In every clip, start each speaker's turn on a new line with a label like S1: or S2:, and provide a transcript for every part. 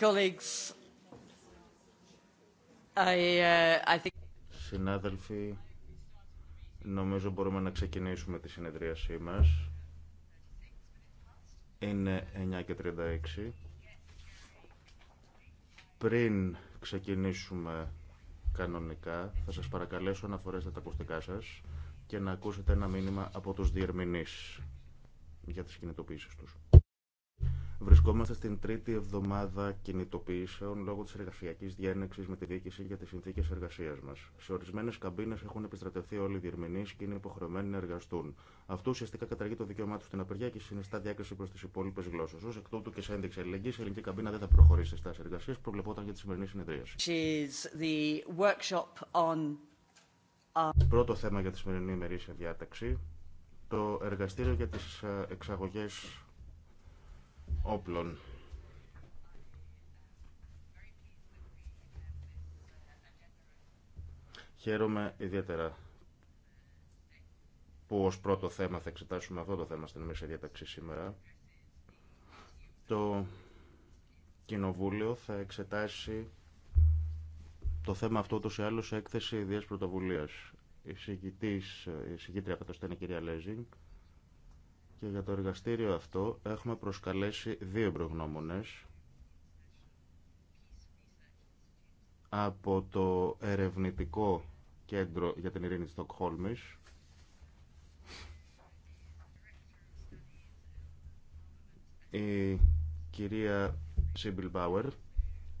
S1: Colleagues, I, uh, I think... Συνάδελφοι, νομίζω μπορούμε να ξεκινήσουμε τη συνεδρίασή μας. Είναι 9.36. Πριν ξεκινήσουμε κανονικά, θα σας παρακαλέσω να φορέσετε τα ακουστικά σας και να ακούσετε ένα μήνυμα από τους διερμηνείς για τις κινητοποιήσεις τους. Βρισκόμαστε στην τρίτη εβδομάδα κινητοποιήσεων λόγω της εργασιακής διένεξη με τη διοίκηση για τις συνθήκες εργασίας μας. Σε ορισμένε καμπίνες έχουν επιστρατευτεί όλοι οι διερμηνείς και είναι υποχρεωμένοι να εργαστούν. Αυτό ουσιαστικά καταργεί το δικαίωμά του στην απεργία και συνιστά διάκριση προ τι υπόλοιπε γλώσσε. Ω εκ τούτου και σε ένδειξη αλληλεγγύη, η ελληνική καμπίνα δεν θα προχωρήσει στι τάσει εργασία που προβλεπόταν για τη σημερινή συνεδρίαση. Uh, Πρώτο θέμα για τη σημερινή ημερήσια διάταξη το εργαστήριο για τις ε, εξαγωγές όπλων. Χαίρομαι ιδιαίτερα που ως πρώτο θέμα θα εξετάσουμε αυτό το θέμα στην μέσα Διαταξή σήμερα. Το Κοινοβούλιο θα εξετάσει το θέμα αυτό ούτως ή άλλως έκθεση ιδίας πρωτοβουλίας η από το στένη κυρία Λέζινγκ και για το εργαστήριο αυτό έχουμε προσκαλέσει δύο προγνώμονες από το Ερευνητικό Κέντρο για την Ειρήνη Στοκχόλμης η κυρία Σίμπιλ Μπάουερ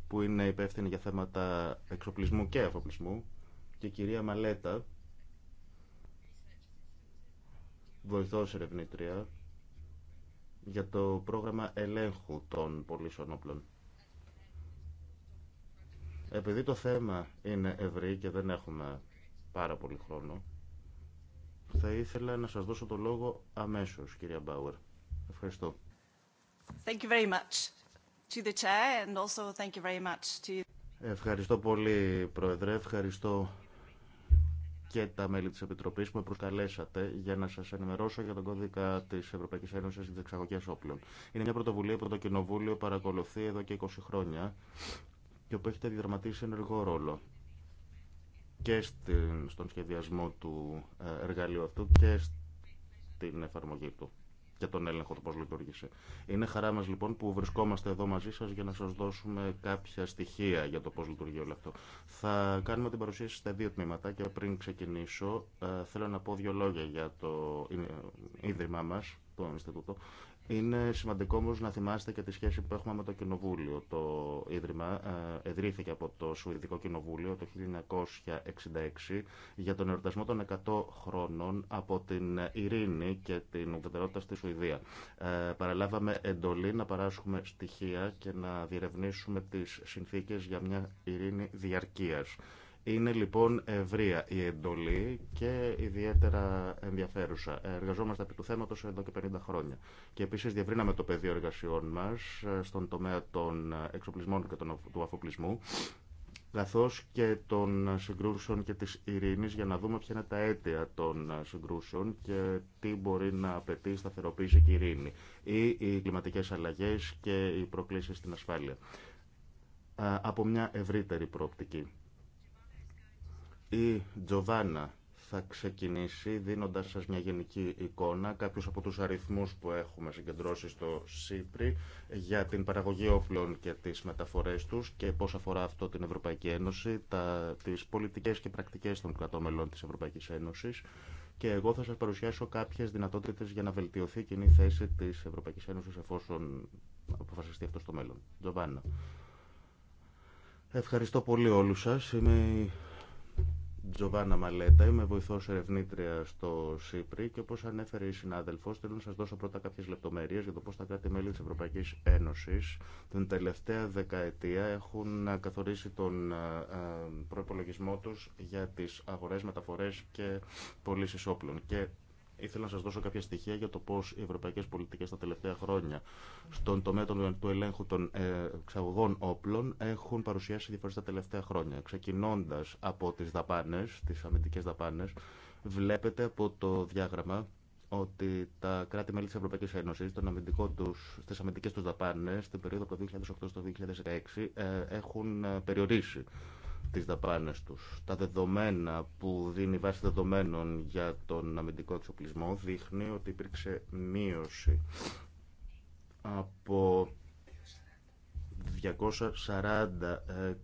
S1: που είναι υπεύθυνη για θέματα εξοπλισμού και αφοπλισμού και η κυρία Μαλέτα βοηθός ερευνήτρια για το πρόγραμμα ελέγχου των πολίσεων όπλων. Επειδή το θέμα είναι ευρύ και δεν έχουμε πάρα πολύ χρόνο, θα ήθελα να σας δώσω το λόγο αμέσως, κυρία Μπάουερ. Ευχαριστώ.
S2: Thank you very much to the chair and
S1: Ευχαριστώ πολύ, Πρόεδρε. Ευχαριστώ και τα μέλη της Επιτροπής που με προσκαλέσατε για να σας ενημερώσω για τον κώδικα της Ευρωπαϊκής Ένωσης τι εξαγωγέ όπλων. Είναι μια πρωτοβουλία που το Κοινοβούλιο παρακολουθεί εδώ και 20 χρόνια και που έχετε διδραματίσει ενεργό ρόλο και στον σχεδιασμό του ε, εργαλείου αυτού και στην εφαρμογή του και τον έλεγχο του πώ λειτουργήσε. Είναι χαρά μα λοιπόν που βρισκόμαστε εδώ μαζί σα για να σα δώσουμε κάποια στοιχεία για το πώ λειτουργεί όλο αυτό. Θα κάνουμε την παρουσίαση στα δύο τμήματα και πριν ξεκινήσω ε, θέλω να πω δύο λόγια για το ε, ε, ίδρυμά μα, το Ινστιτούτο. Είναι σημαντικό όμω να θυμάστε και τη σχέση που έχουμε με το Κοινοβούλιο. Το Ίδρυμα εδρύθηκε από το Σουηδικό Κοινοβούλιο το 1966 για τον εορτασμό των 100 χρόνων από την ειρήνη και την ουδετερότητα στη Σουηδία. Ε, παραλάβαμε εντολή να παράσχουμε στοιχεία και να διερευνήσουμε τις συνθήκες για μια ειρήνη διαρκείας. Είναι λοιπόν ευρεία η εντολή και ιδιαίτερα ενδιαφέρουσα. Εργαζόμαστε επί του θέματο εδώ και 50 χρόνια. Και επίση διευρύναμε το πεδίο εργασιών μα ε, στον τομέα των εξοπλισμών και του αφοπλισμού, καθώ και των συγκρούσεων και τη ειρήνη, για να δούμε ποια είναι τα αίτια των συγκρούσεων και τι μπορεί να απαιτεί σταθεροποίηση και η ειρήνη ή οι κλιματικέ αλλαγέ και οι προκλήσει στην ασφάλεια ε, από μια ευρύτερη προοπτική. Η Τζοβάνα θα ξεκινήσει δίνοντας σας μια γενική εικόνα κάποιους από τους αριθμούς που έχουμε συγκεντρώσει στο ΣΥΠΡΙ για την παραγωγή όπλων και τις μεταφορές τους και πώς αφορά αυτό την Ευρωπαϊκή Ένωση, τα, τις πολιτικές και πρακτικές των κρατών της Ευρωπαϊκής Ένωσης και εγώ θα σας παρουσιάσω κάποιες δυνατότητες για να βελτιωθεί η κοινή θέση της Ευρωπαϊκής Ένωσης εφόσον αποφασιστεί αυτό στο μέλλον. Τζοβάνα. Ευχαριστώ πολύ όλους σας. Τζοβάνα Μαλέτα, είμαι βοηθό ερευνήτρια στο ΣΥΠΡΙ και όπω ανέφερε η συνάδελφο, θέλω να σα δώσω πρώτα κάποιε λεπτομέρειε για το πώ τα κράτη-μέλη τη Ευρωπαϊκή Ένωση την τελευταία δεκαετία έχουν καθορίσει τον ε, ε, προπολογισμό του για τι αγορέ, μεταφορέ και πωλήσει όπλων. Και Ήθελα να σα δώσω κάποια στοιχεία για το πώ οι ευρωπαϊκέ πολιτικέ τα τελευταία χρόνια στον τομέα του ελέγχου των ε, εξαγωγών όπλων έχουν παρουσιάσει διαφορέ τα τελευταία χρόνια. Ξεκινώντα από τι δαπάνε, τι αμυντικέ δαπάνε, βλέπετε από το διάγραμμα ότι τα κράτη-μέλη τη Ευρωπαϊκή Ένωση, τι αμυντικέ του δαπάνε, την περίοδο από το 2008 στο 2016 ε, έχουν ε, περιορίσει τις δαπάνες τους. Τα δεδομένα που δίνει η βάση δεδομένων για τον αμυντικό εξοπλισμό δείχνει ότι υπήρξε μείωση από 240 ε,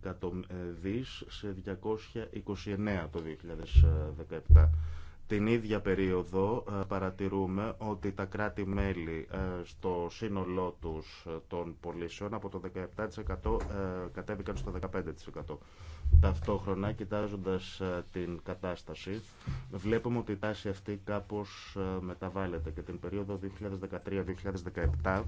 S1: δις σε 229 το 2017. Την ίδια περίοδο ε, παρατηρούμε ότι τα κράτη-μέλη ε, στο σύνολό τους ε, των πωλήσεων από το 17% κατέβηκαν στο 15%. Ταυτόχρονα, κοιτάζοντας την κατάσταση, βλέπουμε ότι η τάση αυτή κάπως μεταβάλλεται και την περίοδο 2013-2017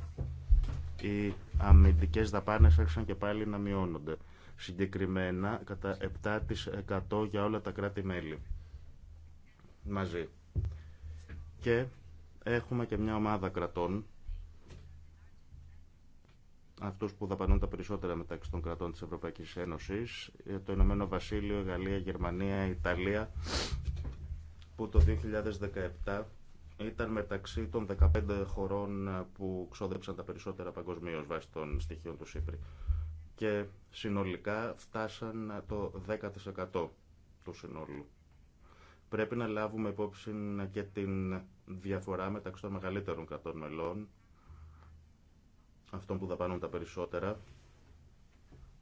S1: οι αμυντικές δαπάνες άρχισαν και πάλι να μειώνονται. Συγκεκριμένα κατά 7% για όλα τα κράτη-μέλη μαζί. Και έχουμε και μια ομάδα κρατών, αυτούς που δαπανούν τα περισσότερα μεταξύ των κρατών της Ευρωπαϊκής Ένωσης, το Ηνωμένο Βασίλειο, Γαλλία, Γερμανία, Ιταλία, που το 2017 ήταν μεταξύ των 15 χωρών που ξόδεψαν τα περισσότερα παγκοσμίως βάσει των στοιχείων του ΣΥΠΡΙ. Και συνολικά φτάσαν το 10% του συνόλου. Πρέπει να λάβουμε υπόψη και την διαφορά μεταξύ των μεγαλύτερων κρατών μελών, αυτών που δαπάνουν τα περισσότερα,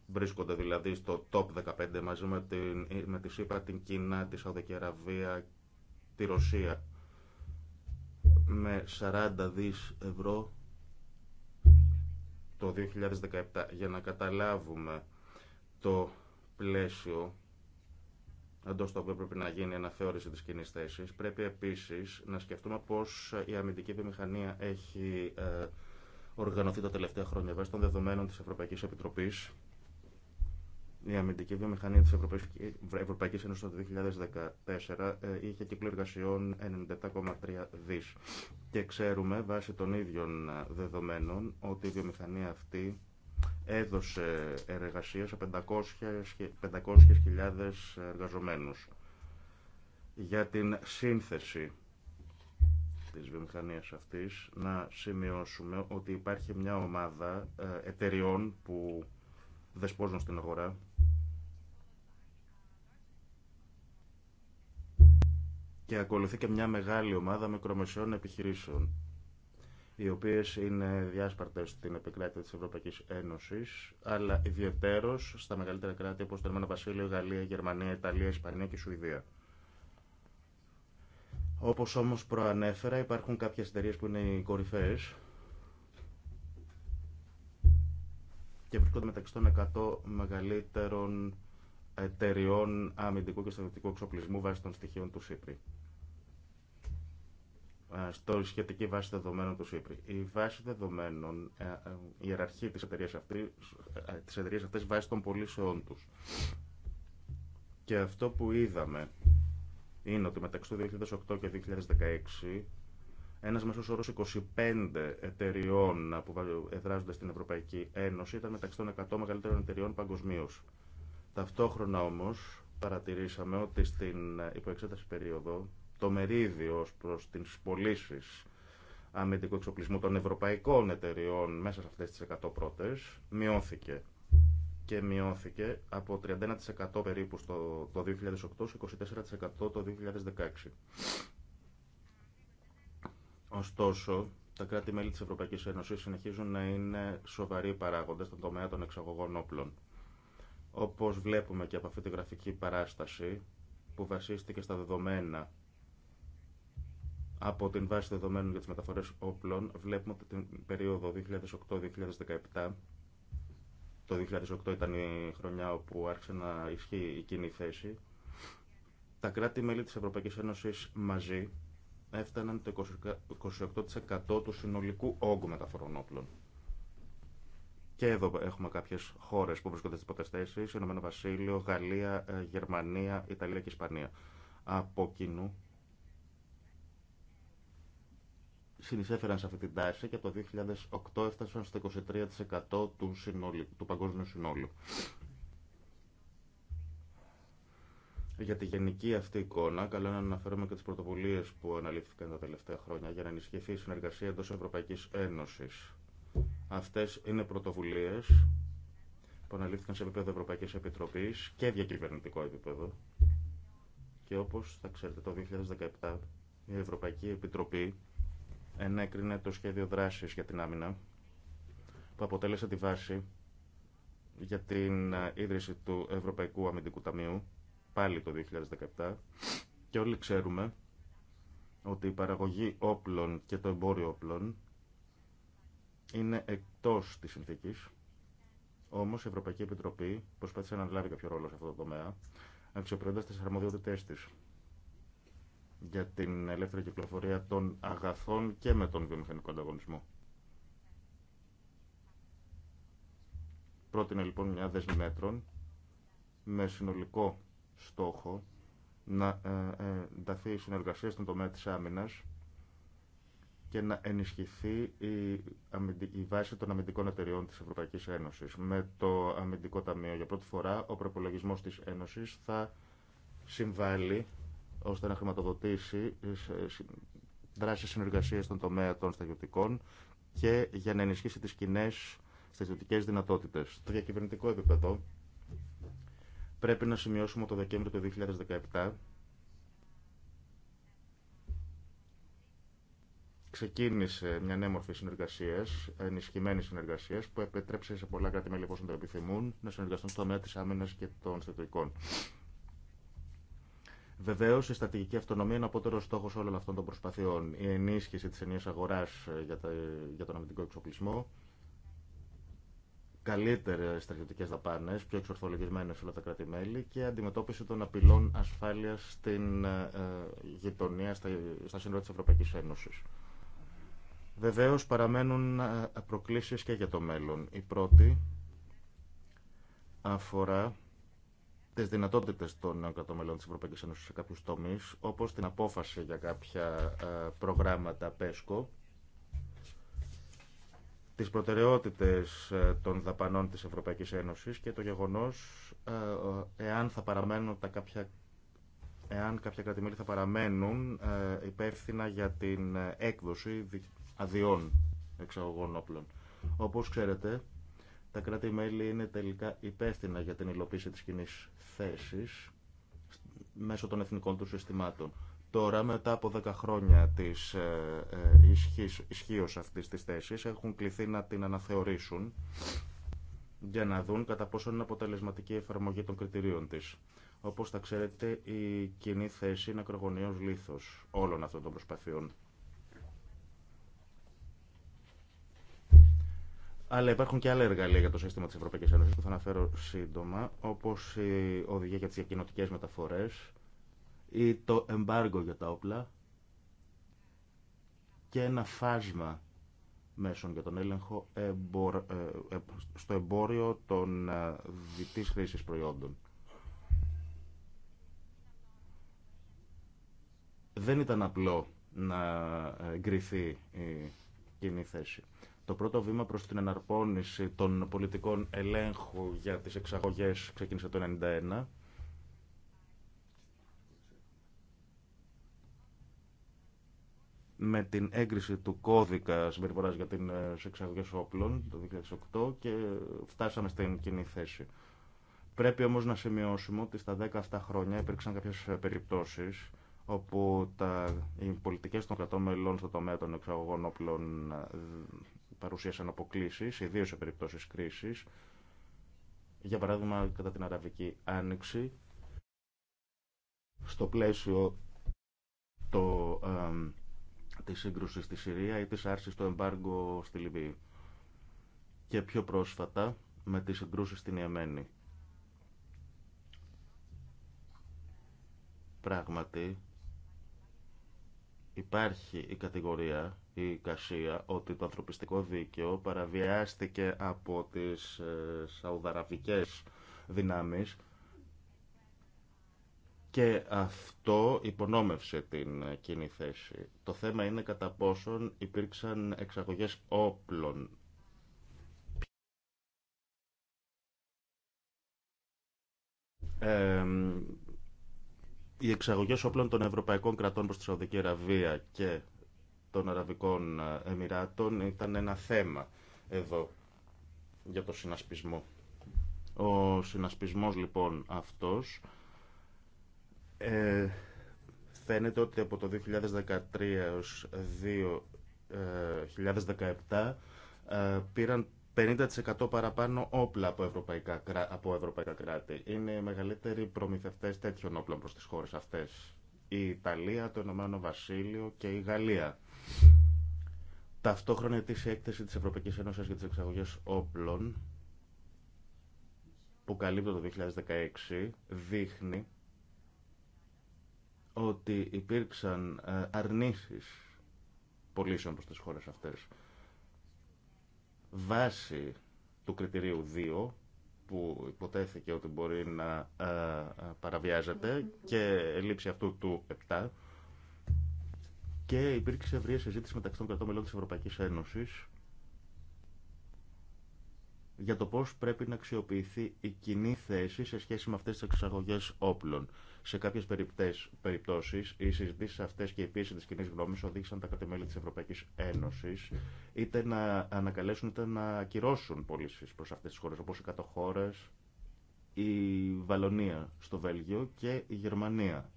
S1: βρίσκονται δηλαδή στο top 15 μαζί με, την, με τη ΣΥΠΑ, την Κίνα, τη Σαουδική Αραβία, τη Ρωσία με 40 δις ευρώ το 2017 για να καταλάβουμε το πλαίσιο εντό το οποίο πρέπει να γίνει αναθεώρηση τη κοινή θέση. Πρέπει επίση να σκεφτούμε πώ η αμυντική βιομηχανία έχει ε, οργανωθεί τα τελευταία χρόνια βάσει των δεδομένων τη Ευρωπαϊκή Επιτροπή. Η αμυντική βιομηχανία τη Ευρωπαϊκή Ένωση το 2014 ε, είχε κύκλο εργασιών 97,3 δι. Και ξέρουμε βάσει των ίδιων ε, δεδομένων ότι η βιομηχανία αυτή έδωσε εργασία σε 500.000 εργαζομένους για την σύνθεση της βιομηχανίας αυτής να σημειώσουμε ότι υπάρχει μια ομάδα ε, εταιριών που δεσπόζουν στην αγορά και ακολουθεί και μια μεγάλη ομάδα μικρομεσαίων επιχειρήσεων οι οποίε είναι διάσπαρτε στην επικράτεια τη Ευρωπαϊκή Ένωση, αλλά ιδιαιτέρω στα μεγαλύτερα κράτη όπω το Ηνωμένο Βασίλειο, Γαλλία, Γερμανία, Ιταλία, Ισπανία και Σουηδία. Όπω όμω προανέφερα υπάρχουν κάποιε εταιρείε που είναι οι κορυφαίε. και βρίσκονται μεταξύ των 100 μεγαλύτερων εταιριών αμυντικού και στρατιωτικού εξοπλισμού βάσει των στοιχείων του ΣΥΠΡΙ. Ε, στο σχετική βάση δεδομένων του ΣΥΠΡΙ. Η βάση δεδομένων, ε, ε, η ιεραρχία της εταιρείας αυτής, της εταιρείας αυτής των πωλήσεών τους. Και αυτό που είδαμε είναι ότι μεταξύ του 2008 και 2016 ένας μέσος όρος 25 εταιριών που εδράζονται στην Ευρωπαϊκή Ένωση ήταν μεταξύ των 100 μεγαλύτερων εταιριών παγκοσμίω. Ταυτόχρονα όμως παρατηρήσαμε ότι στην υποεξέταση περίοδο το μερίδιο ως προς τις πωλήσει αμυντικού εξοπλισμού των ευρωπαϊκών εταιριών μέσα σε αυτές τις 100 πρώτες μειώθηκε και μειώθηκε από 31% περίπου στο, το 2008 σε 24% το 2016. Ωστόσο, τα κράτη-μέλη της Ευρωπαϊκής Ένωσης συνεχίζουν να είναι σοβαροί παράγοντες στον τομέα των εξαγωγών όπλων. Όπως βλέπουμε και από αυτή τη γραφική παράσταση, που βασίστηκε στα δεδομένα από την βάση δεδομένων για τις μεταφορές όπλων βλέπουμε ότι την περίοδο 2008-2017 το 2008 ήταν η χρονιά όπου άρχισε να ισχύει η κοινή θέση τα κράτη-μέλη της Ευρωπαϊκής Ένωσης μαζί έφταναν το 28% του συνολικού όγκου μεταφορών όπλων. Και εδώ έχουμε κάποιες χώρες που βρίσκονται στις υποτεστέσεις, Ηνωμένο Βασίλειο, Γαλλία, ε, Γερμανία, Ιταλία και Ισπανία. Από κοινού συνεισέφεραν σε αυτή την τάση και από το 2008 έφτασαν στο 23% του, συνόλου, του παγκόσμιου συνόλου. Για τη γενική αυτή εικόνα, καλό να αναφέρουμε και τι πρωτοβουλίε που αναλύθηκαν τα τελευταία χρόνια για να ενισχυθεί η συνεργασία εντό Ευρωπαϊκή Ένωση. Αυτέ είναι πρωτοβουλίε που αναλύθηκαν σε επίπεδο Ευρωπαϊκή Επιτροπή και διακυβερνητικό επίπεδο. Και όπω θα ξέρετε, το 2017 η Ευρωπαϊκή Επιτροπή ενέκρινε το σχέδιο δράσης για την άμυνα που αποτέλεσε τη βάση για την ε, ίδρυση του Ευρωπαϊκού Αμυντικού Ταμείου πάλι το 2017 και όλοι ξέρουμε ότι η παραγωγή όπλων και το εμπόριο όπλων είναι εκτός της συνθήκης όμως η Ευρωπαϊκή Επιτροπή προσπάθησε να λάβει κάποιο ρόλο σε αυτό το τομέα αξιοποιώντας τις αρμοδιότητές της για την ελεύθερη κυκλοφορία των αγαθών και με τον βιομηχανικό ανταγωνισμό. Πρότεινε λοιπόν μια δέσμη μέτρων με συνολικό στόχο να ε, ε, ενταθεί η συνεργασία στον τομέα της άμυνας και να ενισχυθεί η, βάση των αμυντικών εταιριών της Ευρωπαϊκής Ένωσης. Με το Αμυντικό Ταμείο για πρώτη φορά ο προπολογισμό της Ένωσης θα συμβάλλει ώστε να χρηματοδοτήσει ε, δράσεις συνεργασίας στον τομέα των στρατιωτικών και για να ενισχύσει τις κοινέ στρατιωτικές δυνατότητες. Στο διακυβερνητικό επίπεδο πρέπει να σημειώσουμε το Δεκέμβριο του 2017 ξεκίνησε μια νέα μορφή συνεργασία, ενισχυμένη συνεργασία, που επέτρεψε σε πολλά κράτη-μέλη, όπω το επιθυμούν, να συνεργαστούν στο τομέα τη άμυνα και των στατιωτικών. Βεβαίω, η στρατηγική αυτονομία είναι απότερο στόχο όλων αυτών των προσπαθειών. Η ενίσχυση τη ενιαία αγορά ε, για τον αμυντικό εξοπλισμό, καλύτερε στρατιωτικέ δαπάνε, πιο εξορθολογισμένε όλα τα κράτη-μέλη και αντιμετώπιση των απειλών ασφάλεια στην ε, ε, γειτονία, στα σύνορα τη Ευρωπαϊκή Ένωση. Βεβαίω, παραμένουν προκλήσει και για το μέλλον. Η πρώτη αφορά τι δυνατότητε των νέων κρατομελών τη Ευρωπαϊκή Ένωση σε κάποιου τομεί, όπω την απόφαση για κάποια ε, προγράμματα ΠΕΣΚΟ, τις προτεραιότητες ε, των δαπανών της Ευρωπαϊκής Ένωσης και το γεγονός ε, εάν θα παραμένουν τα κάποια εάν κάποια κρατημέλη θα παραμένουν υπεύθυνα για την έκδοση αδειών εξαγωγών όπλων. Όπως ξέρετε, τα κράτη-μέλη είναι τελικά υπεύθυνα για την υλοποίηση της κοινή θέση μέσω των εθνικών του συστημάτων. Τώρα, μετά από 10 χρόνια της ε, ε, ισχύω αυτής της θέσης, έχουν κληθεί να την αναθεωρήσουν για να δουν κατά πόσο είναι αποτελεσματική η εφαρμογή των κριτηρίων της. Όπως θα ξέρετε, η κοινή θέση είναι ακρογωνίως λήθος όλων αυτών των προσπαθειών. Αλλά υπάρχουν και άλλα εργαλεία για το σύστημα τη Ευρωπαϊκή Ένωση που θα αναφέρω σύντομα, όπω η οδηγία για τι διακοινωτικέ μεταφορέ ή το εμπάργκο για τα όπλα και ένα φάσμα μέσων για τον έλεγχο ε, ε, στο εμπόριο των ε, διτής χρήσης προϊόντων. Δεν ήταν απλό να εγκριθεί η κοινή θέση. Το πρώτο βήμα προς την εναρπώνηση των πολιτικών ελέγχου για τις εξαγωγές ξεκίνησε το 1991. με την έγκριση του κώδικα συμπεριφοράς για την ε, εξαγωγές όπλων το 2008 και φτάσαμε στην κοινή θέση. Πρέπει όμως να σημειώσουμε ότι στα 10 αυτά χρόνια υπήρξαν κάποιες ε, περιπτώσεις όπου τα, οι πολιτικές των κρατών μελών στο τομέα των εξαγωγών όπλων ε, παρουσίασαν αποκλήσει, ιδίω σε περιπτώσει κρίση. Για παράδειγμα, κατά την Αραβική Άνοιξη, στο πλαίσιο το, ε, της σύγκρουσης στη Συρία ή της άρσης του εμπάργου στη Λιβύη. Και πιο πρόσφατα με τις συγκρούσεις στην Ιεμένη. Πράγματι, υπάρχει η κατηγορία η Κασία ότι το ανθρωπιστικό δίκαιο παραβιάστηκε από τις ε, σαουδαραβικές δυνάμεις και αυτό υπονόμευσε την κοινή θέση. Το θέμα είναι κατά πόσον υπήρξαν εξαγωγές όπλων οι εξαγωγέ όπλων των ευρωπαϊκών κρατών προ τη Σαουδική Αραβία και των Αραβικών ε, Εμμυράτων ήταν ένα θέμα εδώ για το συνασπισμό. Ο συνασπισμός λοιπόν αυτός ε, φαίνεται ότι από το 2013 έως 2017 ε, ε, πήραν 50% παραπάνω όπλα από ευρωπαϊκά, από ευρωπαϊκά κράτη. Είναι οι μεγαλύτεροι προμηθευτές τέτοιων όπλων προς τις χώρες αυτές η Ιταλία, το Ηνωμένο Βασίλειο και η Γαλλία. Ταυτόχρονα ετήσια έκθεση της Ευρωπαϊκής Ένωσης για τις εξαγωγές όπλων που καλύπτω το 2016 δείχνει ότι υπήρξαν ε, αρνήσεις πωλήσεων προς τις χώρες αυτές βάσει του κριτηρίου 2 που υποτέθηκε ότι μπορεί να ε, παραβιάζεται και λήψη αυτού του 7 και υπήρξε ευρία συζήτηση μεταξύ των κρατών μελών της Ευρωπαϊκής Ένωσης για το πώς πρέπει να αξιοποιηθεί η κοινή θέση σε σχέση με αυτές τις εξαγωγές όπλων. Σε κάποιε περιπτώσει, οι συζητήσει αυτέ και η πίεση τη κοινή γνώμη οδήγησαν τα κρατημέλη τη Ευρωπαϊκή Ένωση είτε να ανακαλέσουν είτε να ακυρώσουν πωλήσει προ αυτέ τι χώρε, όπω οι κατοχώρε, η Βαλονία στο Βέλγιο και η Γερμανία.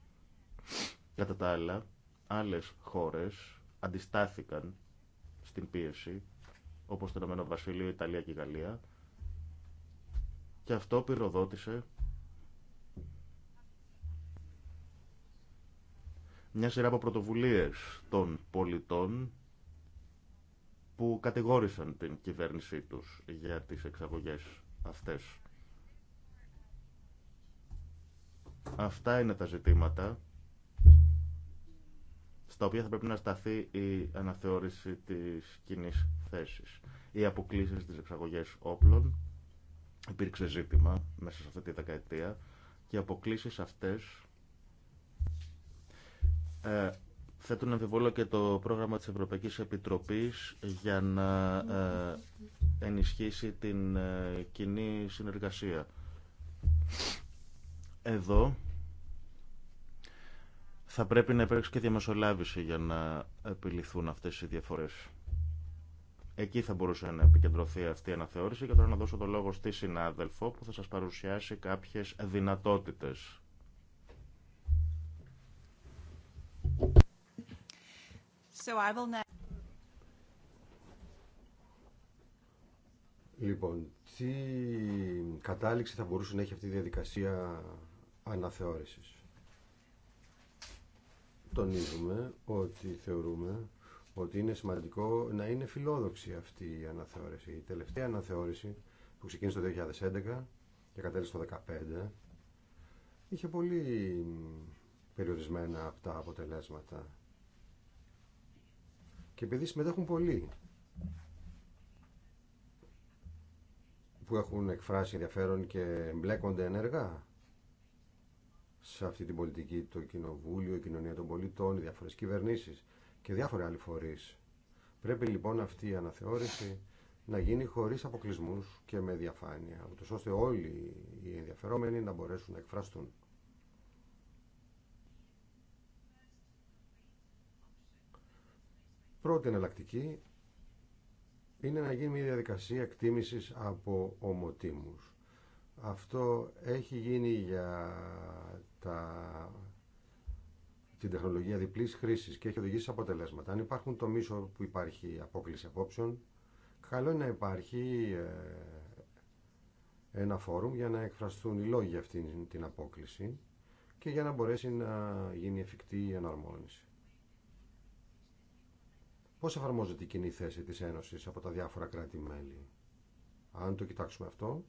S1: Κατά τα άλλα, άλλες χώρες αντιστάθηκαν στην πίεση, όπως το Ηνωμένο Βασίλειο, Ιταλία και η Γαλλία, και αυτό πυροδότησε μια σειρά από πρωτοβουλίες των πολιτών που κατηγόρησαν την κυβέρνησή τους για τις εξαγωγές αυτές. Αυτά είναι τα ζητήματα στα οποία θα πρέπει να σταθεί η αναθεώρηση της κοινή θέσης. Οι αποκλήσεις της εξαγωγές όπλων υπήρξε ζήτημα μέσα σε αυτή τη δεκαετία και οι αποκλήσεις αυτές ε, θέτουν αμφιβόλο και το πρόγραμμα της Ευρωπαϊκής Επιτροπής για να ε, ενισχύσει την ε, κοινή συνεργασία. Εδώ θα πρέπει να υπάρξει και διαμεσολάβηση για να επιληθούν αυτές οι διαφορές. Εκεί θα μπορούσε να επικεντρωθεί αυτή η αναθεώρηση και τώρα να δώσω το λόγο στη συνάδελφο που θα σας παρουσιάσει κάποιες δυνατότητες
S3: Λοιπόν, τι κατάληξη θα μπορούσε να έχει αυτή η διαδικασία αναθεώρησης. Τονίζουμε ότι θεωρούμε ότι είναι σημαντικό να είναι φιλόδοξη αυτή η αναθεώρηση. Η τελευταία αναθεώρηση που ξεκίνησε το 2011 και κατέληξε το 2015 είχε πολύ περιορισμένα αυτά αποτελέσματα. Και επειδή συμμετέχουν πολλοί που έχουν εκφράσει ενδιαφέρον και εμπλέκονται ενεργά σε αυτή την πολιτική, το κοινοβούλιο, η κοινωνία των πολιτών, οι διάφορες κυβερνήσεις και διάφορες άλλοι φορείς. Πρέπει λοιπόν αυτή η αναθεώρηση να γίνει χωρίς αποκλεισμούς και με διαφάνεια, ούτως ώστε όλοι οι ενδιαφερόμενοι να μπορέσουν να εκφραστούν. Πρώτη εναλλακτική είναι να γίνει μια διαδικασία εκτίμησης από ομοτήμους. Αυτό έχει γίνει για τα... την τεχνολογία διπλής χρήσης και έχει οδηγήσει αποτελέσματα. Αν υπάρχουν το μίσο που υπάρχει απόκληση απόψεων, καλό είναι να υπάρχει ε, ένα φόρουμ για να εκφραστούν οι λόγοι για αυτή την απόκληση και για να μπορέσει να γίνει εφικτή η εναρμόνιση. Πώς εφαρμόζεται η κοινή θέση της Ένωσης από τα διάφορα κράτη-μέλη. Αν το κοιτάξουμε αυτό,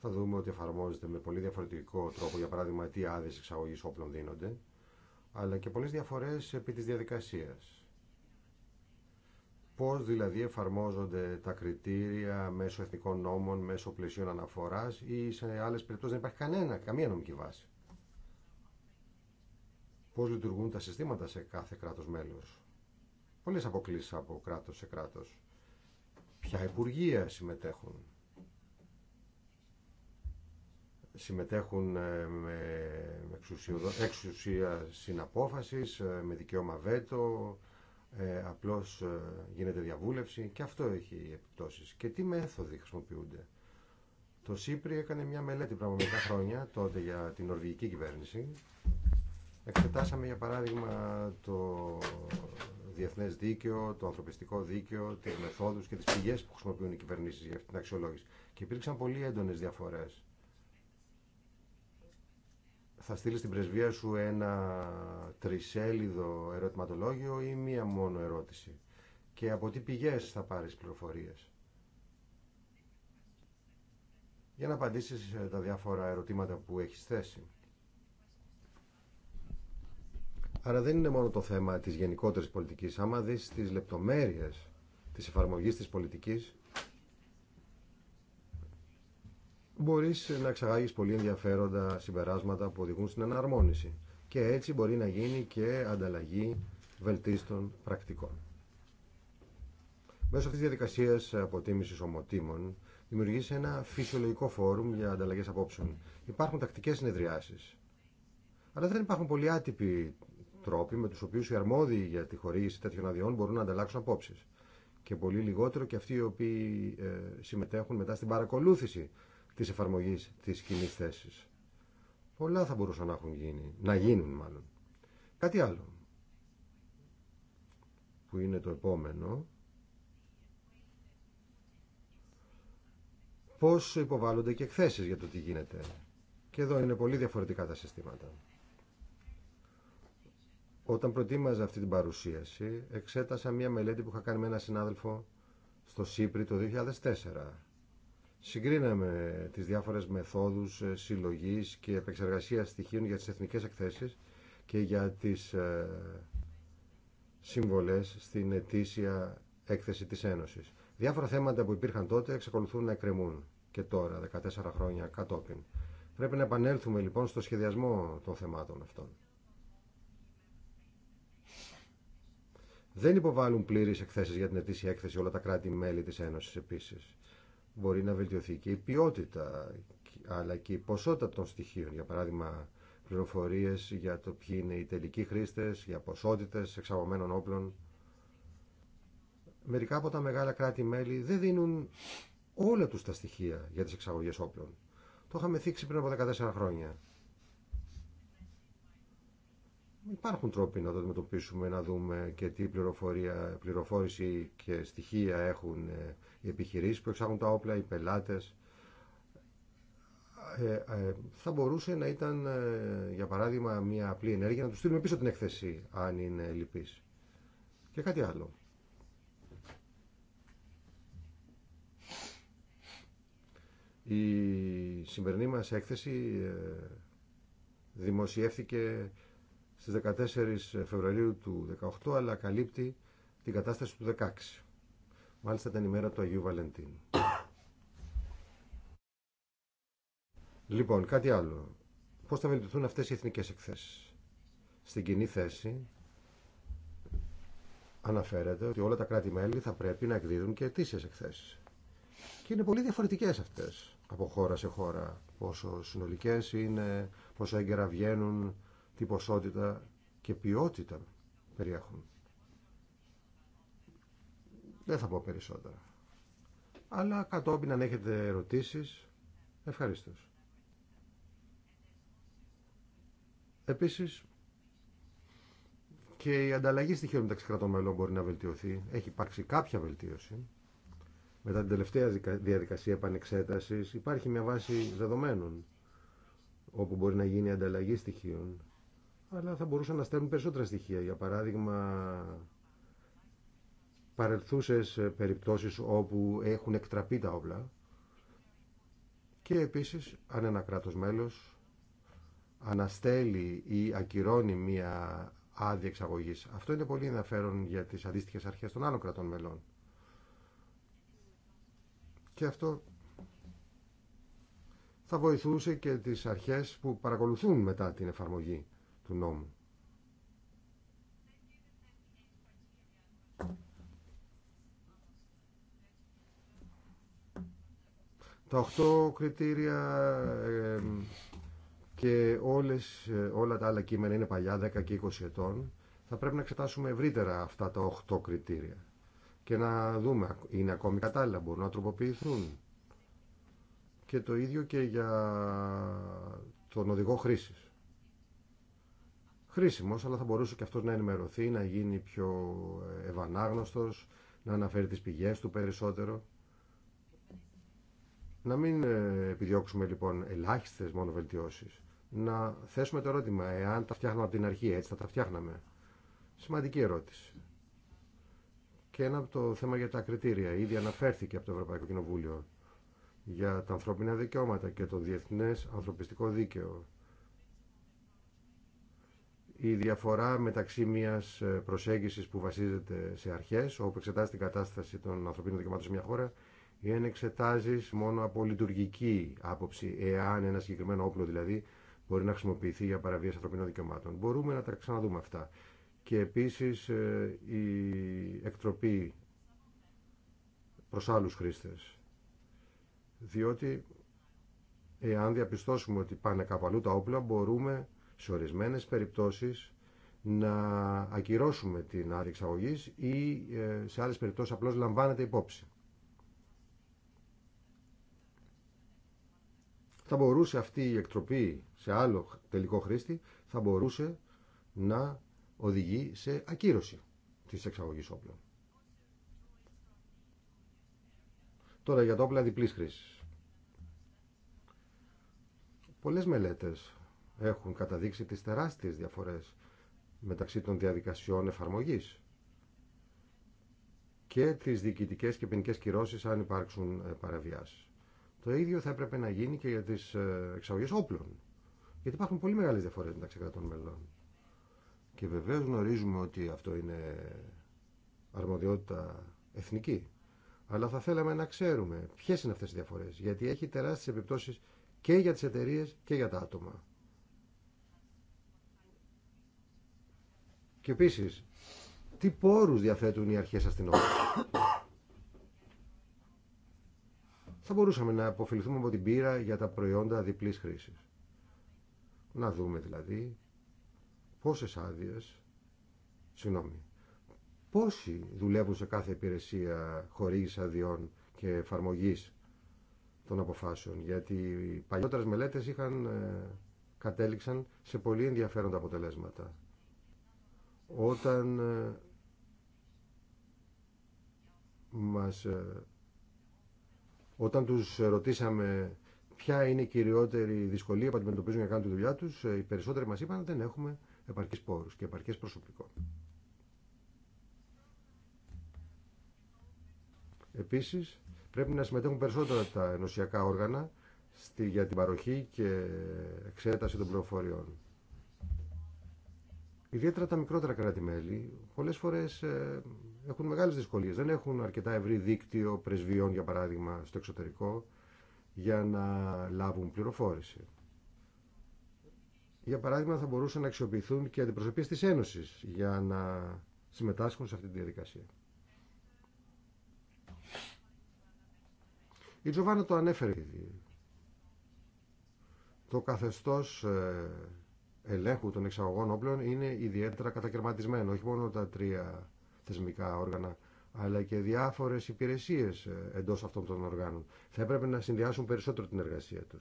S3: θα δούμε ότι εφαρμόζεται με πολύ διαφορετικό τρόπο, για παράδειγμα, τι άδειε εξαγωγή όπλων δίνονται, αλλά και πολλέ διαφορέ επί τη διαδικασία. Πώ δηλαδή εφαρμόζονται τα κριτήρια μέσω εθνικών νόμων, μέσω πλαισίων αναφορά ή σε άλλε περιπτώσει δεν υπάρχει κανένα, καμία νομική βάση. Πώ λειτουργούν τα συστήματα σε κάθε κράτο μέλο, πολλές αποκλήσεις από κράτος σε κράτος. Ποια υπουργεία συμμετέχουν. Συμμετέχουν ε, με εξουσία συναπόφασης, ε, με δικαίωμα βέτο, ε, απλώς γίνεται διαβούλευση και αυτό έχει επιπτώσεις. Και τι μέθοδοι χρησιμοποιούνται. Το ΣΥΠΡΙ έκανε μια μελέτη πραγματικά χρόνια τότε για την νορβηγική κυβέρνηση. Εξετάσαμε για παράδειγμα το διεθνές δίκαιο, το ανθρωπιστικό δίκαιο, τις μεθόδους και τις πηγές που χρησιμοποιούν οι κυβερνήσεις για αυτήν την αξιολόγηση. Και υπήρξαν πολύ έντονες διαφορές. Θα στείλει στην πρεσβεία σου ένα τρισέλιδο ερωτηματολόγιο ή μία μόνο ερώτηση. Και από τι πηγές θα πάρεις πληροφορίες. Για να απαντήσεις ε, τα διάφορα ερωτήματα που έχεις θέσει. Άρα δεν είναι μόνο το θέμα τη γενικότερη πολιτική Άμα δει τι λεπτομέρειες τη εφαρμογής της πολιτικής, μπορείς να εξαγάγει πολύ ενδιαφέροντα συμπεράσματα που οδηγούν στην αναρμόνιση. Και έτσι μπορεί να γίνει και ανταλλαγή βελτίστων πρακτικών. Μέσω αυτή τη διαδικασία αποτίμηση ομοτήμων δημιουργήσει ένα φυσιολογικό φόρουμ για ανταλλαγέ απόψεων. Υπάρχουν τακτικέ συνεδριάσεις, αλλά δεν υπάρχουν πολύ άτυποι τρόποι με τους οποίους οι αρμόδιοι για τη χορήγηση τέτοιων αδειών μπορούν να ανταλλάξουν απόψει Και πολύ λιγότερο και αυτοί οι οποίοι ε, συμμετέχουν μετά στην παρακολούθηση της εφαρμογής της κοινή θέση. Πολλά θα μπορούσαν να έχουν γίνει, να γίνουν μάλλον. Κάτι άλλο που είναι το επόμενο πώς υποβάλλονται και εκθέσεις για το τι γίνεται. Και εδώ είναι πολύ διαφορετικά τα συστήματα. Όταν προτίμαζα αυτή την παρουσίαση, εξέτασα μία μελέτη που είχα κάνει με έναν συνάδελφο στο ΣΥΠΡΙ το 2004. Συγκρίναμε τις διάφορες μεθόδους ε, συλλογής και επεξεργασίας στοιχείων για τις εθνικές εκθέσεις και για τις ε, συμβολές στην ετήσια έκθεση της Ένωσης. Διάφορα θέματα που υπήρχαν τότε εξακολουθούν να εκκρεμούν και τώρα, 14 χρόνια κατόπιν. Πρέπει να επανέλθουμε λοιπόν στο σχεδιασμό των θεμάτων αυτών. Δεν υποβάλλουν πλήρε εκθέσει για την ετήσια έκθεση όλα τα κράτη-μέλη τη Ένωση επίση. Μπορεί να βελτιωθεί και η ποιότητα αλλά και η ποσότητα των στοιχείων. Για παράδειγμα, πληροφορίε για το ποιοι είναι οι τελικοί χρήστε, για ποσότητε εξαγωμένων όπλων. Μερικά από τα μεγάλα κράτη-μέλη δεν δίνουν όλα του τα στοιχεία για τι εξαγωγέ όπλων. Το είχαμε θίξει πριν από 14 χρόνια. Υπάρχουν τρόποι να το αντιμετωπίσουμε, να δούμε και τι πληροφορία, πληροφόρηση και στοιχεία έχουν ε, οι επιχειρήσεις που εξάγουν τα όπλα, οι πελάτες. Ε, ε θα μπορούσε να ήταν, ε, για παράδειγμα, μια απλή ενέργεια να του στείλουμε πίσω την έκθεση, αν είναι λυπής. Και κάτι άλλο. Η σημερινή μας έκθεση δημοσιεύθηκε στις 14 Φεβρουαρίου του 18 αλλά καλύπτει την κατάσταση του 16. Μάλιστα ήταν η μέρα του Αγίου Βαλεντίνου. Λοιπόν, κάτι άλλο. Πώς θα βελτιωθούν αυτές οι εθνικές εκθέσεις. Στην κοινή θέση αναφέρεται ότι όλα τα κράτη-μέλη θα πρέπει να εκδίδουν και αιτήσιες εκθέσεις. Και είναι πολύ διαφορετικές αυτές από χώρα σε χώρα. Πόσο συνολικές είναι, πόσο έγκαιρα βγαίνουν, τι ποσότητα και ποιότητα περιέχουν. Δεν θα πω περισσότερα. Αλλά κατόπιν αν έχετε ερωτήσεις, ευχαριστώ. Επίσης, και η ανταλλαγή στοιχείων μεταξύ κρατών μελών μπορεί να βελτιωθεί. Έχει υπάρξει κάποια βελτίωση. Μετά την τελευταία διαδικασία επανεξέτασης υπάρχει μια βάση δεδομένων όπου μπορεί να γίνει ανταλλαγή στοιχείων αλλά θα μπορούσαν να στέλνουν περισσότερα στοιχεία. Για παράδειγμα, παρελθούσες περιπτώσεις όπου έχουν εκτραπεί τα όπλα και επίσης αν ένα κράτος μέλος αναστέλει ή ακυρώνει μία άδεια εξαγωγής. Αυτό είναι πολύ ενδιαφέρον για τις αντίστοιχες αρχές των άλλων κρατών μελών. Και αυτό θα βοηθούσε και τις αρχές που παρακολουθούν μετά την εφαρμογή του νόμου. Τα οχτώ κριτήρια και όλες, ε, όλα τα άλλα κείμενα είναι παλιά, 10 και 20 ετών. Θα πρέπει να εξετάσουμε ευρύτερα αυτά τα οχτώ κριτήρια και να δούμε, είναι ακόμη κατάλληλα, μπορούν να τροποποιηθούν. Και το ίδιο και για τον οδηγό χρήσης χρήσιμο, αλλά θα μπορούσε και αυτός να ενημερωθεί, να γίνει πιο ευανάγνωστος, να αναφέρει τι πηγές του περισσότερο. Να μην ε, επιδιώξουμε λοιπόν ελάχιστες μόνο βελτιώσει, Να θέσουμε το ερώτημα, εάν τα φτιάχναμε από την αρχή, έτσι θα τα φτιάχναμε. Σημαντική ερώτηση. Και ένα από το θέμα για τα κριτήρια. Ήδη αναφέρθηκε από το Ευρωπαϊκό Κοινοβούλιο για τα ανθρώπινα δικαιώματα και το διεθνές ανθρωπιστικό δίκαιο η διαφορά μεταξύ μιας ε, προσέγγισης που βασίζεται σε αρχές, όπου εξετάζει την κατάσταση των ανθρωπίνων δικαιωμάτων σε μια χώρα, ή αν εξετάζεις μόνο από λειτουργική άποψη, εάν ένα συγκεκριμένο όπλο δηλαδή μπορεί να χρησιμοποιηθεί για παραβίαση ανθρωπίνων δικαιωμάτων. Μπορούμε να τα ξαναδούμε αυτά. Και επίση ε, η εκτροπή προ άλλου χρήστε, Διότι εάν διαπιστώσουμε ότι πάνε κάπου αλλού τα όπλα μπορούμε σε ορισμένες περιπτώσεις να ακυρώσουμε την άδεια εξαγωγής ή ε, σε άλλες περιπτώσεις απλώ λαμβάνεται υπόψη. Θα μπορούσε αυτή η εκτροπή σε άλλο τελικό χρήστη, θα μπορούσε να οδηγεί σε ακύρωση της εξαγωγής όπλων. Τώρα για τα όπλα διπλής χρήσης. Πολλές μελέτες έχουν καταδείξει τις τεράστιες διαφορές μεταξύ των διαδικασιών εφαρμογής και τις διοικητικές και ποινικές κυρώσεις αν υπάρξουν ε, παραβιάσεις. Το ίδιο θα έπρεπε να γίνει και για τις ε, εξαγωγές όπλων, γιατί υπάρχουν πολύ μεγάλες διαφορές μεταξύ κρατών μελών. Και βεβαίως γνωρίζουμε ότι αυτό είναι αρμοδιότητα εθνική. Αλλά θα θέλαμε να ξέρουμε ποιες είναι αυτές οι διαφορές, γιατί έχει τεράστιες επιπτώσεις και για τις εταιρείε και για τα άτομα. Και επίση, τι πόρους διαθέτουν οι αρχέ αστυνομία. Θα μπορούσαμε να αποφεληθούμε από την πύρα για τα προϊόντα διπλής χρήση. Να δούμε δηλαδή πόσε άδειε, συγγνώμη, πόσοι δουλεύουν σε κάθε υπηρεσία χορήγηση αδειών και εφαρμογή των αποφάσεων. Γιατί οι παλιότερε μελέτες είχαν, ε, κατέληξαν σε πολύ ενδιαφέροντα αποτελέσματα όταν ε, μας ε, όταν τους ρωτήσαμε ποια είναι η κυριότερη δυσκολία που αντιμετωπίζουν για να κάνουν τη δουλειά τους, ε, οι περισσότεροι μας είπαν ότι δεν έχουμε επαρκείς πόρους και επαρκές προσωπικό. Επίσης, πρέπει να συμμετέχουν περισσότερα τα ενωσιακά όργανα στη, για την παροχή και εξέταση των πληροφοριών. Ιδιαίτερα τα μικρότερα κράτη-μέλη πολλέ φορέ ε, έχουν μεγάλε δυσκολίε. Δεν έχουν αρκετά ευρύ δίκτυο πρεσβειών, για παράδειγμα, στο εξωτερικό για να λάβουν πληροφόρηση. Για παράδειγμα, θα μπορούσαν να αξιοποιηθούν και αντιπροσωπείε τη Ένωση για να συμμετάσχουν σε αυτή τη διαδικασία. Η Τζοβάνα το ανέφερε ήδη. Το καθεστώς ε, ελέγχου των εξαγωγών όπλων είναι ιδιαίτερα κατακαιρματισμένο. Όχι μόνο τα τρία θεσμικά όργανα, αλλά και διάφορε υπηρεσίε ε, εντό αυτών των οργάνων. Θα έπρεπε να συνδυάσουν περισσότερο την εργασία του.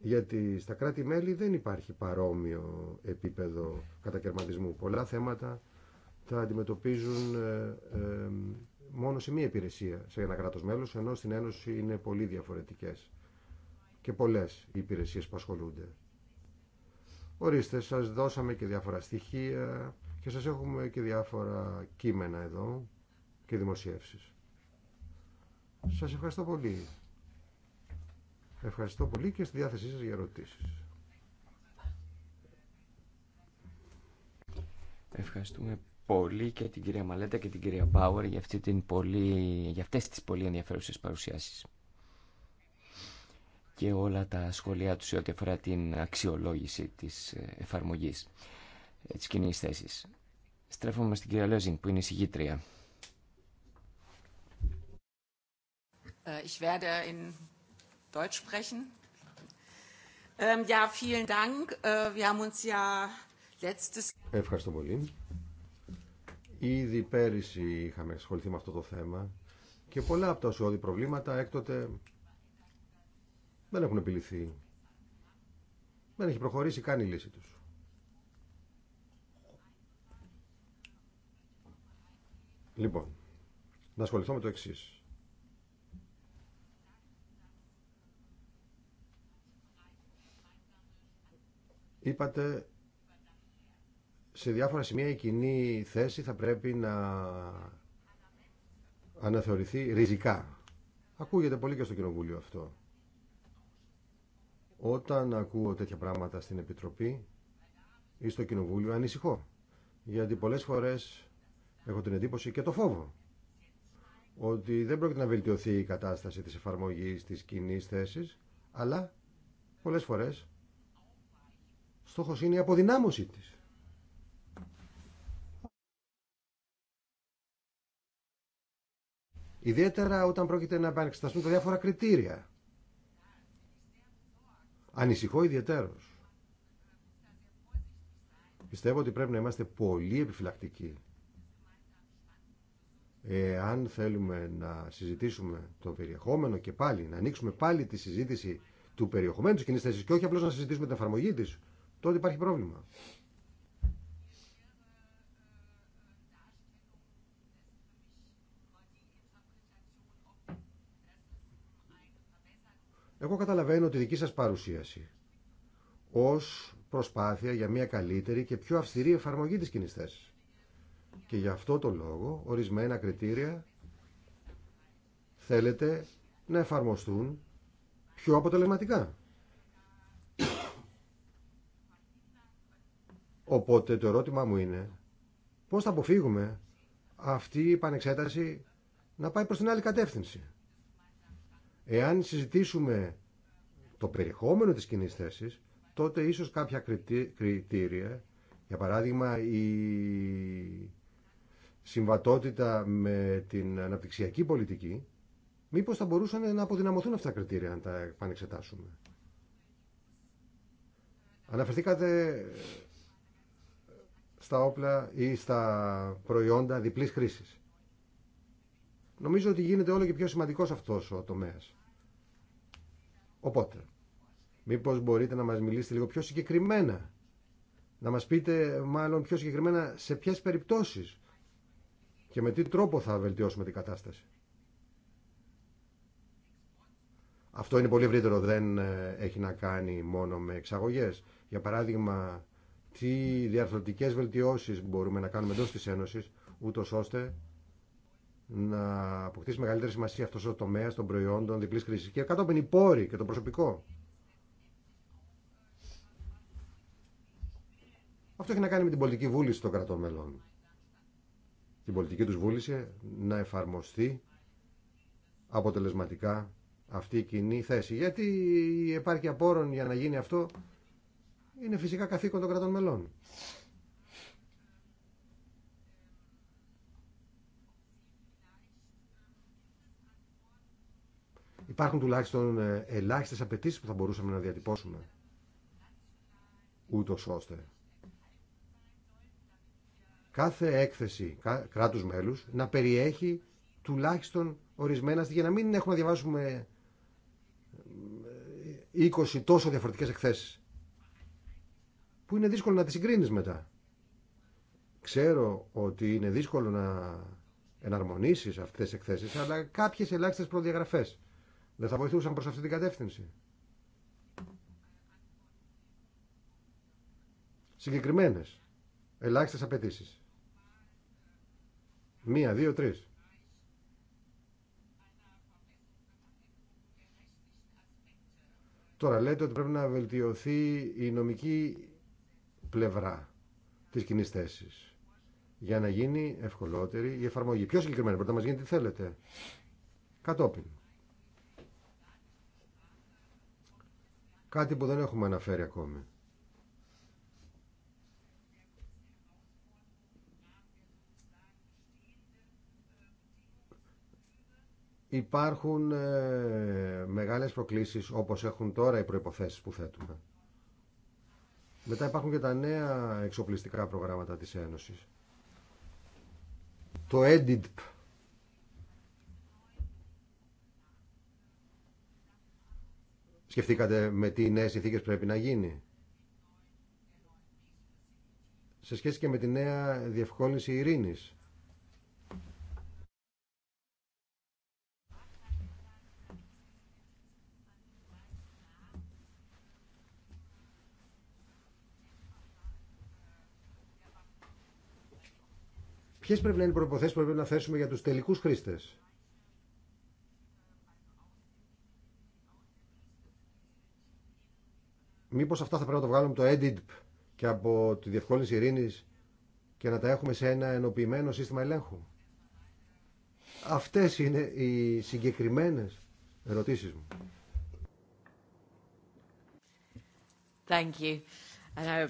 S3: Γιατί στα κράτη-μέλη δεν υπάρχει παρόμοιο επίπεδο κατακαιρματισμού. Πολλά θέματα τα αντιμετωπίζουν ε, ε, μόνο σε μία υπηρεσία σε ένα κράτος μέλος, ενώ στην Ένωση είναι πολύ διαφορετικές και πολλές οι υπηρεσίες που ασχολούνται. Ορίστε, σας δώσαμε και διάφορα στοιχεία και σας έχουμε και διάφορα κείμενα εδώ και δημοσιεύσεις. Σας ευχαριστώ πολύ. Ευχαριστώ πολύ και στη διάθεσή σας για ερωτήσεις.
S4: Ευχαριστούμε πολύ και την κυρία Μαλέτα και την κυρία Μπάουερ για, αυτή την πολύ, για αυτές τις πολύ ενδιαφέρουσες παρουσιάσεις και όλα τα σχολεία τους σε ό,τι αφορά την αξιολόγηση της ε, εφαρμογής της κοινή θέση. Στρέφομαι στην κυρία Λέζινγκ που είναι η συγγήτρια.
S3: Ευχαριστώ πολύ. Ήδη πέρυσι είχαμε ασχοληθεί με αυτό το θέμα και πολλά από τα ουσιώδη προβλήματα έκτοτε δεν έχουν επιληθεί. Δεν έχει προχωρήσει καν η λύση τους. Λοιπόν, να ασχοληθώ με το εξή. Είπατε σε διάφορα σημεία η κοινή θέση θα πρέπει να αναθεωρηθεί ριζικά. Ακούγεται πολύ και στο Κοινοβούλιο αυτό. Όταν ακούω τέτοια πράγματα στην Επιτροπή ή στο Κοινοβούλιο ανησυχώ. Γιατί πολλές φορές έχω την εντύπωση και το φόβο ότι δεν πρόκειται να βελτιωθεί η κατάσταση της εφαρμογής της κοινή θέση, αλλά πολλές φορές στόχος είναι η αποδυνάμωση της. Ιδιαίτερα όταν πρόκειται να επανεξεταστούν τα διάφορα κριτήρια Ανησυχώ ιδιαίτερω. Πιστεύω ότι πρέπει να είμαστε πολύ επιφυλακτικοί. Εάν θέλουμε να συζητήσουμε το περιεχόμενο και πάλι, να ανοίξουμε πάλι τη συζήτηση του περιεχομένου τη κοινή θέση και όχι απλώ να συζητήσουμε την εφαρμογή τη, τότε υπάρχει πρόβλημα. Εγώ καταλαβαίνω τη δική σας παρουσίαση ως προσπάθεια για μια καλύτερη και πιο αυστηρή εφαρμογή της κοινής Και γι' αυτό το λόγο ορισμένα κριτήρια θέλετε να εφαρμοστούν πιο αποτελεσματικά. Οπότε το ερώτημα μου είναι πώς θα αποφύγουμε αυτή η πανεξέταση να πάει προς την άλλη κατεύθυνση. Εάν συζητήσουμε το περιεχόμενο της κοινή θέση, τότε ίσως κάποια κριτήρια, για παράδειγμα η συμβατότητα με την αναπτυξιακή πολιτική, μήπως θα μπορούσαν να αποδυναμωθούν αυτά τα κριτήρια αν τα επανεξετάσουμε. Αναφερθήκατε στα όπλα ή στα προϊόντα διπλής χρήσης. Νομίζω ότι γίνεται όλο και πιο σημαντικός αυτός ο τομέας. Οπότε, μήπως μπορείτε να μα μιλήσετε λίγο πιο συγκεκριμένα, να μας πείτε μάλλον πιο συγκεκριμένα σε ποιες περιπτώσεις και με τι τρόπο θα βελτιώσουμε την κατάσταση. Αυτό είναι πολύ ευρύτερο, δεν ε, έχει να κάνει μόνο με εξαγωγές. Για παράδειγμα, τι διαρθρωτικές βελτιώσεις μπορούμε να κάνουμε εντός της Ένωσης, ούτως ώστε να αποκτήσει μεγαλύτερη σημασία αυτό ο τομέα των προϊόντων διπλής κρίσης και κατόπιν οι πόροι και το προσωπικό. Αυτό έχει να κάνει με την πολιτική βούληση των κρατών μελών. Την πολιτική του βούληση να εφαρμοστεί αποτελεσματικά αυτή η κοινή θέση. Γιατί η επάρκεια πόρων για να γίνει αυτό είναι φυσικά καθήκον των κρατών μελών. υπάρχουν τουλάχιστον ε, ελάχιστες απαιτήσει που θα μπορούσαμε να διατυπώσουμε ούτω ώστε κάθε έκθεση κράτους μέλους να περιέχει τουλάχιστον ορισμένα για να μην έχουμε να διαβάσουμε 20 ε, τόσο διαφορετικές εκθέσεις που είναι δύσκολο να τις συγκρίνεις μετά. Ξέρω ότι είναι δύσκολο να εναρμονίσεις αυτές τις εκθέσεις αλλά κάποιες ελάχιστες προδιαγραφές δεν θα βοηθούσαν προς αυτή την κατεύθυνση. Συγκεκριμένες, ελάχιστες απαιτήσει. Μία, δύο, τρεις. Τώρα λέτε ότι πρέπει να βελτιωθεί η νομική πλευρά της κοινή θέση για να γίνει ευκολότερη η εφαρμογή. Πιο συγκεκριμένα, πρέπει να μας γίνει τι θέλετε. Κατόπιν. Κάτι που δεν έχουμε αναφέρει ακόμη. Υπάρχουν ε, μεγάλες προκλήσεις όπως έχουν τώρα οι προϋποθέσεις που θέτουμε. Μετά υπάρχουν και τα νέα εξοπλιστικά προγράμματα της Ένωσης. Το EDIDP Σκεφτήκατε με τι νέες συνθήκες πρέπει να γίνει. Σε σχέση και με τη νέα διευκόλυνση ειρήνης. Ποιες πρέπει να είναι οι προποθέσει που πρέπει να θέσουμε για τους τελικούς χρήστες. Μήπως αυτά θα πρέπει να το βγάλουμε το edit και από τη διευκόλυνση Ειρηνή και να τα έχουμε σε ένα ενοποιημένο σύστημα ελέγχου. Αυτές είναι οι συγκεκριμένες ερωτήσεις μου.
S4: Thank you. I...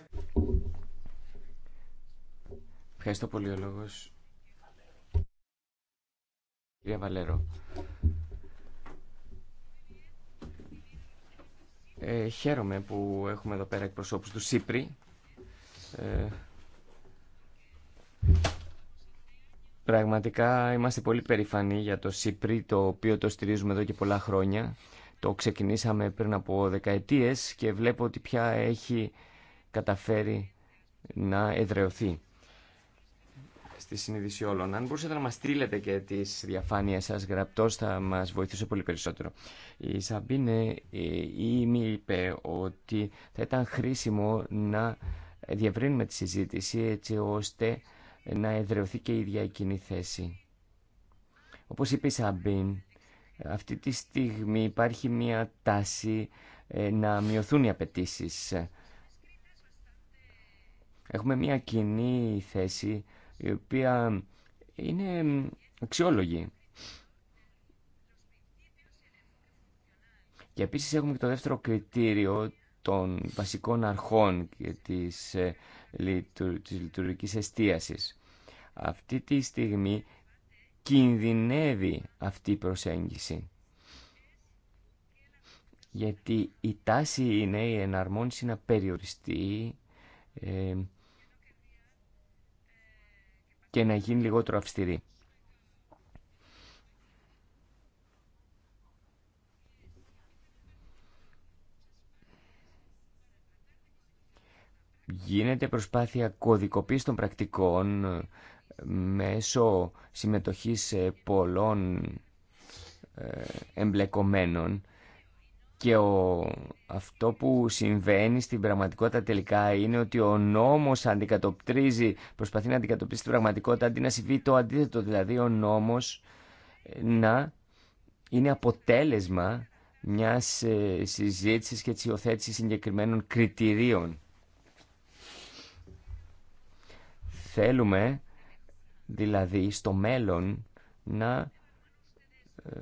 S4: Ευχαριστώ πολύ ο λόγος. Βαλέρο. Ε, χαίρομαι που έχουμε εδώ πέρα εκπροσώπους του ΣΥΠΡΙ. Ε, πραγματικά είμαστε πολύ περήφανοι για το ΣΥΠΡΙ, το οποίο το στηρίζουμε εδώ και πολλά χρόνια. Το ξεκινήσαμε πριν από δεκαετίες και βλέπω ότι πια έχει καταφέρει να εδρεωθεί στη συνείδηση όλων. Αν μπορούσατε να μας στείλετε και τι διαφάνειε σας γραπτό θα μας βοηθούσε πολύ περισσότερο. Η Σαμπίνε ε, ή είπε ότι θα ήταν χρήσιμο να διευρύνουμε τη συζήτηση έτσι ώστε να εδρεωθεί και η ίδια εκείνη θέση. Όπως είπε η Σαμπίν, αυτή τη στιγμή υπάρχει μια τάση ε, να μειωθούν οι απαιτήσει. Έχουμε μια κοινή θέση η οποία είναι αξιόλογη. Και επίσης έχουμε και το δεύτερο κριτήριο των βασικών αρχών και της, ε, της λειτουργικής εστίασης. Αυτή τη στιγμή κινδυνεύει αυτή η προσέγγιση. Γιατί η τάση είναι η εναρμόνιση να περιοριστεί ε, και να γίνει λιγότερο αυστηρή. Γίνεται προσπάθεια κωδικοποίηση των πρακτικών ε, μέσω συμμετοχής πολλών ε, εμπλεκομένων και ο, αυτό που συμβαίνει στην πραγματικότητα τελικά είναι ότι ο νόμος αντικατοπτρίζει, προσπαθεί να αντικατοπτρίζει την πραγματικότητα αντί να συμβεί το αντίθετο. Δηλαδή ο νόμος ε, να είναι αποτέλεσμα μιας ε, συζήτησης και της συγκεκριμένων κριτηρίων. Θέλουμε δηλαδή στο μέλλον να ε,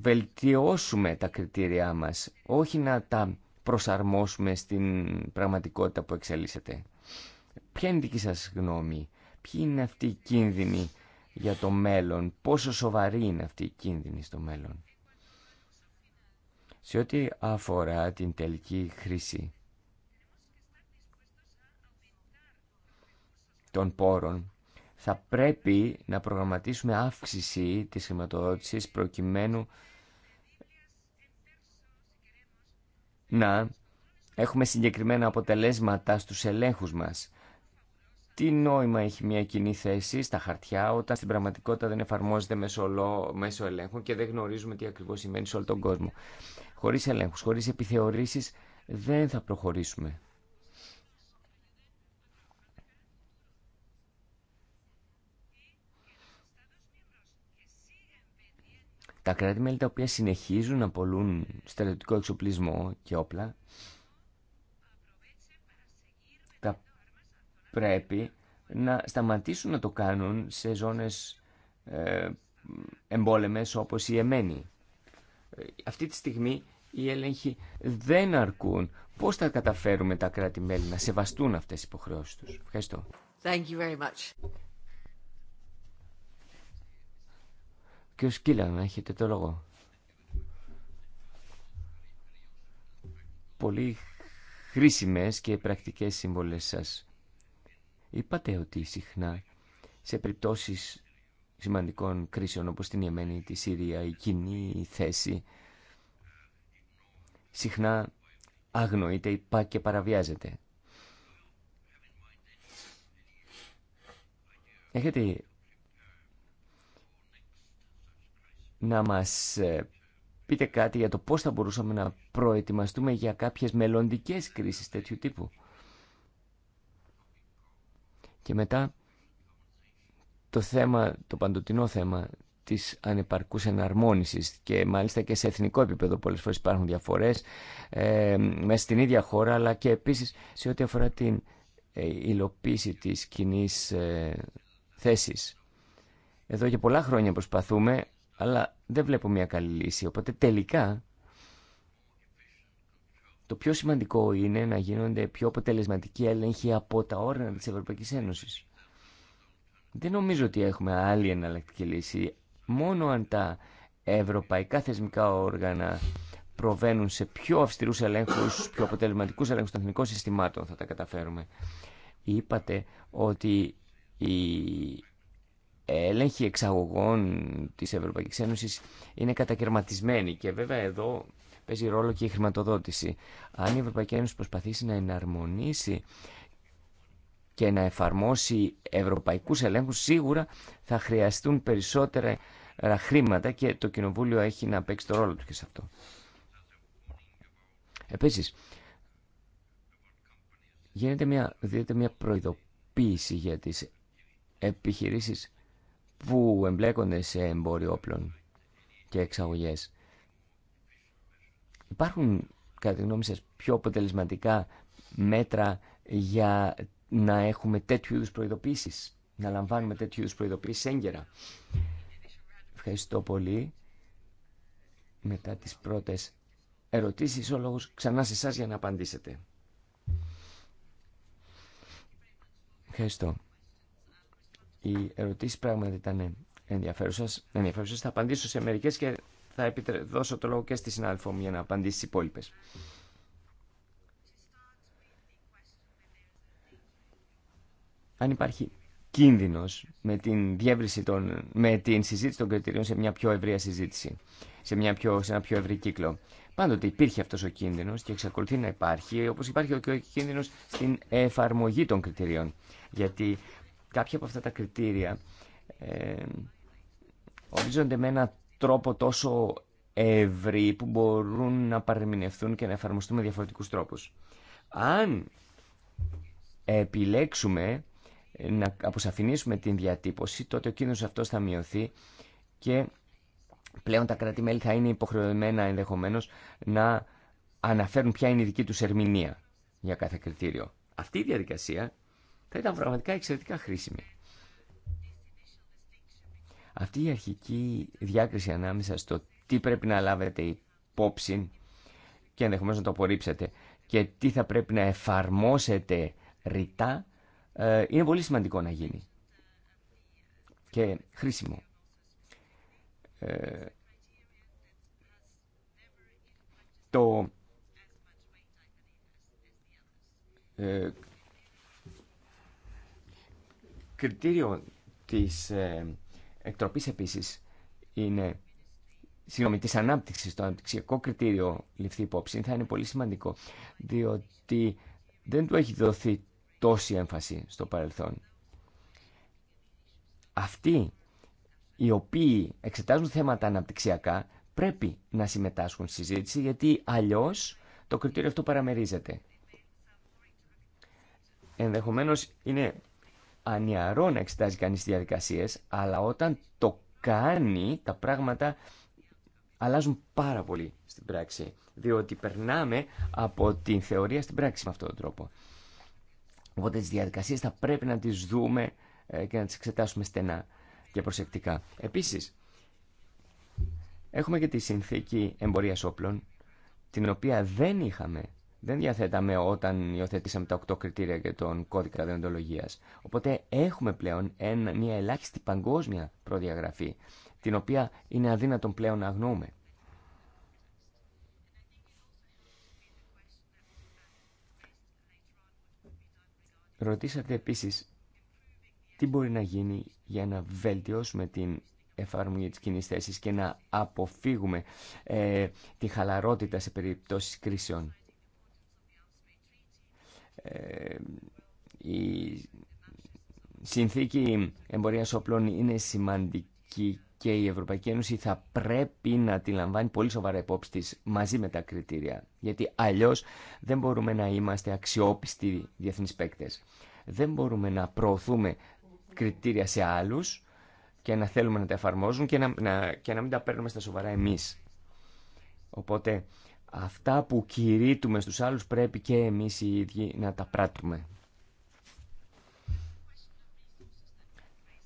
S4: βελτιώσουμε τα κριτήριά μας, όχι να τα προσαρμόσουμε στην πραγματικότητα που εξελίσσεται. Ποια είναι η δική σας γνώμη, ποιοι είναι αυτοί οι κίνδυνοι για το μέλλον, πόσο σοβαροί είναι αυτοί οι κίνδυνοι στο μέλλον. Σε ό,τι αφορά την τελική χρήση των πόρων, θα πρέπει να προγραμματίσουμε αύξηση της χρηματοδότησης προκειμένου να έχουμε συγκεκριμένα αποτελέσματα στους ελέγχους μας. Τι νόημα έχει μια κοινή θέση στα χαρτιά όταν στην πραγματικότητα δεν εφαρμόζεται μέσω ελέγχου και δεν γνωρίζουμε τι ακριβώς σημαίνει σε όλο τον κόσμο. Χωρίς ελέγχους, χωρίς επιθεωρήσεις δεν θα προχωρήσουμε. Τα κράτη-μέλη τα οποία συνεχίζουν να πολλούν στρατιωτικό εξοπλισμό και όπλα θα πρέπει να σταματήσουν να το κάνουν σε ζώνες ε, εμπόλεμες όπως η Εμένη. Αυτή τη στιγμή οι έλεγχοι δεν αρκούν. Πώς θα καταφέρουμε τα κράτη-μέλη να σεβαστούν αυτές τις υποχρεώσεις τους. Ευχαριστώ. Κύριο Σκύλα, έχετε το λόγο. Πολύ χρήσιμες και πρακτικές συμβολές σας. Είπατε ότι συχνά σε περιπτώσεις σημαντικών κρίσεων όπως την Ιεμένη, τη Συρία, η κοινή θέση συχνά αγνοείται, υπά και παραβιάζεται. Έχετε να μας ε, πείτε κάτι για το πώς θα μπορούσαμε να προετοιμαστούμε για κάποιες μελλοντικές κρίσεις τέτοιου τύπου. Και μετά το θέμα, το παντοτινό θέμα της ανεπαρκούς εναρμόνισης και μάλιστα και σε εθνικό επίπεδο πολλές φορές υπάρχουν διαφορές ε, μέσα στην ίδια χώρα αλλά και επίσης σε ό,τι αφορά την ε, υλοποίηση της κοινή ε, Εδώ και πολλά χρόνια προσπαθούμε αλλά δεν βλέπω μια καλή λύση. Οπότε τελικά το πιο σημαντικό είναι να γίνονται πιο αποτελεσματικοί έλεγχοι από τα όργανα της Ευρωπαϊκής Ένωσης. Δεν νομίζω ότι έχουμε άλλη εναλλακτική λύση. Μόνο αν τα ευρωπαϊκά θεσμικά όργανα προβαίνουν σε πιο αυστηρούς ελέγχους, πιο αποτελεσματικούς ελέγχους των εθνικών συστημάτων θα τα καταφέρουμε. Είπατε ότι η έλεγχοι εξαγωγών της Ευρωπαϊκής Ένωσης είναι κατακαιρματισμένοι και βέβαια εδώ παίζει ρόλο και η χρηματοδότηση. Αν η Ευρωπαϊκή Ένωση προσπαθήσει να εναρμονίσει και να εφαρμόσει ευρωπαϊκούς ελέγχους, σίγουρα θα χρειαστούν περισσότερα χρήματα και το Κοινοβούλιο έχει να παίξει το ρόλο του και σε αυτό. Επίσης, γίνεται μια, μια προειδοποίηση για τις επιχειρήσεις που εμπλέκονται σε εμπόριο όπλων και εξαγωγές. Υπάρχουν, κατά τη γνώμη σας, πιο αποτελεσματικά μέτρα για να έχουμε τέτοιου είδους προειδοποίησεις, να λαμβάνουμε τέτοιου είδους προειδοποίησεις έγκαιρα. Ευχαριστώ πολύ. Μετά τις πρώτες ερωτήσεις, ο λόγος ξανά σε εσά για να απαντήσετε. Ευχαριστώ. Οι ερωτήσει πράγματι ήταν ενδιαφέρουσε. Θα απαντήσω σε μερικέ και θα δώσω το λόγο και στη συνάδελφό μου για να απαντήσει στις υπόλοιπε. Αν υπάρχει κίνδυνο με την, με την συζήτηση των κριτηρίων σε μια πιο ευρεία συζήτηση, σε, μια πιο, σε ένα πιο ευρύ κύκλο. Πάντοτε υπήρχε αυτό ο κίνδυνο και εξακολουθεί να υπάρχει, όπω υπάρχει και ο κίνδυνο στην εφαρμογή των κριτηρίων. Γιατί κάποια από αυτά τα κριτήρια ε, ορίζονται με έναν τρόπο τόσο ευρύ που μπορούν να παρεμεινευθούν και να εφαρμοστούν με διαφορετικούς τρόπους. Αν επιλέξουμε να αποσαφηνίσουμε την διατύπωση, τότε ο κίνδυνος αυτός θα μειωθεί και πλέον τα κράτη-μέλη θα είναι υποχρεωμένα ενδεχομένως να αναφέρουν ποια είναι η δική τους ερμηνεία για κάθε κριτήριο. Αυτή η διαδικασία θα ήταν πραγματικά εξαιρετικά χρήσιμη. Αυτή η αρχική διάκριση ανάμεσα στο τι πρέπει να λάβετε υπόψη και ενδεχομένω να το απορρίψετε και τι θα πρέπει να εφαρμόσετε ρητά ε, είναι πολύ σημαντικό να γίνει και χρήσιμο. Ε, το ε, Κριτήριο της ε, εκτροπής επίσης είναι, συγγνώμη, της ανάπτυξης, το αναπτυξιακό κριτήριο ληφθεί υπόψη, θα είναι πολύ σημαντικό, διότι δεν του έχει δοθεί τόση έμφαση στο παρελθόν. Αυτοί οι οποίοι εξετάζουν θέματα αναπτυξιακά πρέπει να συμμετάσχουν στη συζήτηση γιατί αλλιώς το κριτήριο αυτό παραμερίζεται. Ενδεχομένως είναι ανιαρό να εξετάζει κανείς τις διαδικασίες, αλλά όταν το κάνει τα πράγματα αλλάζουν πάρα πολύ στην πράξη, διότι περνάμε από την θεωρία στην πράξη με αυτόν τον τρόπο. Οπότε τις διαδικασίες θα πρέπει να τις δούμε ε, και να τις εξετάσουμε στενά και προσεκτικά. Επίσης, έχουμε και τη συνθήκη εμπορίας όπλων, την οποία δεν είχαμε δεν διαθέταμε όταν υιοθετήσαμε τα οκτώ κριτήρια για τον κώδικα δεοντολογίας. Οπότε έχουμε πλέον μια ελάχιστη παγκόσμια προδιαγραφή, την οποία είναι αδύνατον πλέον να αγνοούμε. Ρωτήσατε επίσης τι μπορεί να γίνει για να βελτιώσουμε την εφαρμογή της κοινή θέση και να αποφύγουμε ε, τη χαλαρότητα σε περιπτώσεις κρίσεων. Ε, η συνθήκη εμπορίας όπλων είναι σημαντική και η Ευρωπαϊκή Ένωση θα πρέπει να τη λαμβάνει πολύ σοβαρά υπόψη της μαζί με τα κριτήρια. Γιατί αλλιώς δεν μπορούμε να είμαστε αξιόπιστοι διεθνείς παίκτες. Δεν μπορούμε να προωθούμε κριτήρια σε άλλους και να θέλουμε να τα εφαρμόζουν και να, να, και να μην τα παίρνουμε στα σοβαρά εμείς. Οπότε αυτά που κηρύττουμε στους άλλους πρέπει και εμείς οι ίδιοι να τα πράττουμε.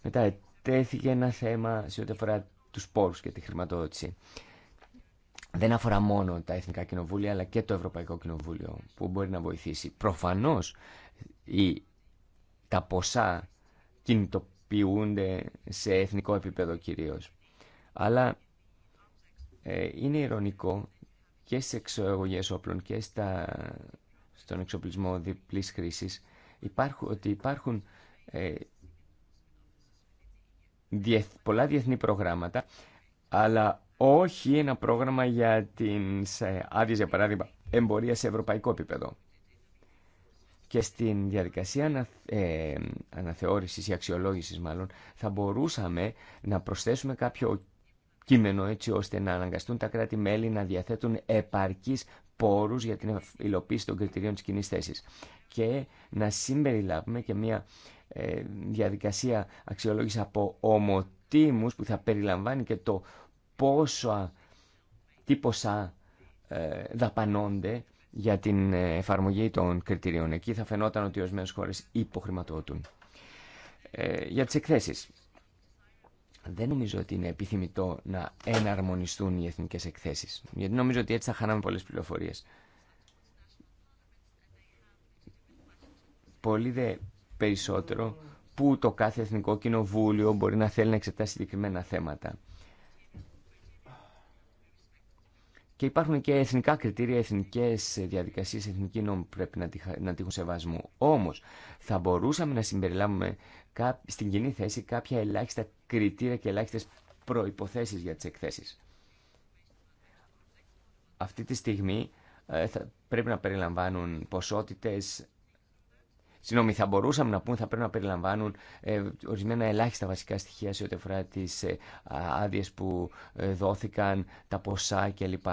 S4: Μετά τέθηκε ένα θέμα σε ό,τι αφορά τους πόρους και τη χρηματοδότηση. Δεν αφορά μόνο τα Εθνικά Κοινοβούλια αλλά και το Ευρωπαϊκό Κοινοβούλιο που μπορεί να βοηθήσει. Προφανώς η, τα ποσά κινητοποιούνται σε εθνικό επίπεδο κυρίως. Αλλά ε, είναι ηρωνικό και στις εξαγωγές όπλων και στον εξοπλισμό διπλής χρήσης υπάρχουν, ότι υπάρχουν ε, πολλά διεθνή προγράμματα αλλά όχι ένα πρόγραμμα για την άδειε, για παράδειγμα εμπορία σε ευρωπαϊκό επίπεδο. Και στην διαδικασία ανα, ε, αναθεώρησης ή αξιολόγησης μάλλον θα μπορούσαμε να προσθέσουμε κάποιο κείμενο έτσι ώστε να αναγκαστούν τα κράτη-μέλη να διαθέτουν επαρκείς πόρους για την υλοποίηση των κριτηρίων της κοινή θέση. και να συμπεριλάβουμε και μια ε, διαδικασία αξιολόγηση από ομοτήμου που θα περιλαμβάνει και το πόσο τι ποσά ε, δαπανώνται για την ε, εφαρμογή των κριτηρίων. Εκεί θα φαινόταν ότι ορισμένε χώρε υποχρηματοδοτούν. Ε, για τι εκθέσει δεν νομίζω ότι είναι επιθυμητό να εναρμονιστούν οι εθνικές εκθέσει. Γιατί νομίζω ότι έτσι θα χάναμε πολλές πληροφορίες. Πολύ δε περισσότερο που το κάθε εθνικό κοινοβούλιο μπορεί να θέλει να εξετάσει συγκεκριμένα θέματα. Και υπάρχουν και εθνικά κριτήρια, εθνικέ διαδικασίε, εθνική νόμοι που πρέπει να, τύχουν σεβασμού. Όμω, θα μπορούσαμε να συμπεριλάβουμε στην κοινή θέση κάποια ελάχιστα κριτήρια και ελάχιστε προϋποθέσεις για τι εκθέσει. Αυτή τη στιγμή ε, θα πρέπει να περιλαμβάνουν ποσότητες, Συγγνώμη, θα μπορούσαμε να πούμε θα πρέπει να περιλαμβάνουν ε, ορισμένα ελάχιστα βασικά στοιχεία σε ό,τι αφορά τι ε, άδειε που ε, δόθηκαν, τα ποσά κλπ.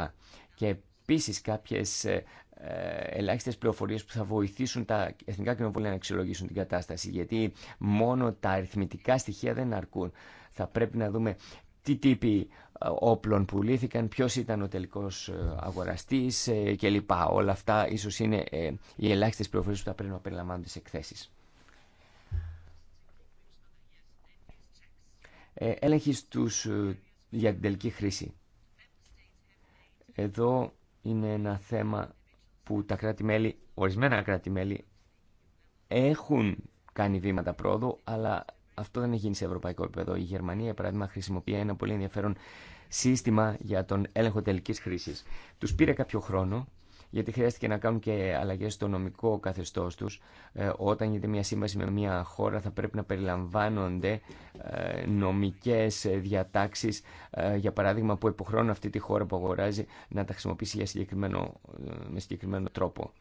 S4: Και επίση κάποιε ε, ε, ελάχιστες πληροφορίες που θα βοηθήσουν τα εθνικά κοινοβούλια να αξιολογήσουν την κατάσταση γιατί μόνο τα αριθμητικά στοιχεία δεν αρκούν. Θα πρέπει να δούμε τι τύποι ε, όπλων πουλήθηκαν, ποιος ήταν ο τελικός ε, αγοραστής κλπ. Όλα αυτά ίσως είναι οι ελάχιστες πληροφορίες που θα πρέπει να περιλαμβάνονται σε εκθέσεις. Έλεγχη στους, για την τελική χρήση. Εδώ είναι ένα θέμα που τα κράτη-μέλη, ορισμένα κράτη-μέλη, έχουν κάνει βήματα πρόοδου, αλλά αυτό δεν έχει γίνει σε ευρωπαϊκό επίπεδο. Η Γερμανία, παράδειγμα, χρησιμοποιεί ένα πολύ ενδιαφέρον σύστημα για τον έλεγχο τελική χρήση. Του πήρε κάποιο χρόνο γιατί χρειάστηκε να κάνουν και αλλαγές στο νομικό καθεστώς τους. Ε, όταν γίνεται μια σύμβαση με μια χώρα θα πρέπει να περιλαμβάνονται ε, νομικές διατάξεις, ε, για παράδειγμα που υποχρώνουν αυτή τη χώρα που αγοράζει να τα χρησιμοποιήσει για συγκεκριμένο, με συγκεκριμένο τρόπο.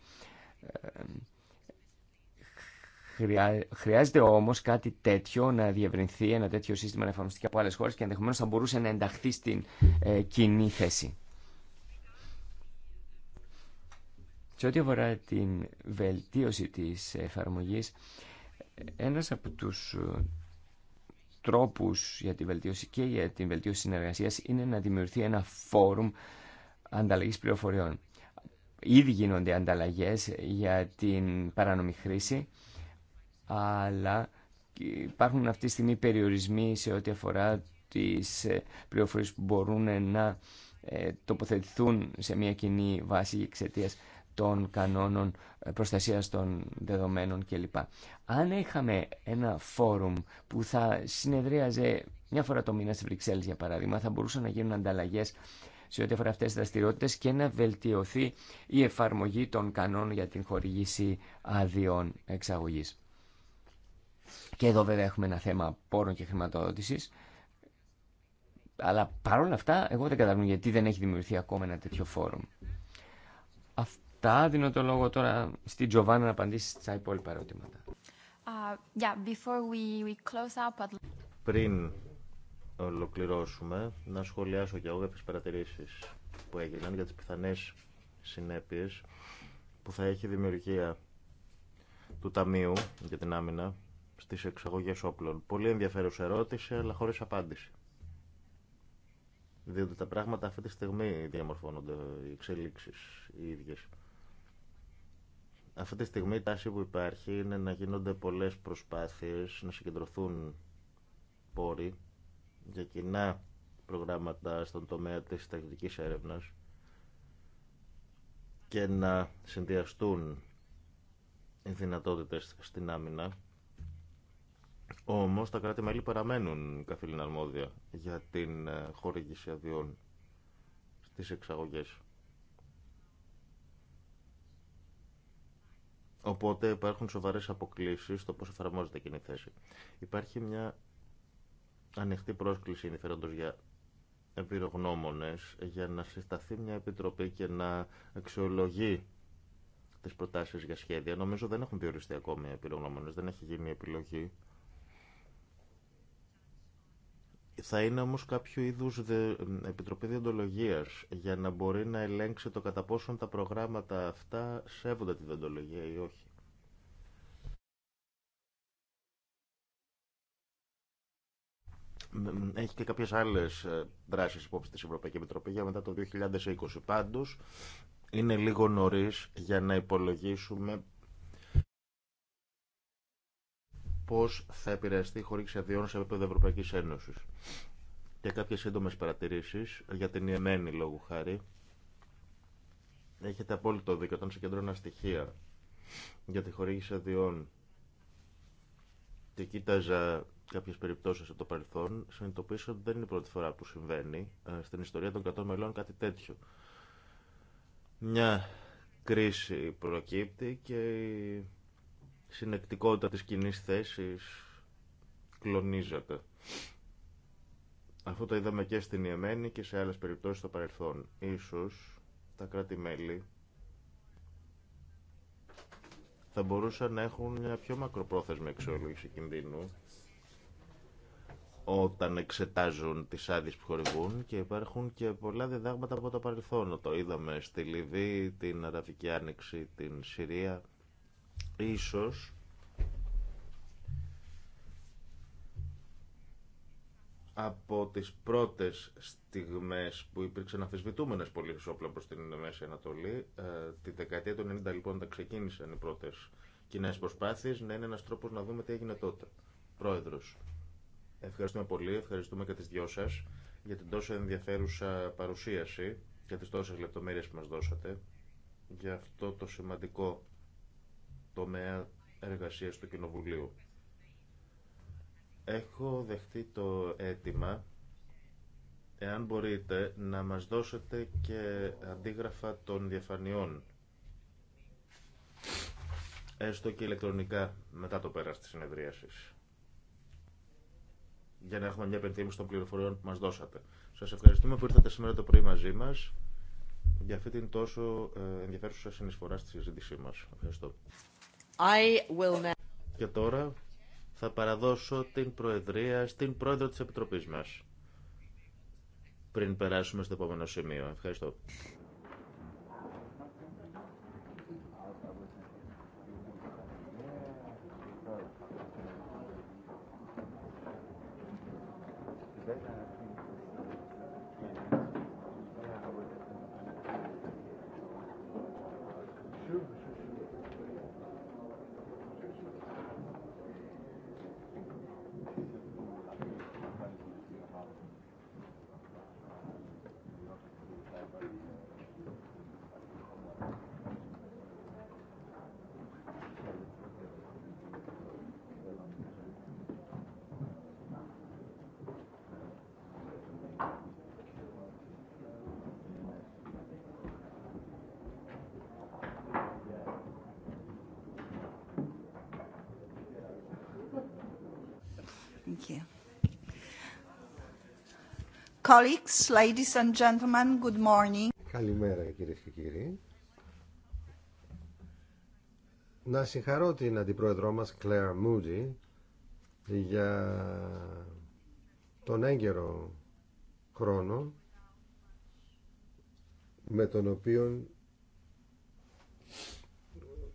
S4: Χρειάζεται όμω κάτι τέτοιο να διευρυνθεί, ένα τέτοιο σύστημα να εφαρμοστεί από άλλε χώρε και ενδεχομένω θα μπορούσε να ενταχθεί στην ε, κοινή θέση. Σε ό,τι αφορά την βελτίωση της εφαρμογής, ένας από τους ε, τρόπους για τη βελτίωση και για την βελτίωση συνεργασίας είναι να δημιουργηθεί ένα φόρουμ ανταλλαγής πληροφοριών. Ήδη γίνονται ανταλλαγές για την παράνομη χρήση, αλλά υπάρχουν αυτή τη στιγμή περιορισμοί σε ό,τι αφορά τις ε, πληροφορίες που μπορούν να ε, τοποθετηθούν σε μια κοινή βάση εξαιτία των κανόνων ε, προστασίας των δεδομένων κλπ. Αν είχαμε ένα φόρουμ που θα συνεδρίαζε μια φορά το μήνα στη Βρυξέλλες για παράδειγμα, θα μπορούσαν να γίνουν ανταλλαγές σε ό,τι αφορά αυτές τις δραστηριότητες και να βελτιωθεί η εφαρμογή των κανόνων για την χορηγήση αδειών εξαγωγής. Και εδώ βέβαια έχουμε ένα θέμα πόρων και χρηματοδότησης, αλλά παρόλα αυτά εγώ δεν καταλαβαίνω γιατί δεν έχει δημιουργηθεί ακόμα ένα τέτοιο φόρουμ. Τα Δίνω το λόγο τώρα στην Τζοβάνα να απαντήσει στα υπόλοιπα ερωτήματα. Uh, we, we close up...
S1: Πριν ολοκληρώσουμε, να σχολιάσω και εγώ τις παρατηρήσεις που έγιναν για τις πιθανές συνέπειες που θα έχει δημιουργία του Ταμείου για την άμυνα στις εξαγωγές όπλων. Πολύ ενδιαφέρουσα ερώτηση, αλλά χωρίς απάντηση. Διότι τα πράγματα αυτή τη στιγμή διαμορφώνονται οι εξελίξεις οι ίδιες. Αυτή τη στιγμή η τάση που υπάρχει είναι να γίνονται πολλές προσπάθειες, να συγκεντρωθούν πόροι για κοινά προγράμματα στον τομέα της τακτικής έρευνας και να συνδυαστούν οι δυνατότητες στην άμυνα. Όμως τα κράτη-μέλη παραμένουν καθήλυνα αρμόδια για την ε, χορήγηση αδειών στις εξαγωγές. Οπότε υπάρχουν σοβαρές αποκλήσεις στο πώς εφαρμόζεται εκείνη η θέση. Υπάρχει μια ανοιχτή πρόσκληση ενδιαφέροντος για εμπειρογνώμονες για να συσταθεί μια επιτροπή και να αξιολογεί τις προτάσεις για σχέδια. Νομίζω δεν έχουν διοριστεί ακόμη οι επιρρογνώμονες, δεν έχει γίνει επιλογή Θα είναι όμως κάποιο είδους επιτροπή διοντολογίας για να μπορεί να ελέγξει το κατά πόσον τα προγράμματα αυτά σέβονται τη διοντολογία ή όχι. Έχει και κάποιες άλλες ε, δράσεις υπόψη της Ευρωπαϊκή Επιτροπή για μετά το 2020. Πάντως, είναι λίγο νωρίς για να υπολογίσουμε Πώ θα επηρεαστεί η χορήγηση αδειών σε επίπεδο Ευρωπαϊκή Ένωση. Και κάποιε σύντομε παρατηρήσει για την Ιεμένη λόγου χάρη. Έχετε απόλυτο δίκιο όταν συγκεντρώνα στοιχεία για τη χορήγηση αδειών και κοίταζα κάποιε περιπτώσει από το παρελθόν, συνειδητοποίησα ότι δεν είναι η πρώτη φορά που συμβαίνει ε, στην ιστορία των κρατών μελών κάτι τέτοιο. Μια κρίση προκύπτει και η συνεκτικότητα της κοινή θέση κλονίζεται. Αυτό το είδαμε και στην Ιεμένη και σε άλλες περιπτώσεις στο παρελθόν. Ίσως τα κράτη-μέλη θα μπορούσαν να έχουν μια πιο μακροπρόθεσμη αξιολόγηση κινδύνου όταν εξετάζουν τις άδειες που χορηγούν και υπάρχουν και πολλά διδάγματα από το παρελθόν. Το είδαμε στη Λιβύη, την Αραβική Άνοιξη, την Συρία. Ίσως από τις πρώτες στιγμές που υπήρξαν αφισβητούμενες πολύ όπλα προς την Μέση Ανατολή, ε, τη δεκαετία του 90 λοιπόν τα ξεκίνησαν οι πρώτες κοινέ προσπάθειες, να είναι ένας τρόπος να δούμε τι έγινε τότε. Πρόεδρος, ευχαριστούμε πολύ, ευχαριστούμε και τις δυο σας για την τόσο ενδιαφέρουσα παρουσίαση και τις τόσες λεπτομέρειες που μας δώσατε για αυτό το σημαντικό τομέα εργασίας του Κοινοβουλίου. Έχω δεχτεί το αίτημα, εάν μπορείτε, να μας δώσετε και αντίγραφα των διαφανειών. Έστω και ηλεκτρονικά μετά το πέρας της συνεδρίασης. Για να έχουμε μια επενθύμηση των πληροφοριών που μας δώσατε. Σας ευχαριστούμε που ήρθατε σήμερα το πρωί μαζί μας για αυτή την τόσο ε, ενδιαφέρουσα συνεισφορά στη συζήτησή μας. Ευχαριστώ. Και τώρα θα παραδώσω την Προεδρία στην Πρόεδρο της Επιτροπής μας. Πριν περάσουμε στο επόμενο σημείο. Ευχαριστώ.
S2: Colleagues, ladies and gentlemen, good morning.
S3: Καλημέρα κύριε και κύριοι. Να συγχαρώ την αντιπρόεδρό μας Claire Moody για τον έγκαιρο χρόνο με τον οποίο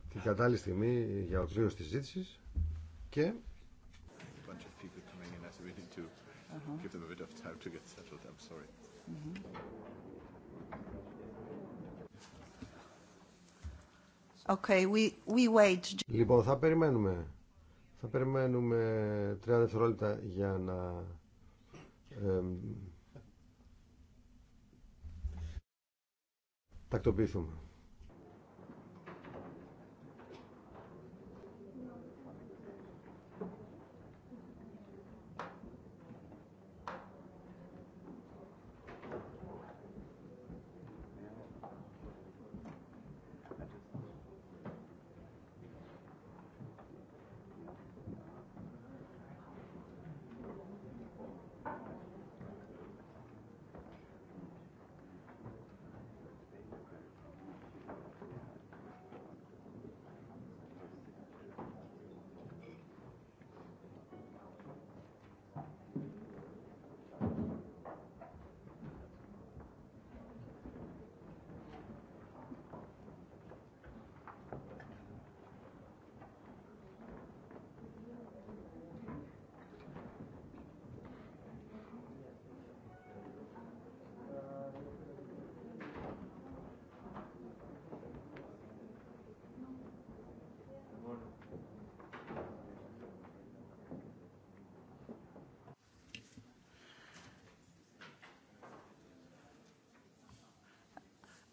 S3: την κατάλληλη στιγμή για ολοκλήρωση της ζήτησης και
S2: Uh-huh. Give them a bit of time to get settled. I'm sorry. Mm-hmm.
S3: Okay, we, we wait. Λοιπόν, θα περιμένουμε. Θα περιμένουμε 30 δευτερόλεπτα για να... Ε, τακτοποιηθούμε.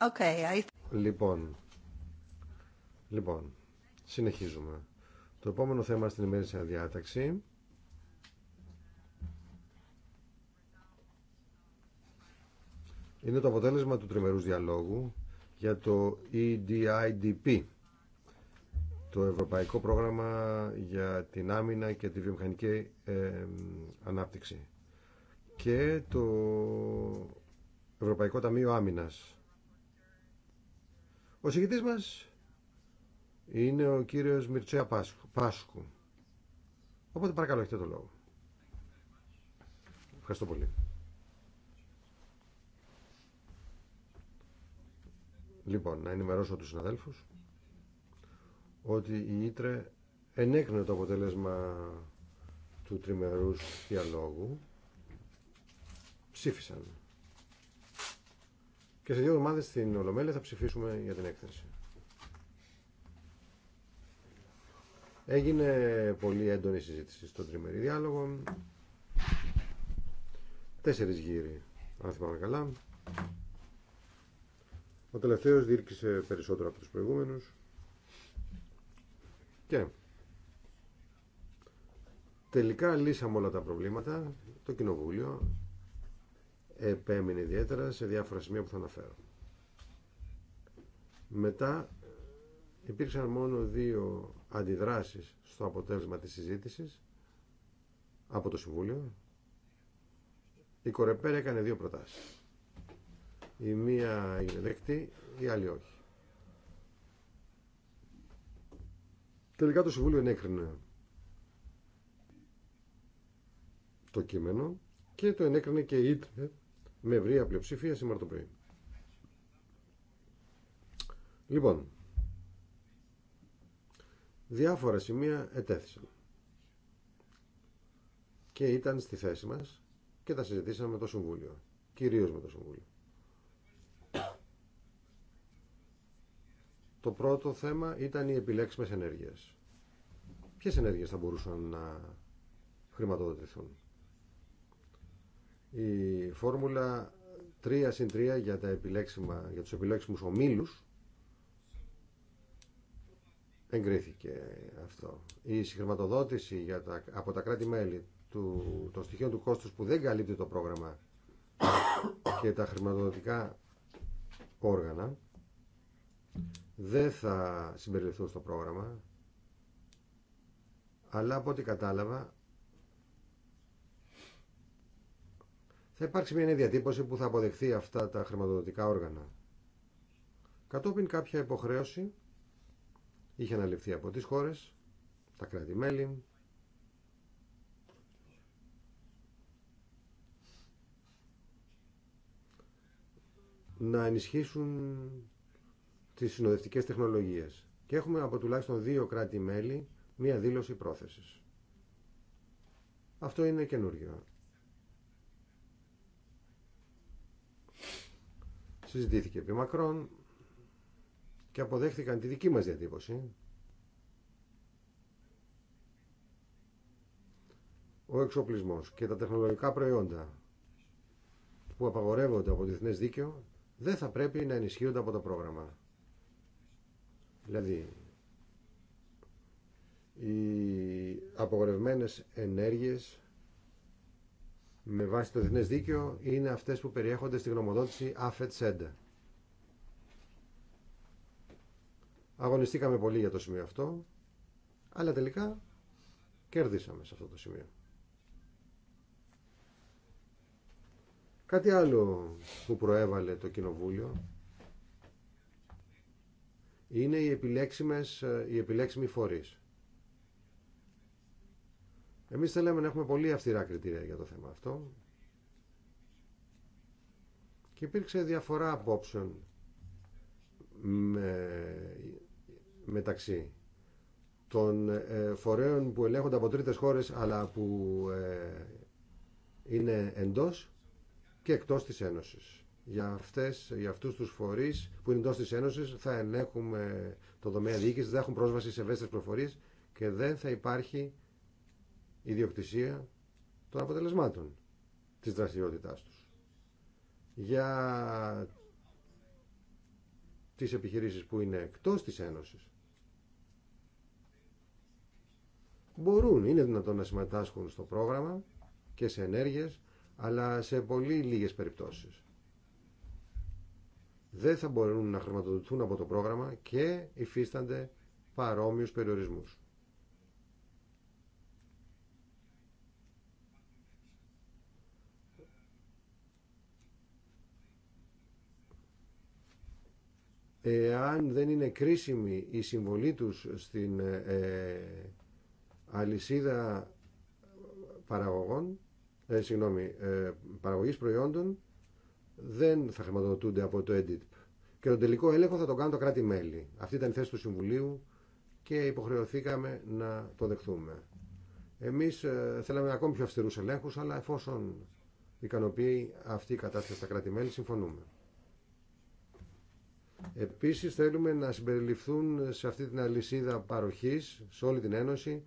S3: Okay, Λοιπόν, λοιπόν, συνεχίζουμε. Το επόμενο θέμα στην ημέρηση διάταξη είναι το αποτέλεσμα του τριμερούς διαλόγου για το EDIDP, το Ευρωπαϊκό Πρόγραμμα για την Άμυνα και τη Βιομηχανική ε, Ανάπτυξη και το Ευρωπαϊκό Ταμείο Άμυνας ο συγκεκριτής μας είναι ο κύριος Μιρτσέα Πάσχου. Οπότε παρακαλώ έχετε το λόγο. Ευχαριστώ πολύ. Λοιπόν, να ενημερώσω τους συναδέλφους ότι η Ήτρε ενέκρινε το αποτέλεσμα του τριμερούς διαλόγου. Ψήφισαν και σε δύο εβδομάδε στην Ολομέλεια θα ψηφίσουμε για την έκθεση. Έγινε πολύ έντονη συζήτηση στον τριμερή διάλογο. Τέσσερις γύροι, αν θυμάμαι καλά. Ο τελευταίο διήρκησε περισσότερο από τους προηγούμενους. Και τελικά λύσαμε όλα τα προβλήματα. Το Κοινοβούλιο επέμεινε ιδιαίτερα σε διάφορα σημεία που θα αναφέρω. Μετά υπήρξαν μόνο δύο αντιδράσεις στο αποτέλεσμα της συζήτησης από το Συμβούλιο. Η Κορεπέρα έκανε δύο προτάσεις. Η μία είναι δεκτή, η άλλη όχι. Τελικά το Συμβούλιο ενέκρινε το κείμενο και το ενέκρινε και η με ευρία πλειοψηφία σήμερα το πρωί. Λοιπόν, διάφορα σημεία ετέθησαν και ήταν στη θέση μας και τα συζητήσαμε με το Συμβούλιο, κυρίως με το Συμβούλιο. Το πρώτο θέμα ήταν οι επιλέξιμες ενέργειες. Ποιες ενέργειες θα μπορούσαν να χρηματοδοτηθούν η φόρμουλα 3 συν 3 για, τα επιλέξιμα, για τους επιλέξιμους ομίλους εγκρίθηκε αυτό. Η συγχρηματοδότηση για τα, από τα κράτη-μέλη των στοιχείων του κόστους που δεν καλύπτει το πρόγραμμα και τα χρηματοδοτικά όργανα δεν θα συμπεριληφθούν στο πρόγραμμα αλλά από ό,τι κατάλαβα θα υπάρξει μια νέα διατύπωση που θα αποδεχθεί αυτά τα χρηματοδοτικά όργανα. Κατόπιν κάποια υποχρέωση είχε αναλυφθεί από τις χώρες, τα κράτη-μέλη, να ενισχύσουν τις συνοδευτικές τεχνολογίες. Και έχουμε από τουλάχιστον δύο κράτη-μέλη μία δήλωση πρόθεσης. Αυτό είναι καινούργιο. συζητήθηκε επί μακρόν και αποδέχθηκαν τη δική μας διατύπωση. Ο εξοπλισμός και τα τεχνολογικά προϊόντα που απαγορεύονται από το διεθνές δίκαιο δεν θα πρέπει να ενισχύονται από το πρόγραμμα. Δηλαδή, οι απογορευμένες ενέργειες με βάση το διεθνές δίκαιο είναι αυτές που περιέχονται στη γνωμοδότηση ΑΦΕΤ ΣΕΝΤΕ. Αγωνιστήκαμε πολύ για το σημείο αυτό, αλλά τελικά κερδίσαμε σε αυτό το σημείο. Κάτι άλλο που προέβαλε το Κοινοβούλιο είναι οι επιλέξιμες, ε, οι επιλέξιμοι φορείς. Εμείς θέλαμε να έχουμε πολύ αυστηρά κριτήρια για το θέμα αυτό και υπήρξε διαφορά απόψεων με, μεταξύ των ε, φορέων που ελέγχονται από τρίτες χώρες αλλά που ε, είναι εντός και εκτός της Ένωσης. Για, αυτές, για αυτούς τους φορείς που είναι εντός της Ένωσης θα ελέγχουμε το δομέα διοίκηση, δεν έχουν πρόσβαση σε ευαίσθητες προφορίες και δεν θα υπάρχει ιδιοκτησία των αποτελεσμάτων της δραστηριότητάς τους. Για τις επιχειρήσεις που είναι εκτός της Ένωσης μπορούν, είναι δυνατόν να συμμετάσχουν στο πρόγραμμα και σε ενέργειες, αλλά σε πολύ λίγες περιπτώσεις. Δεν θα μπορούν να χρηματοδοτηθούν από το πρόγραμμα και υφίστανται παρόμοιους περιορισμούς. εάν δεν είναι κρίσιμη η συμβολή τους στην ε, αλυσίδα παραγωγών, ε, συγγνώμη, ε, παραγωγής προϊόντων, δεν θα χρηματοδοτούνται από το Edit. Και τον τελικό έλεγχο θα το κάνουν τα κράτη-μέλη. Αυτή ήταν η θέση του Συμβουλίου και υποχρεωθήκαμε να το δεχθούμε. Εμείς ε, θέλαμε ακόμη πιο αυστηρούς ελέγχους, αλλά εφόσον ικανοποιεί αυτή η κατάσταση στα κράτη-μέλη, συμφωνούμε. Επίσης θέλουμε να συμπεριληφθούν σε αυτή την αλυσίδα παροχής, σε όλη την Ένωση,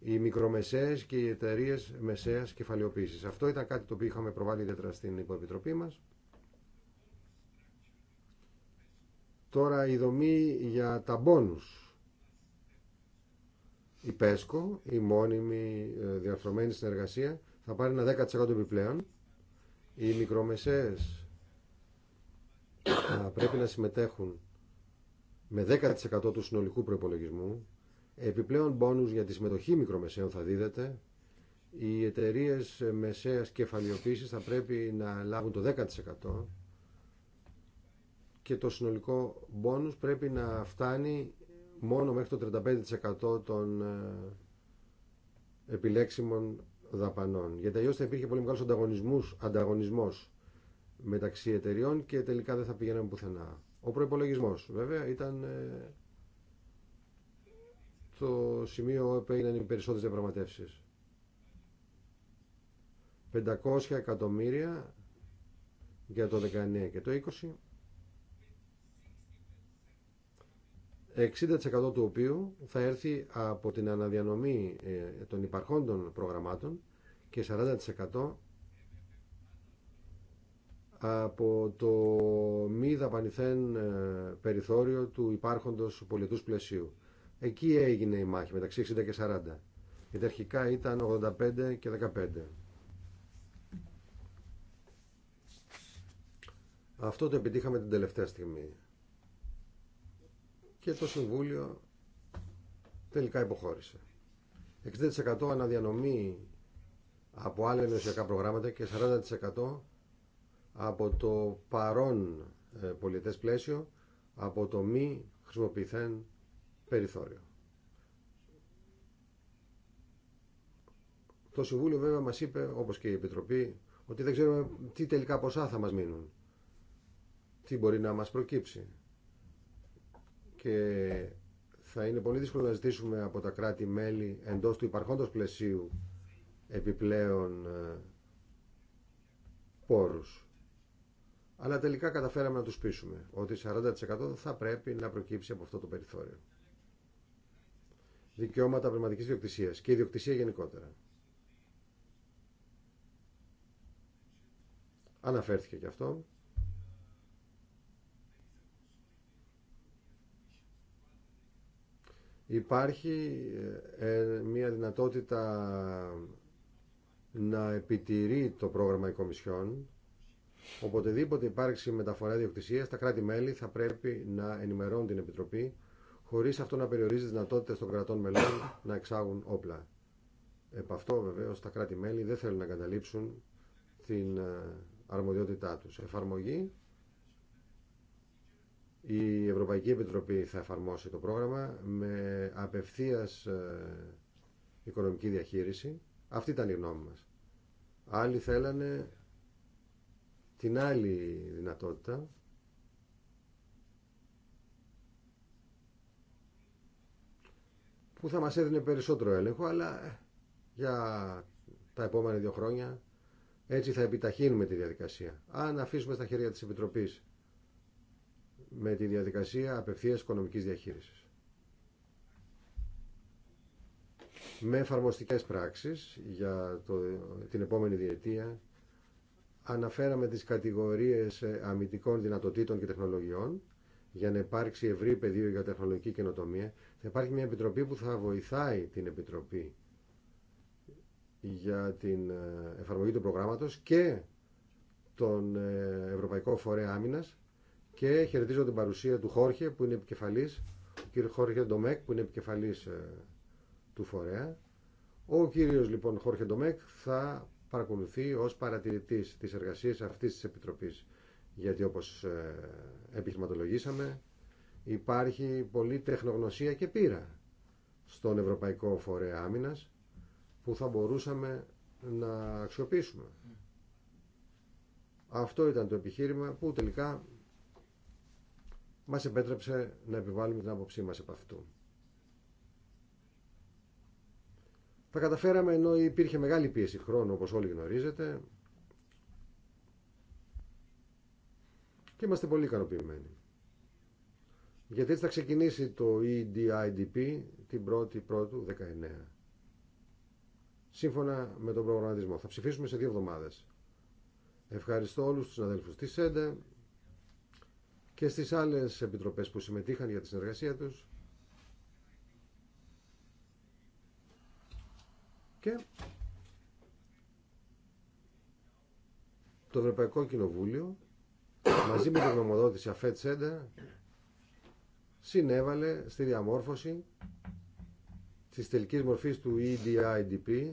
S3: οι μικρομεσαίες και οι εταιρείε μεσαίας κεφαλαιοποίησης. Αυτό ήταν κάτι το οποίο είχαμε προβάλει ιδιαίτερα στην υποεπιτροπή μας. Τώρα η δομή για τα μπόνους. Η ΠΕΣΚΟ, η μόνιμη ε, διαρθρωμένη συνεργασία, θα πάρει ένα 10% επιπλέον. Οι μικρομεσαίες θα πρέπει να συμμετέχουν με 10% του συνολικού προπολογισμού. Επιπλέον μπόνους για τη συμμετοχή μικρομεσαίων θα δίδεται. Οι εταιρείε μεσαίας κεφαλαιοποίησης θα πρέπει να λάβουν το 10% και το συνολικό μπόνους πρέπει να φτάνει μόνο μέχρι το 35% των ε, επιλέξιμων δαπανών. Γιατί αλλιώ θα υπήρχε πολύ μεγάλος ανταγωνισμός, ανταγωνισμός μεταξύ εταιριών και τελικά δεν θα πηγαίναμε πουθενά. Ο προπολογισμό, βέβαια, ήταν ε, το σημείο που έγιναν οι περισσότερε διαπραγματεύσει. 500 εκατομμύρια για το 19 και το 20. 60% του οποίου θα έρθει από την αναδιανομή ε, των υπαρχόντων προγραμμάτων και 40% από το μη δαπανηθέν ε, περιθώριο του υπάρχοντος πολιτούς πλαισίου. Εκεί έγινε η μάχη μεταξύ 60 και 40. Γιατί ήταν 85 και 15. Αυτό το επιτύχαμε την τελευταία στιγμή. Και το Συμβούλιο τελικά υποχώρησε. 60% αναδιανομή από άλλα ενωσιακά προγράμματα και 40% από το παρόν ε, πολιτές πλαίσιο από το μη χρησιμοποιηθέν περιθώριο. Το Συμβούλιο βέβαια μας είπε, όπως και η Επιτροπή, ότι δεν ξέρουμε τι τελικά ποσά θα μας μείνουν. Τι μπορεί να μας προκύψει. Και θα είναι πολύ δύσκολο να ζητήσουμε από τα κράτη-μέλη εντός του υπαρχόντος πλαισίου επιπλέον ε, πόρους. Αλλά τελικά καταφέραμε να τους πείσουμε ότι 40% θα πρέπει να προκύψει από αυτό το περιθώριο. Δικαιώματα πνευματικής διοκτησίας και ιδιοκτησία γενικότερα. Αναφέρθηκε και αυτό. Υπάρχει ε, ε, μια δυνατότητα να επιτηρεί το πρόγραμμα οικομισιών Οποτεδήποτε υπάρξει μεταφορά διοκτησία, τα κράτη-μέλη θα πρέπει να ενημερώνουν την Επιτροπή, χωρί αυτό να περιορίζει τι δυνατότητε των κρατών μελών να εξάγουν όπλα. Επ' αυτό βεβαίω τα κράτη-μέλη δεν θέλουν να καταλήψουν την ε, αρμοδιότητά τους. Εφαρμογή. Η Ευρωπαϊκή Επιτροπή θα εφαρμόσει το πρόγραμμα με απευθείας ε, οικονομική διαχείριση. Αυτή ήταν η γνώμη μας. Άλλοι θέλανε την άλλη δυνατότητα που θα μας έδινε περισσότερο έλεγχο αλλά ε, για τα επόμενα δύο χρόνια έτσι θα επιταχύνουμε τη διαδικασία. Αν αφήσουμε στα χέρια της Επιτροπής με τη διαδικασία απευθείας οικονομικής διαχείρισης. Με εφαρμοστικές πράξεις για το, την επόμενη διετία αναφέραμε τις κατηγορίες ε, αμυντικών δυνατοτήτων και τεχνολογιών για να υπάρξει ευρύ πεδίο για τεχνολογική καινοτομία. Θα υπάρχει μια επιτροπή που θα βοηθάει την επιτροπή για την ε, εφαρμογή του προγράμματος και τον ε, Ευρωπαϊκό Φορέα Άμυνας και χαιρετίζω την παρουσία του Χόρχε που είναι επικεφαλής, ο κύριος Χόρχε Ντομέκ που είναι επικεφαλής του φορέα. Ο κύριος λοιπόν Χόρχε Ντομέκ θα παρακολουθεί ως παρατηρητής της εργασίας αυτής της Επιτροπής. Γιατί όπως ε, επιχειρηματολογήσαμε υπάρχει πολλή τεχνογνωσία και πείρα στον Ευρωπαϊκό Φορέα Άμυνας που θα μπορούσαμε να αξιοποιήσουμε. Αυτό ήταν το επιχείρημα που τελικά μας επέτρεψε να επιβάλλουμε την άποψή μας επ' αυτού. Τα καταφέραμε ενώ υπήρχε μεγάλη πίεση χρόνου όπως όλοι γνωρίζετε και είμαστε πολύ ικανοποιημένοι. Γιατί έτσι θα ξεκινήσει το EDIDP την 1η Πρώτου 19. Σύμφωνα με τον προγραμματισμό. Θα ψηφίσουμε σε δύο εβδομάδες. Ευχαριστώ όλους τους αδέλφους της ΣΕΝΤΕ και στις άλλες επιτροπές που συμμετείχαν για τη συνεργασία τους. Και το Ευρωπαϊκό Κοινοβούλιο μαζί με την γνωμοδότηση ΑΦΕΤ συνέβαλε στη διαμόρφωση της τελικής μορφής του EDIDP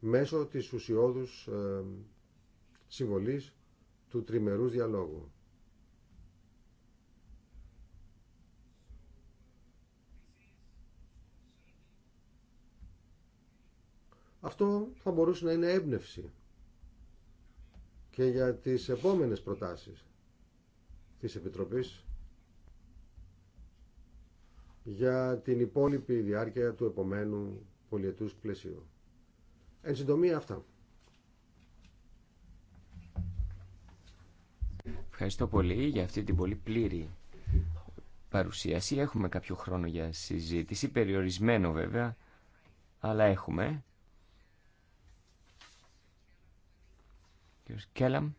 S3: μέσω της ουσιώδους ε, συμβολής του τριμερούς διαλόγου. Αυτό θα μπορούσε να είναι έμπνευση και για τις επόμενες προτάσεις της Επιτροπής για την υπόλοιπη διάρκεια του
S4: επομένου πολιετούς πλαισίου.
S3: Εν συντομία αυτά.
S4: Ευχαριστώ πολύ για αυτή την πολύ πλήρη παρουσίαση. Έχουμε κάποιο χρόνο για συζήτηση, περιορισμένο βέβαια, αλλά έχουμε. Κύριος Κέλαμ,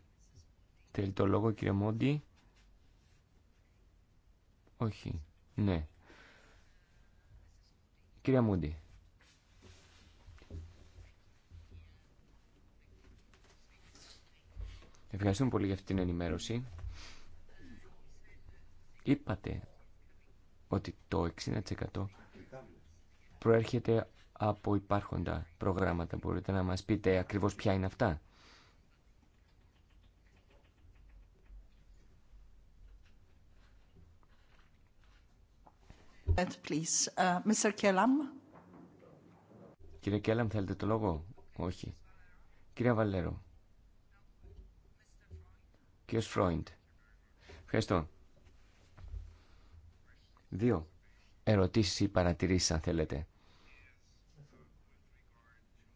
S4: θέλει το λόγο κύριε Μόντι. Όχι, ναι. Κύριε Μόντι. Ευχαριστούμε πολύ για αυτή την ενημέρωση. Είπατε ότι το 60% προέρχεται από υπάρχοντα προγράμματα. Μπορείτε να μας πείτε ακριβώς ποια είναι αυτά.
S2: Uh,
S4: Κύριε Κέλλαμ θέλετε το λόγο? Όχι. Κύριε Βαλέρο. Κύριος Φρόιντ. Ευχαριστώ. Δύο ερωτήσεις ή παρατηρήσεις, αν θέλετε.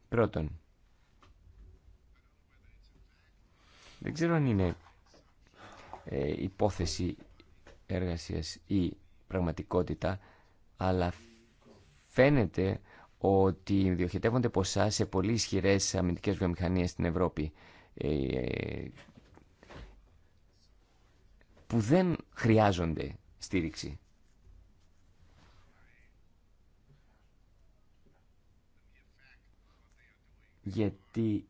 S4: Πρώτον, δεν ξέρω αν είναι ε, υπόθεση εργασίας ή πραγματικότητα, αλλά φαίνεται ότι διοχετεύονται ποσά σε πολύ ισχυρέ αμυντικέ βιομηχανίε στην Ευρώπη ε, που δεν χρειάζονται στήριξη. Γιατί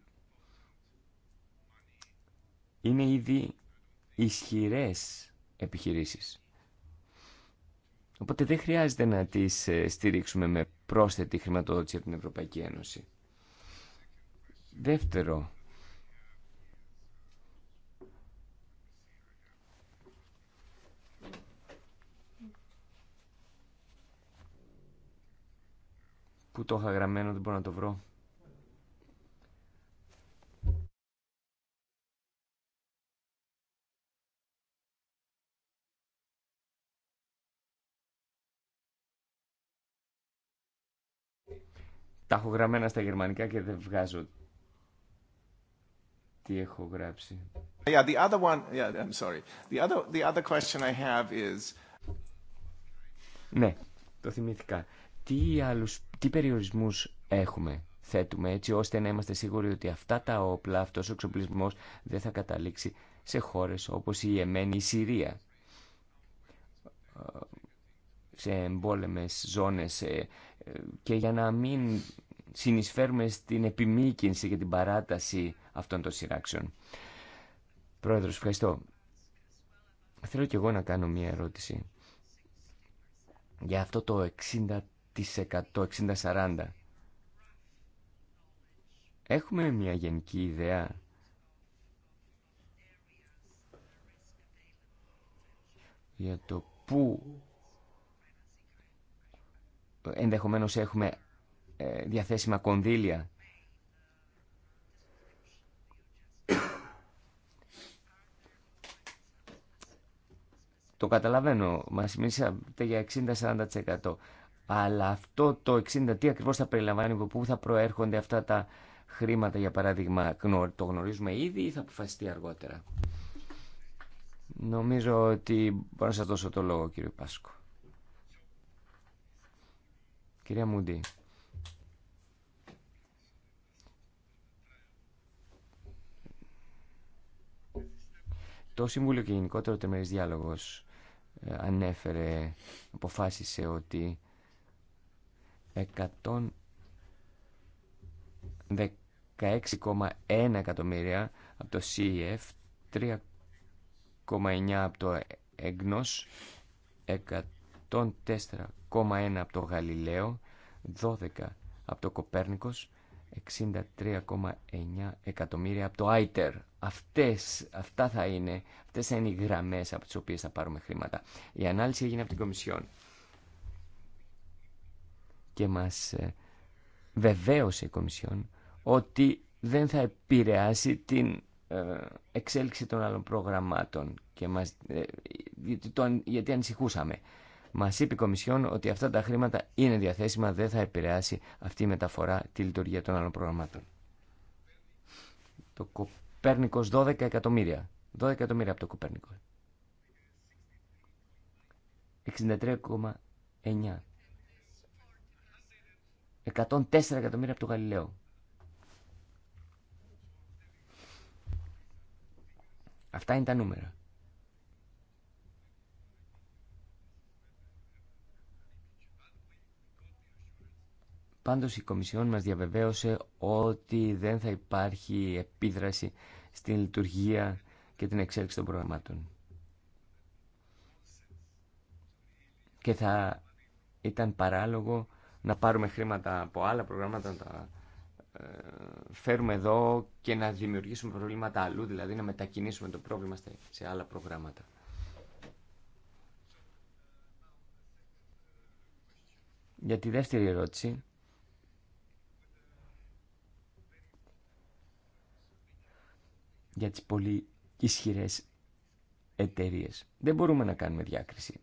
S4: είναι ήδη ισχυρές επιχειρήσεις. Οπότε δεν χρειάζεται να τις ε, στηρίξουμε με πρόσθετη χρηματοδότηση από την Ευρωπαϊκή Ένωση. Δεύτερο, που το είχα γραμμένο, δεν μπορώ να το βρω. τα έχω γραμμένα στα γερμανικά και δεν βγάζω τι έχω γράψει. Yeah, the other one, yeah, I'm sorry. The other, the other question I have is... Ναι, το θυμήθηκα. Τι, άλλους, τι περιορισμούς έχουμε, θέτουμε, έτσι ώστε να είμαστε σίγουροι ότι αυτά τα όπλα, αυτός ο εξοπλισμός δεν θα καταλήξει σε χώρες όπως η Εμένη, η Συρία ε, σε εμπόλεμες ζώνες ε, ε, και για να μην συνεισφέρουμε στην επιμήκυνση και την παράταση αυτών των σειράξεων. Πρόεδρος, ευχαριστώ. Θέλω κι εγώ να κάνω μία ερώτηση. Για αυτό το 60%, 60-40. Έχουμε μία γενική ιδέα για το πού ενδεχομένως έχουμε ε, διαθέσιμα κονδύλια. Το καταλαβαίνω, μα μιλήσατε για 60-40%. Αλλά αυτό το 60, τι ακριβώς θα περιλαμβάνει, πού θα προέρχονται αυτά τα χρήματα, για παράδειγμα, το γνωρίζουμε ήδη ή θα αποφασιστεί αργότερα. Νομίζω ότι μπορώ να σας δώσω το λόγο, κύριε Πάσκο. Κυρία Μούντι. Το Συμβούλιο και γενικότερο τεμερής διάλογος ε, ανέφερε, αποφάσισε ότι 116,1 εκατομμύρια από το CEF, 3,9 από το ΕΓΝΟΣ, 104,1 από το Γαλιλαίο, 12 από το Κοπέρνικος 63,9 εκατομμύρια από το ITER. Αυτές, αυτά θα είναι, αυτές είναι οι γραμμές από τις οποίες θα πάρουμε χρήματα. Η ανάλυση έγινε από την Κομισιόν και μας ε, βεβαίωσε η Κομισιόν ότι δεν θα επηρεάσει την ε, εξέλιξη των άλλων προγραμμάτων και μας, γιατί, ε, το, γιατί ανησυχούσαμε. Μα είπε η Κομισιόν ότι αυτά τα χρήματα είναι διαθέσιμα, δεν θα επηρεάσει αυτή η μεταφορά τη λειτουργία των άλλων προγραμμάτων. Το Κοπέρνικος 12 εκατομμύρια. 12 εκατομμύρια από το Κοπέρνικο. 63,9. 104 εκατομμύρια από το Γαλιλαίο. Αυτά είναι τα νούμερα. Πάντως η Κομισιόν μας διαβεβαίωσε ότι δεν θα υπάρχει επίδραση στην λειτουργία και την εξέλιξη των προγραμμάτων. Και θα ήταν παράλογο να πάρουμε χρήματα από άλλα προγράμματα, να τα ε, φέρουμε εδώ και να δημιουργήσουμε προβλήματα αλλού, δηλαδή να μετακινήσουμε το πρόβλημα σε άλλα προγράμματα. Για τη δεύτερη ερώτηση, για τις πολύ ισχυρές εταιρείε. Δεν μπορούμε να κάνουμε διάκριση.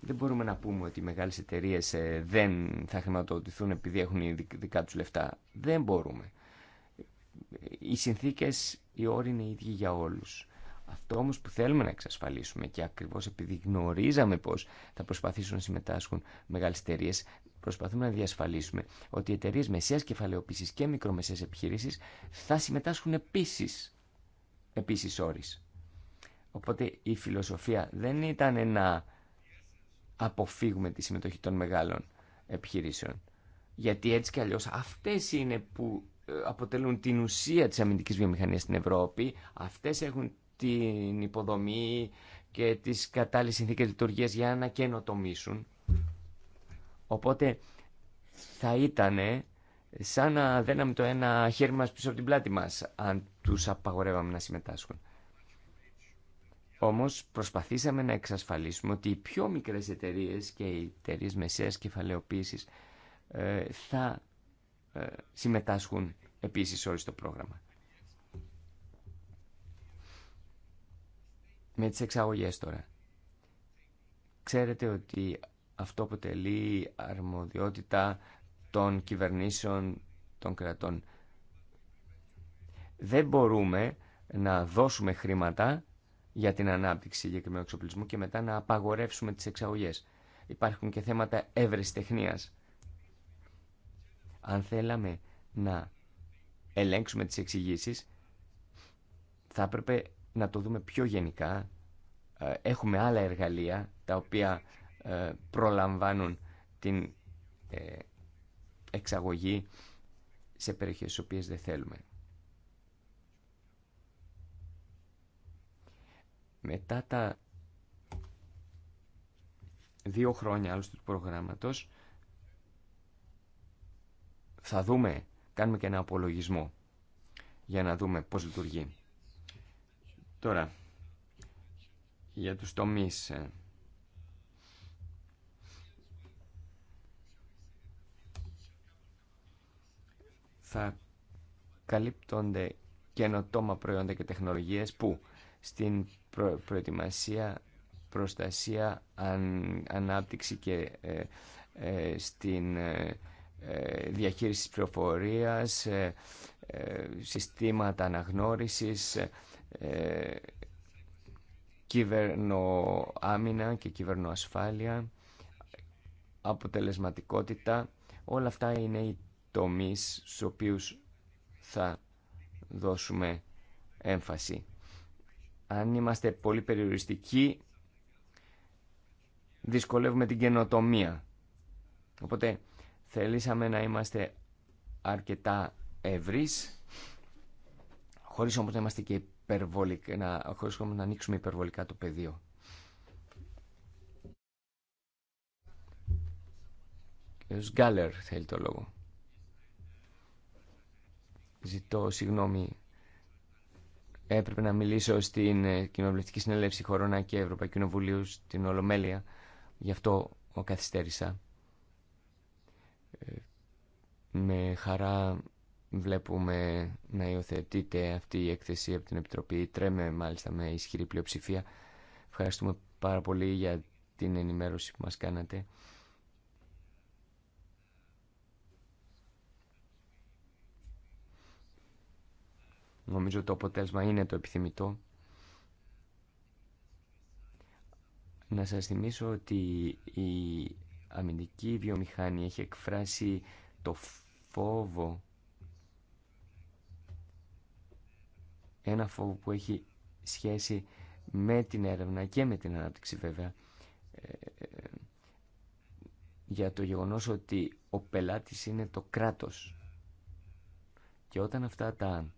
S4: Δεν μπορούμε να πούμε ότι οι μεγάλες εταιρείε ε, δεν θα χρηματοδοτηθούν επειδή έχουν δικά τους λεφτά. Δεν μπορούμε. Οι συνθήκες, οι όροι είναι ίδιοι για όλους. Αυτό όμως που θέλουμε να εξασφαλίσουμε και ακριβώς επειδή γνωρίζαμε πώς θα προσπαθήσουν να συμμετάσχουν μεγάλες εταιρείε, προσπαθούμε να διασφαλίσουμε ότι οι εταιρείε μεσαίας κεφαλαιοποίησης και μικρομεσαίες επιχειρήσεις θα συμμετάσχουν επίσης επίσης όρης. Οπότε η φιλοσοφία δεν ήταν να αποφύγουμε τη συμμετοχή των μεγάλων επιχειρήσεων. Γιατί έτσι κι αλλιώς αυτές είναι που ε, αποτελούν την ουσία της αμυντικής βιομηχανίας στην Ευρώπη. Αυτές έχουν την υποδομή και τις κατάλληλες συνθήκες λειτουργίας για να καινοτομήσουν. Οπότε θα ήταν σαν να δέναμε το ένα χέρι μας πίσω από την πλάτη μας, αν τους απαγορεύαμε να συμμετάσχουν. Όμως προσπαθήσαμε να εξασφαλίσουμε ότι οι πιο μικρές εταιρείε και οι εταιρείε μεσαίας κεφαλαιοποίησης ε, θα ε, συμμετάσχουν επίσης όλοι στο πρόγραμμα. Με τις εξαγωγές τώρα. Ξέρετε ότι αυτό αποτελεί αρμοδιότητα των κυβερνήσεων των κρατών. Δεν μπορούμε να δώσουμε χρήματα για την ανάπτυξη συγκεκριμένου εξοπλισμού και μετά να απαγορεύσουμε τις εξαγωγές. Υπάρχουν και θέματα τεχνίας. Αν θέλαμε να ελέγξουμε τις εξηγήσει, θα έπρεπε να το δούμε πιο γενικά. Ε, έχουμε άλλα εργαλεία τα οποία ε, προλαμβάνουν την ε, εξαγωγή σε περιοχές στις οποίες δεν θέλουμε. Μετά τα δύο χρόνια άλλωστε του προγράμματος θα δούμε, κάνουμε και ένα απολογισμό για να δούμε πώς λειτουργεί. Τώρα, για τους τομείς ε, θα καλύπτονται καινοτόμα προϊόντα και τεχνολογίες που στην προετοιμασία, προστασία, ανάπτυξη και ε, ε, στην ε, διαχείριση της πληροφορίας, συστήματα αναγνώρισης, κυβερνοάμυνα και κυβερνοασφάλεια, αποτελεσματικότητα. Όλα αυτά είναι οι τομείς στους οποίους θα δώσουμε έμφαση. Αν είμαστε πολύ περιοριστικοί, δυσκολεύουμε την καινοτομία. Οπότε θελήσαμε να είμαστε αρκετά ευρείς χωρίς όμως να είμαστε και να, χωρίς όμως να ανοίξουμε υπερβολικά το πεδίο. Ο Γκάλερ θέλει το λόγο. Ζητώ συγγνώμη. Έπρεπε να μιλήσω στην ε, Κοινοβουλευτική Συνέλευση Χωρώνα και Ευρωπαϊκού Κοινοβουλίου στην Ολομέλεια. Γι' αυτό ο καθυστέρησα. Ε, με χαρά βλέπουμε να υιοθετείται αυτή η έκθεση από την Επιτροπή. Τρέμε μάλιστα με ισχυρή πλειοψηφία. Ευχαριστούμε πάρα πολύ για την ενημέρωση που μας κάνατε. Νομίζω το αποτέλεσμα είναι το επιθυμητό. Να σας θυμίσω ότι η αμυντική βιομηχανία έχει εκφράσει το φόβο ένα φόβο που έχει σχέση με την έρευνα και με την ανάπτυξη βέβαια ε, για το γεγονός ότι ο πελάτης είναι το κράτος και όταν αυτά τα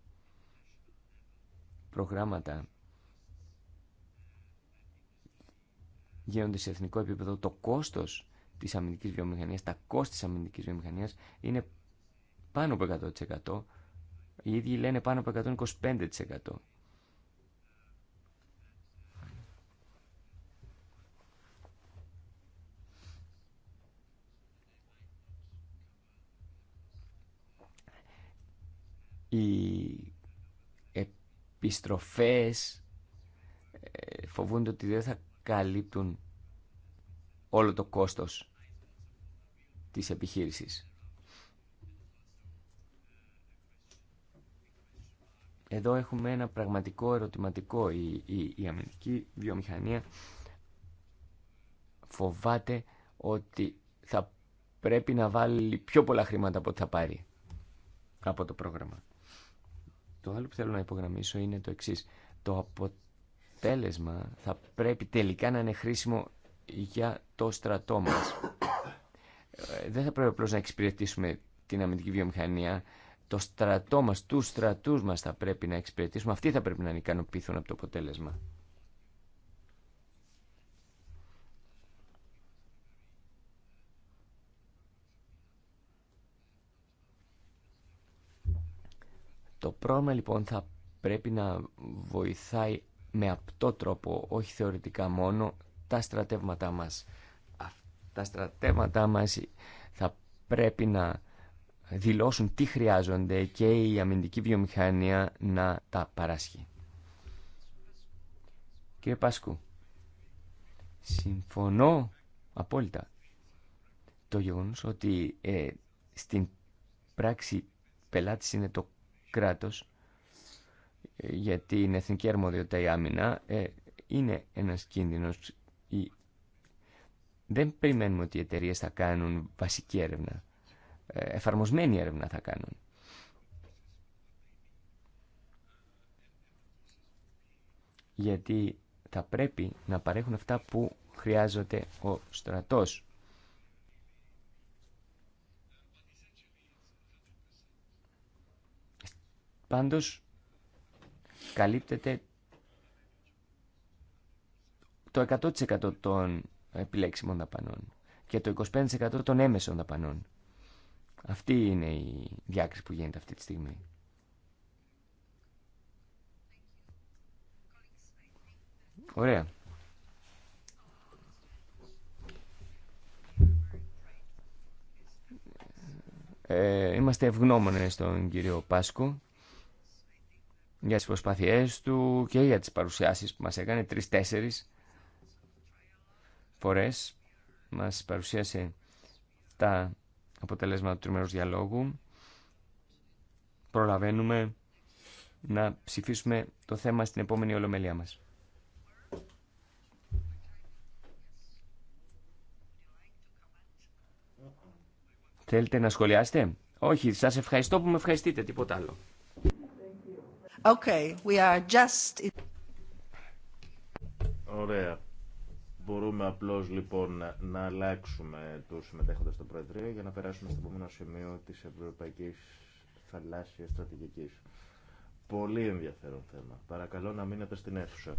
S4: προγράμματα γίνονται σε εθνικό επίπεδο, το κόστος της αμυντικής βιομηχανίας, τα κόστη της αμυντικής βιομηχανίας είναι πάνω από 100%. Οι ίδιοι λένε πάνω από 125%. Η επιστροφές ε, φοβούνται ότι δεν θα καλύπτουν όλο το κόστος της επιχείρησης. Εδώ έχουμε ένα πραγματικό ερωτηματικό. Η, η, η αμυντική βιομηχανία φοβάται ότι θα πρέπει να βάλει πιο πολλά χρήματα από ό,τι θα πάρει από το πρόγραμμα. Το άλλο που θέλω να υπογραμμίσω είναι το εξή. Το αποτέλεσμα θα πρέπει τελικά να είναι χρήσιμο για το στρατό μα. Ε, δεν θα πρέπει απλώ να εξυπηρετήσουμε την αμυντική βιομηχανία. Το στρατό μα, του στρατούς μας θα πρέπει να εξυπηρετήσουμε. Αυτοί θα πρέπει να ικανοποιηθούν από το αποτέλεσμα. Το πρόγραμμα λοιπόν θα πρέπει να βοηθάει με αυτό τρόπο, όχι θεωρητικά μόνο, τα στρατεύματά μας. Τα στρατεύματά μας θα πρέπει να δηλώσουν τι χρειάζονται και η αμυντική βιομηχανία να τα παράσχει. Κύριε Πάσκου, συμφωνώ απόλυτα το γεγονός ότι ε, στην πράξη πελάτης είναι το κράτος γιατί την εθνική αρμοδιότητα η άμυνα ε, είναι ένας κίνδυνος. Δεν περιμένουμε ότι οι εταιρείε θα κάνουν βασική έρευνα. Ε, εφαρμοσμένη έρευνα θα κάνουν. Γιατί θα πρέπει να παρέχουν αυτά που χρειάζεται ο στρατός. Πάντως καλύπτεται το 100% των επιλέξιμων δαπανών και το 25% των έμεσων δαπανών. Αυτή είναι η διάκριση που γίνεται αυτή τη στιγμή. Ωραία. Ε, είμαστε ευγνώμονες στον κύριο Πάσκο για τις προσπάθειές του και για τις παρουσιάσεις που μας έκανε τρεις-τέσσερις φορές. Μας παρουσίασε τα αποτελέσματα του τριμερούς διαλόγου. Προλαβαίνουμε να ψηφίσουμε το θέμα στην επόμενη ολομελία μας. Θέλετε να σχολιάσετε? Όχι, σας ευχαριστώ που με ευχαριστείτε, τίποτα άλλο.
S1: Ωραία. Μπορούμε απλώς λοιπόν να αλλάξουμε τους συμμετέχοντες στο Προεδρείο για να περάσουμε στο επόμενο σημείο της Ευρωπαϊκής Θαλάσσιας Στρατηγικής. Πολύ ενδιαφέρον θέμα. Παρακαλώ να μείνετε στην αίθουσα.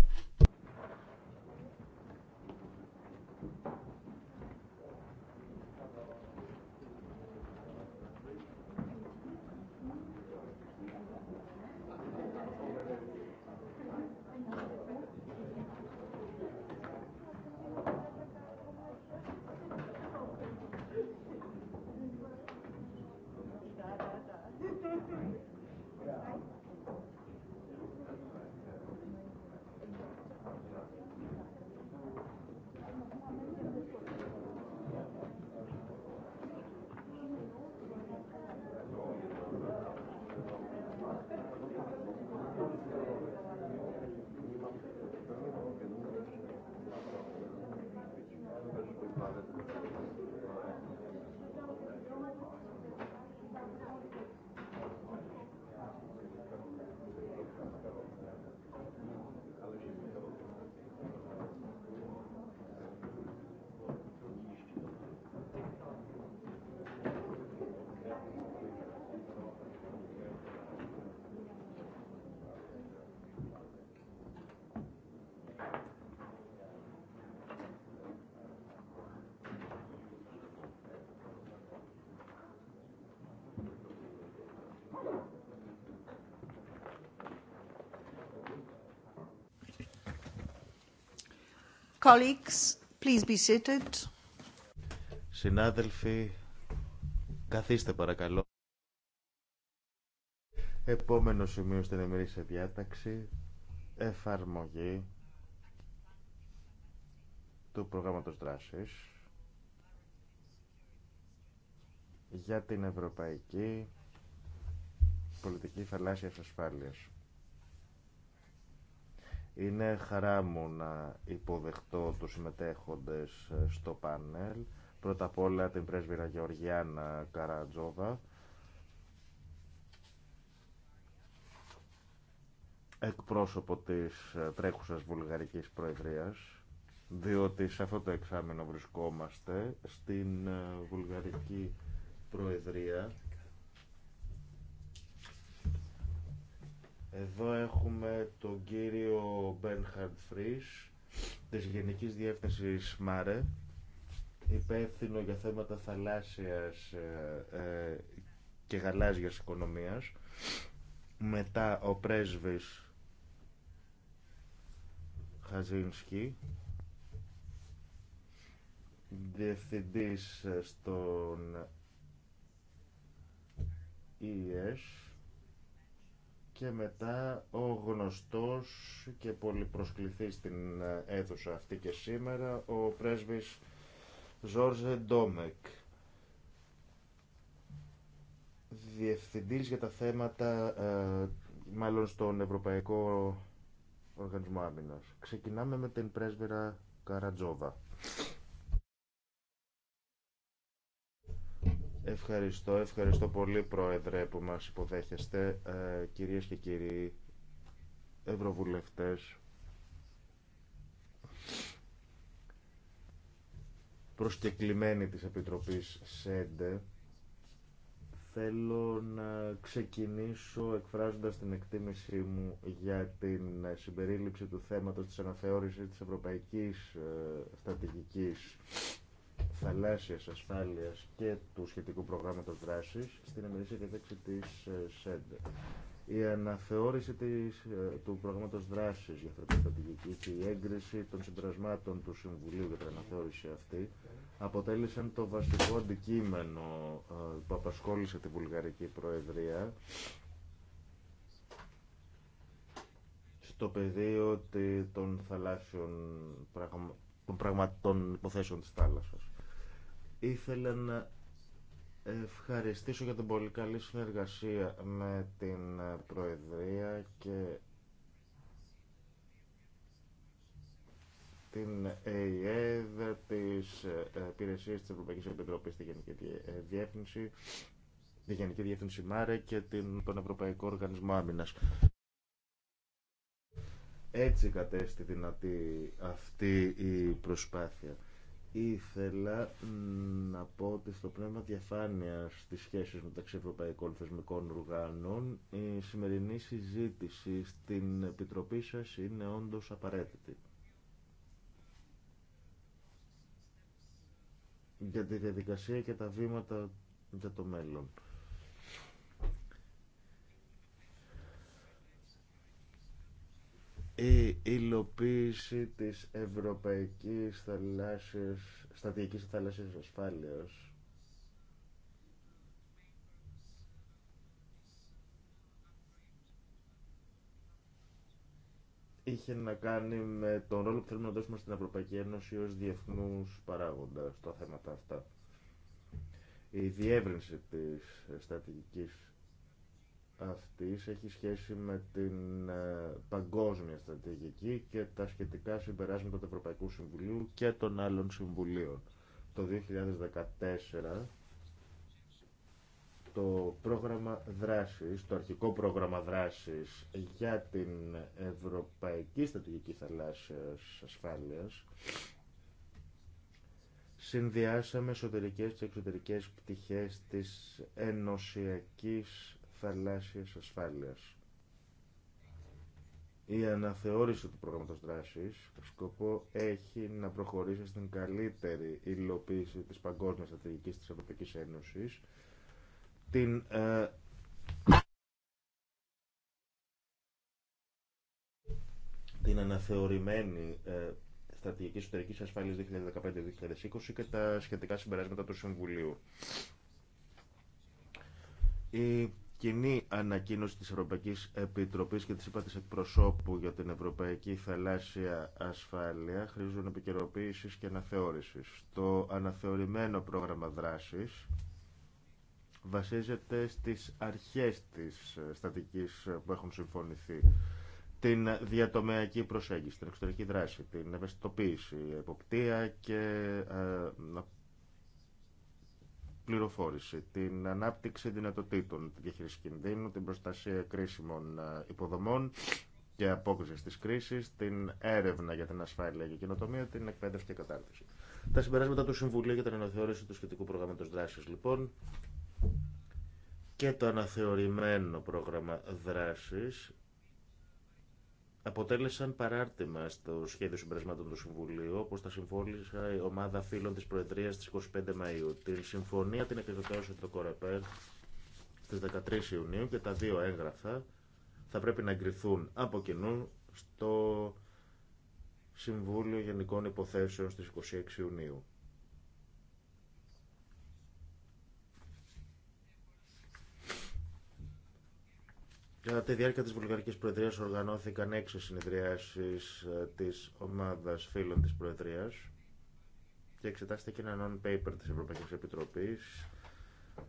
S1: Συνάδελφοι, καθίστε παρακαλώ. Επόμενο σημείο στην εμερήσια διάταξη, εφαρμογή του προγράμματος δράσης για την Ευρωπαϊκή Πολιτική Θαλάσσιας Ασφάλειας. Είναι χαρά μου να υποδεχτώ τους συμμετέχοντες ε, στο πάνελ. Πρώτα απ' όλα την πρέσβυρα Γεωργιάνα Καρατζόβα, εκπρόσωπο της ε, τρέχουσας βουλγαρικής προεδρίας, διότι σε αυτό το εξάμεινο βρισκόμαστε στην ε, βουλγαρική προεδρία Εδώ έχουμε τον κύριο Μπένχαρντ Φρίς της Γενικής Διεύθυνσης ΜΑΡΕ υπεύθυνο για θέματα θαλάσσιας ε, ε, και γαλάζιας οικονομίας. Μετά ο πρέσβης Χαζίνσκι, διευθυντής στον ΙΕΣ, και μετά ο γνωστός και πολύ προσκληθής στην αίθουσα αυτή και σήμερα ο πρέσβης Ζόρζε Ντόμεκ διευθυντής για τα θέματα ε, μάλλον στον Ευρωπαϊκό Οργανισμό Άμυνας. Ξεκινάμε με την πρέσβηρα Καρατζόβα. Ευχαριστώ, ευχαριστώ πολύ Πρόεδρε που μας υποδέχεστε, ε, κυρίες και κύριοι Ευρωβουλευτές. προσκεκλημένοι της Επιτροπής ΣΕΝΤΕ, θέλω να ξεκινήσω εκφράζοντας την εκτίμησή μου για την συμπερίληψη του θέματος της αναθεώρησης της Ευρωπαϊκής ε, Στρατηγικής θαλάσσιας ασφάλειας και του σχετικού προγράμματος δράσης στην και κατέξη της ε, ΣΕΝΤΕ. Η αναθεώρηση της, ε, του προγράμματος δράσης για στρατηγική και η έγκριση των συμπερασμάτων του Συμβουλίου για την αναθεώρηση αυτή αποτέλεσαν το βασικό αντικείμενο ε, που απασχόλησε τη Βουλγαρική Προεδρία στο πεδίο των των, πραγμα, των υποθέσεων της θάλασσας. Ήθελα να ευχαριστήσω για την πολύ καλή συνεργασία με την ε, Προεδρία και την ΕΙΕΔ, τις ε, υπηρεσίες της Ευρωπαϊκής Επιτροπής στη Γενική ε, Διεύθυνση, τη Γενική Διεύθυνση ΜΑΡΕ και την, τον Ευρωπαϊκό Οργανισμό Άμυνας. Έτσι κατέστη δυνατή αυτή η προσπάθεια. Ήθελα να πω ότι στο πνεύμα διαφάνεια στις σχέσεις μεταξύ ευρωπαϊκών θεσμικών οργάνων η σημερινή συζήτηση στην Επιτροπή σας είναι όντως απαραίτητη. Για τη διαδικασία και τα βήματα για το μέλλον. η υλοποίηση της Ευρωπαϊκής θαλάσσιας, Στατικής Θαλάσσιας Ασφάλειας είχε να κάνει με τον ρόλο που θέλουμε να δώσουμε στην Ευρωπαϊκή Ένωση ως διεθνούς παράγοντα στα θέματα αυτά. Η διεύρυνση της στρατηγικής αυτής έχει σχέση με την ε, παγκόσμια στρατηγική και τα σχετικά συμπεράσματα του Ευρωπαϊκού Συμβουλίου και των άλλων συμβουλίων. Το 2014 το πρόγραμμα δράσης, το αρχικό πρόγραμμα δράσης για την Ευρωπαϊκή Στρατηγική Θαλάσσιας Ασφάλειας συνδυάσαμε εσωτερικές και εξωτερικές πτυχές της ενωσιακής θαλάσσιας ασφάλειας. Η αναθεώρηση του προγράμματος δράσης σκοπό έχει να προχωρήσει στην καλύτερη υλοποίηση της παγκόσμιας στρατηγικής της Ευρωπαϊκής Ένωσης, την ε, την αναθεωρημένη ε, στρατηγική εσωτερική ασφάλεια 2015-2020 και τα σχετικά συμπεράσματα του Συμβουλίου. Η κοινή ανακοίνωση της Ευρωπαϊκής Επιτροπής και της ύπατης εκπροσώπου για την Ευρωπαϊκή Θαλάσσια Ασφάλεια χρήζουν επικαιροποίησης και αναθεώρησης. Το αναθεωρημένο πρόγραμμα δράσης βασίζεται στις αρχές της στατικής που έχουν συμφωνηθεί. Την διατομεακή προσέγγιση, την εξωτερική δράση, την ευαισθητοποίηση, εποπτεία και ε, πληροφόρηση, την ανάπτυξη δυνατοτήτων, τη διαχείριση κινδύνου, την προστασία κρίσιμων ε, υποδομών και απόκριση τη κρίση, την έρευνα για την ασφάλεια και καινοτομία, την εκπαίδευση και κατάρτιση. Τα συμπεράσματα του Συμβουλίου για την αναθεώρηση του σχετικού προγράμματο δράση, λοιπόν, και το αναθεωρημένο πρόγραμμα δράσης αποτέλεσαν παράρτημα στο σχέδιο συμπερασμάτων του Συμβουλίου, όπω τα συμφώνησα η ομάδα φίλων τη Προεδρία στι 25 Μαΐου. Τη συμφωνία την επιβεβαίωσε το Κορεπέρ στι 13 Ιουνίου και τα δύο έγγραφα θα πρέπει να εγκριθούν από κοινού στο Συμβούλιο Γενικών Υποθέσεων στις 26 Ιουνίου. Κατά τη διάρκεια της Βουλγαρικής Προεδρίας οργανώθηκαν έξι συνεδριάσεις ε, της ομάδας φίλων της Προεδρίας και εξετάστηκε ένα non-paper της Ευρωπαϊκής Επιτροπής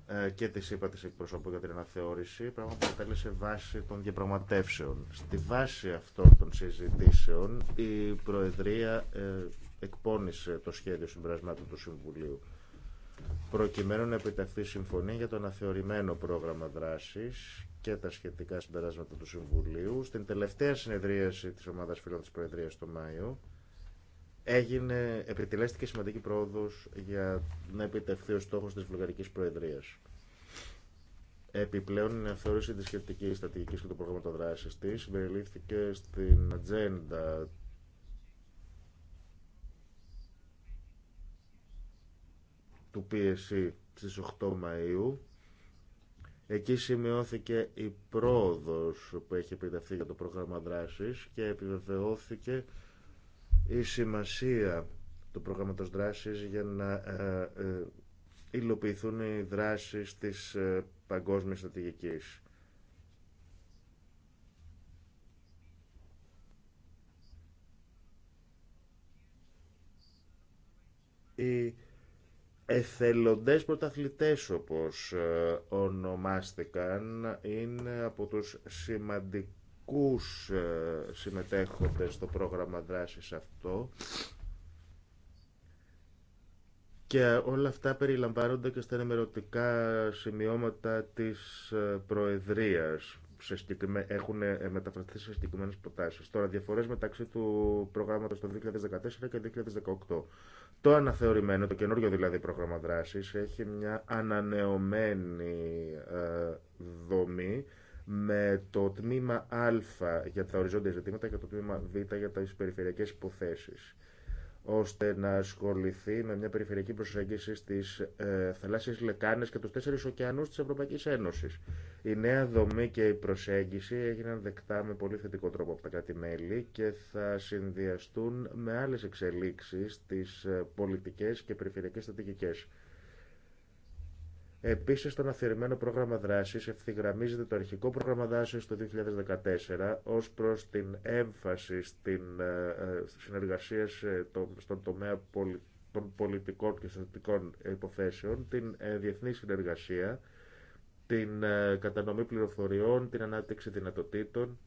S1: ε, και της είπα της εκπροσώπου για την αναθεώρηση, πράγμα που κατέλησε βάση των διαπραγματεύσεων. Στη βάση αυτών των συζητήσεων η Προεδρία ε, εκπώνησε το σχέδιο συμπερασμάτων του Συμβουλίου προκειμένου να επιτευχθεί συμφωνία για το αναθεωρημένο πρόγραμμα δράσης και τα σχετικά συμπεράσματα του Συμβουλίου. Στην τελευταία συνεδρίαση της ομάδας φίλων της Προεδρίας το Μάιο έγινε, επιτελέστηκε σημαντική πρόοδος για να επιτευχθεί ο στόχος της Βουλγαρικής Προεδρίας. Επιπλέον, η αναθεώρηση τη σχετική στρατηγική και του προγράμματο δράση τη συμπεριλήφθηκε στην ατζέντα του πίεση στις 8 Μαΐου. Εκεί σημειώθηκε η πρόοδος που έχει επιτευχθεί για το πρόγραμμα δράσης και επιβεβαιώθηκε η σημασία του προγράμματος δράσης για να ε, ε, υλοποιηθούν οι δράσεις της ε, παγκόσμιας στρατηγικής. Η εθελοντές πρωταθλητές όπως ε, ονομάστηκαν είναι από τους σημαντικούς ε, συμμετέχοντες στο πρόγραμμα δράσης αυτό και όλα αυτά περιλαμβάνονται και στα ενημερωτικά σημειώματα της ε, Προεδρίας σε έχουν μεταφραστεί σε συγκεκριμένε προτάσει. Τώρα, διαφορέ μεταξύ του προγράμματο το 2014 και το 2018. Το αναθεωρημένο, το καινούριο δηλαδή πρόγραμμα δράση έχει μια ανανεωμένη ε, δομή με το τμήμα Α για τα οριζόντια ζητήματα και το τμήμα Β για τις περιφερειακές υποθέσει ώστε να ασχοληθεί με μια περιφερειακή προσέγγιση στι ε, θαλάσσιε λεκάνε και του τέσσερι ωκεανού τη Ευρωπαϊκή Ένωση. Η νέα δομή και η προσέγγιση έγιναν δεκτά με πολύ θετικό τρόπο από τα κράτη-μέλη και θα συνδυαστούν με άλλε εξελίξει στι ε, πολιτικέ και περιφερειακέ στρατηγικέ. Επίσης, το αναθεωρημένο πρόγραμμα δράσης ευθυγραμμίζεται το αρχικό πρόγραμμα δράσης το 2014 ως προς την έμφαση στην ε, ε, συνεργασία ε, στον τομέα των πολιτικών και στρατιωτικών υποθέσεων, την διεθνή συνεργασία, την κατανομή πληροφοριών, την ανάπτυξη δυνατοτήτων,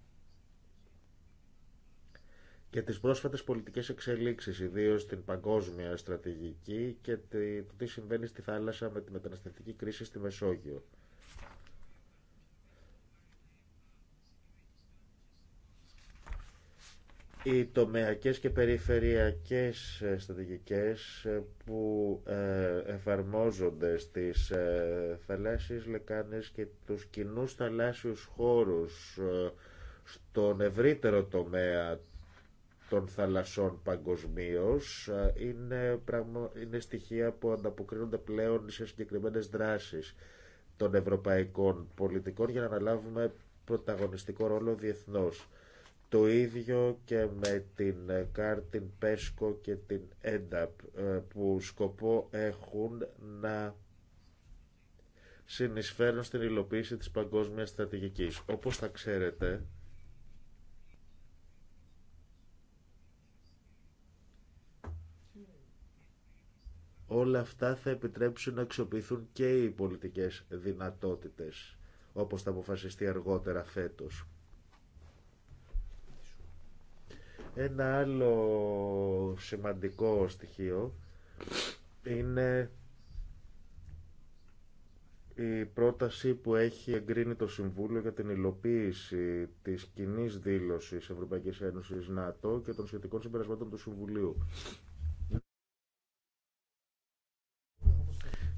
S1: και τις πρόσφατες πολιτικές εξελίξεις, ιδίως την παγκόσμια στρατηγική και το τι συμβαίνει στη θάλασσα με τη μεταναστευτική κρίση στη Μεσόγειο. οι τομεακές και περιφερειακές ε, στρατηγικές ε, που ε, εφαρμόζονται στις θαλάσσιες λεκάνες και τους κοινούς θαλάσσιους χώρους στον ευρύτερο τομέα των θαλασσών παγκοσμίω ε, είναι, είναι στοιχεία που ανταποκρίνονται πλέον σε συγκεκριμένε δράσεις των ευρωπαϊκών πολιτικών για να αναλάβουμε πρωταγωνιστικό ρόλο διεθνώ. Το ίδιο και με την ΚΑΡ, την ΠΕΣΚΟ και την ΕΝΤΑΠ ε, που σκοπό έχουν να συνεισφέρουν στην υλοποίηση της παγκόσμιας στρατηγικής. Όπως θα ξέρετε, Όλα αυτά θα επιτρέψουν να αξιοποιηθούν και οι πολιτικές δυνατότητες, όπως θα αποφασιστεί αργότερα φέτος. Ένα άλλο σημαντικό στοιχείο είναι η πρόταση που έχει εγκρίνει το Συμβούλιο για την υλοποίηση της κοινή δήλωσης Ευρωπαϊκής Ένωσης ΝΑΤΟ και των σχετικών συμπερασμάτων του Συμβουλίου.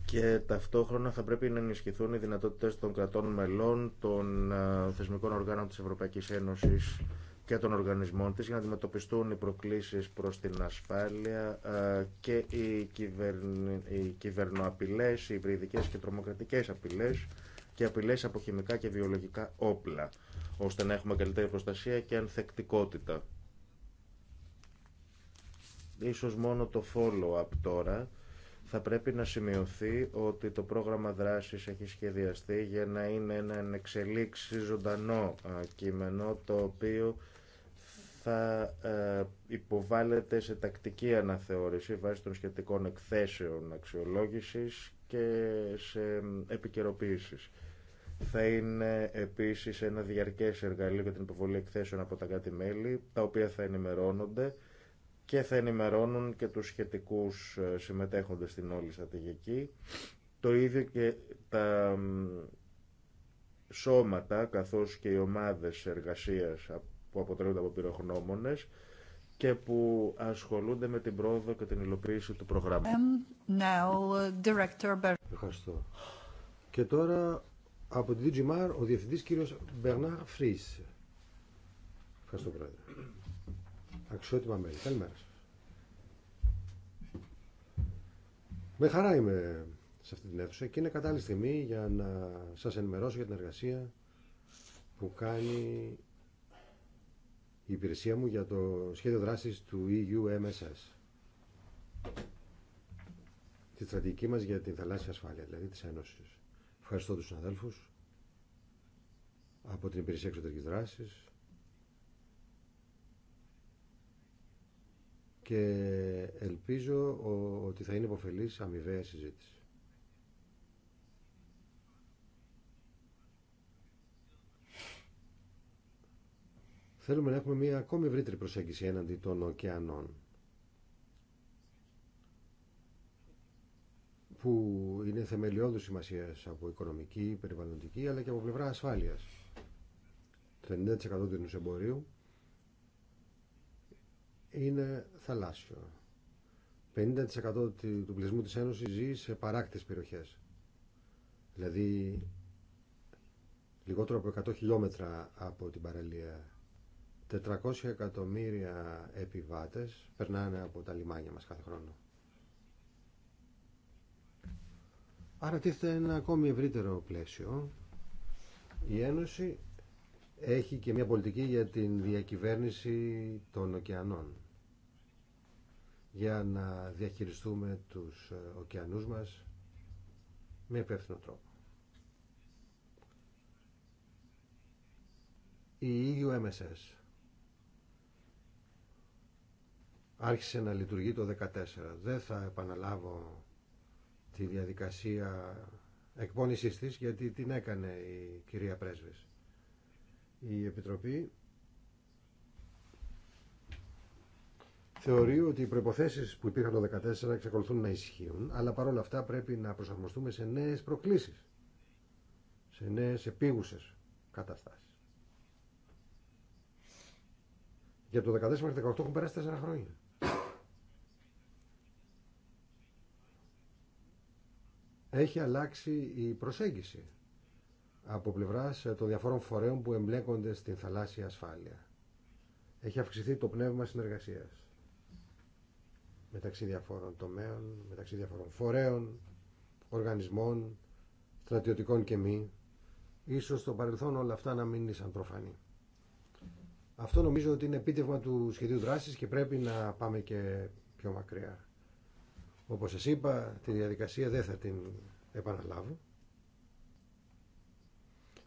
S1: και ταυτόχρονα θα πρέπει να ενισχυθούν οι δυνατότητες των κρατών μελών, των ε, θεσμικών οργάνων της Ευρωπαϊκής Ένωσης και των οργανισμών της για να αντιμετωπιστούν οι προκλήσεις προς την ασφάλεια ε, και οι, κυβερν... οι κυβερνοαπειλές, οι και τρομοκρατικές απειλές και απειλές από χημικά και βιολογικά όπλα, ώστε να έχουμε καλύτερη προστασία και ανθεκτικότητα. Ίσως μόνο το follow-up τώρα θα πρέπει να σημειωθεί ότι το πρόγραμμα δράσης έχει σχεδιαστεί για να είναι ένα εξελίξει ζωντανό κείμενο το οποίο θα ε, υποβάλλεται σε τακτική αναθεώρηση βάσει των σχετικών εκθέσεων αξιολόγησης και σε επικαιροποίησης. Θα είναι επίσης ένα διαρκές εργαλείο για την υποβολή εκθέσεων από τα κάτι μέλη, τα οποία θα ενημερώνονται και θα ενημερώνουν και τους σχετικούς ε, συμμετέχοντες στην όλη στρατηγική. Το ίδιο και τα σώματα καθώς και οι ομάδες εργασίας που αποτελούνται από πυροχνόμονες και που ασχολούνται με την πρόοδο και την υλοποίηση του προγράμματος. Director... Ευχαριστώ. Και τώρα
S3: από την DGMAR ο Διευθυντής κύριος Μπερνά Φρίς. Ευχαριστώ Πρόεδρε αξιότιμα μέλη. Καλημέρα σας. Με χαρά είμαι σε αυτή την αίθουσα και είναι κατάλληλη στιγμή για να σας ενημερώσω για την εργασία που κάνει η υπηρεσία μου για το σχέδιο δράσης του EU MSS. Τη στρατηγική μας για την θαλάσσια ασφάλεια, δηλαδή της Ένωσης. Ευχαριστώ τους συναδέλφους από την Υπηρεσία Εξωτερικής Δράσης, και ελπίζω ότι θα είναι υποφελής αμοιβαία συζήτηση. Θέλουμε να έχουμε μια ακόμη ευρύτερη προσέγγιση έναντι των ωκεανών που είναι θεμελιώδους σημασία από οικονομική, περιβαλλοντική αλλά και από πλευρά ασφάλειας. Το 90% του εμπορίου είναι θαλάσσιο. 50% του πλησμού της Ένωσης ζει σε παράκτης περιοχές. Δηλαδή λιγότερο από 100 χιλιόμετρα από την παραλία. 400 εκατομμύρια επιβάτες περνάνε από τα λιμάνια μας κάθε χρόνο. Άρα τίθεται ένα ακόμη ευρύτερο πλαίσιο. Η Ένωση έχει και μια πολιτική για την διακυβέρνηση των ωκεανών για να διαχειριστούμε τους ε, ωκεανούς μας με υπεύθυνο τρόπο. Η EU MSS άρχισε να λειτουργεί το 2014. Δεν θα επαναλάβω τη διαδικασία εκπόνησής της γιατί την έκανε η κυρία Πρέσβης. Η Επιτροπή θεωρεί ότι οι προποθέσει που υπήρχαν το 2014 εξακολουθούν να ισχύουν, αλλά παρόλα αυτά πρέπει να προσαρμοστούμε σε νέες προκλήσεις, σε νέες επίγουσες καταστάσεις. Για το 2014 μέχρι 2018 έχουν περάσει 4 χρόνια. Έχει αλλάξει η προσέγγιση από πλευρά των διαφόρων φορέων που εμπλέκονται στην θαλάσσια ασφάλεια. Έχει αυξηθεί το πνεύμα συνεργασίας μεταξύ διαφόρων τομέων, μεταξύ διαφόρων φορέων, οργανισμών, στρατιωτικών και μη. Ίσως στο παρελθόν όλα αυτά να μην ήσαν προφανή. Αυτό νομίζω ότι είναι επίτευγμα του σχεδίου δράσης και πρέπει να πάμε και πιο μακριά. Όπως σας είπα, τη διαδικασία δεν θα την επαναλάβω.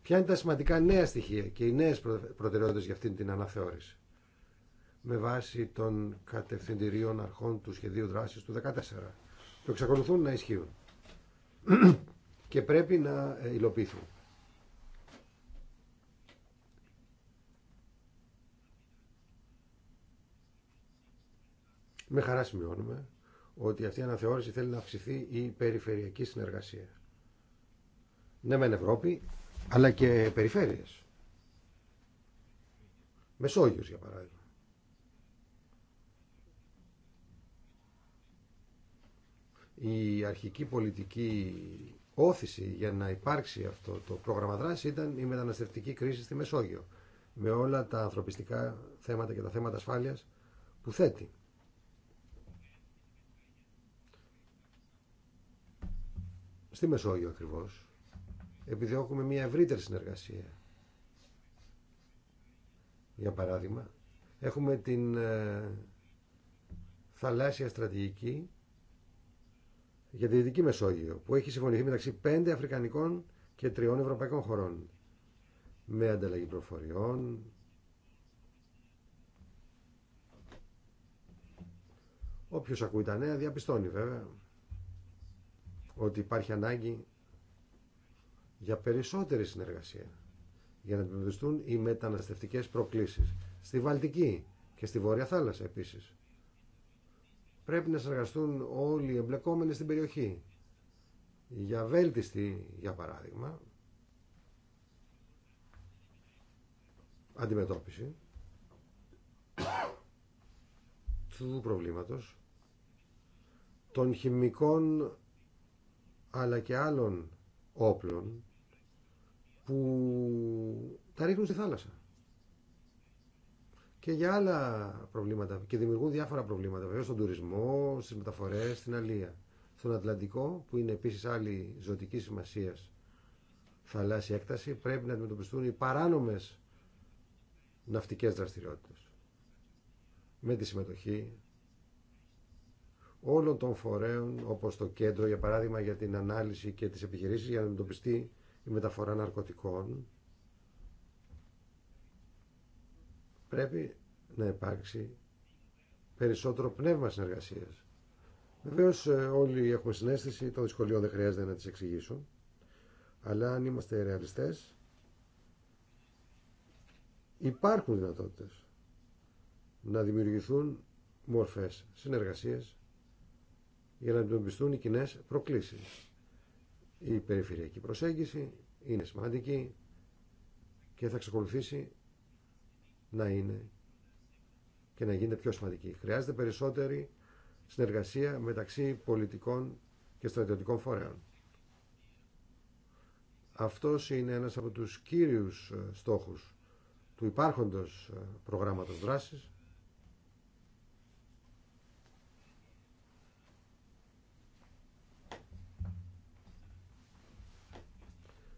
S3: Ποια είναι τα σημαντικά νέα στοιχεία και οι νέες προτεραιότητες για αυτήν την αναθεώρηση με βάση των κατευθυντηρίων αρχών του σχεδίου δράσης του 2014 Το εξακολουθούν να ισχύουν και πρέπει να ε, υλοποιηθούν. Με χαρά σημειώνουμε ότι αυτή η αναθεώρηση θέλει να αυξηθεί η περιφερειακή συνεργασία. Ναι μεν Ευρώπη, αλλά και περιφέρειες. Μεσόγειος για παράδειγμα. Η αρχική πολιτική όθηση για να υπάρξει αυτό το πρόγραμμα δράση ήταν η μεταναστευτική κρίση στη Μεσόγειο με όλα τα ανθρωπιστικά θέματα και τα θέματα ασφάλειας που θέτει. Στη Μεσόγειο ακριβώς επιδιώκουμε μια ευρύτερη συνεργασία. Για παράδειγμα, έχουμε την ε, θαλάσσια στρατηγική για τη Δυτική Μεσόγειο που έχει συμφωνηθεί μεταξύ πέντε αφρικανικών και τριών ευρωπαϊκών χωρών με ανταλλαγή προφοριών Όποιο ακούει τα νέα διαπιστώνει βέβαια ότι υπάρχει ανάγκη για περισσότερη συνεργασία για να αντιμετωπιστούν οι μεταναστευτικές προκλήσεις στη Βαλτική και στη Βόρεια Θάλασσα επίσης Πρέπει να συνεργαστούν όλοι οι εμπλεκόμενοι στην περιοχή. Για βέλτιστη, για παράδειγμα, αντιμετώπιση του προβλήματος των χημικών αλλά και άλλων όπλων που τα ρίχνουν στη θάλασσα και για άλλα προβλήματα και δημιουργούν διάφορα προβλήματα βέβαια στον τουρισμό, στις μεταφορές, στην αλία στον Ατλαντικό που είναι επίσης άλλη ζωτική σημασία θαλάσσια έκταση πρέπει να αντιμετωπιστούν οι παράνομες ναυτικές δραστηριότητες με τη συμμετοχή όλων των φορέων όπως το κέντρο για παράδειγμα για την ανάλυση και τις επιχειρήσεις για να αντιμετωπιστεί η μεταφορά ναρκωτικών πρέπει να υπάρξει περισσότερο πνεύμα συνεργασία. Βεβαίω ε, όλοι έχουμε συνέστηση των δυσκολιών δεν χρειάζεται να τι εξηγήσω αλλά αν είμαστε ρεαλιστέ υπάρχουν δυνατότητε να δημιουργηθούν μορφές συνεργασία για να αντιμετωπιστούν οι κοινέ προκλήσεις. Η περιφερειακή προσέγγιση είναι σημαντική και θα εξακολουθήσει να είναι και να γίνεται πιο σημαντική. Χρειάζεται περισσότερη συνεργασία μεταξύ πολιτικών και στρατιωτικών φορέων. Αυτός είναι ένας από τους κύριους ε, στόχους του υπάρχοντος ε, προγράμματος δράσης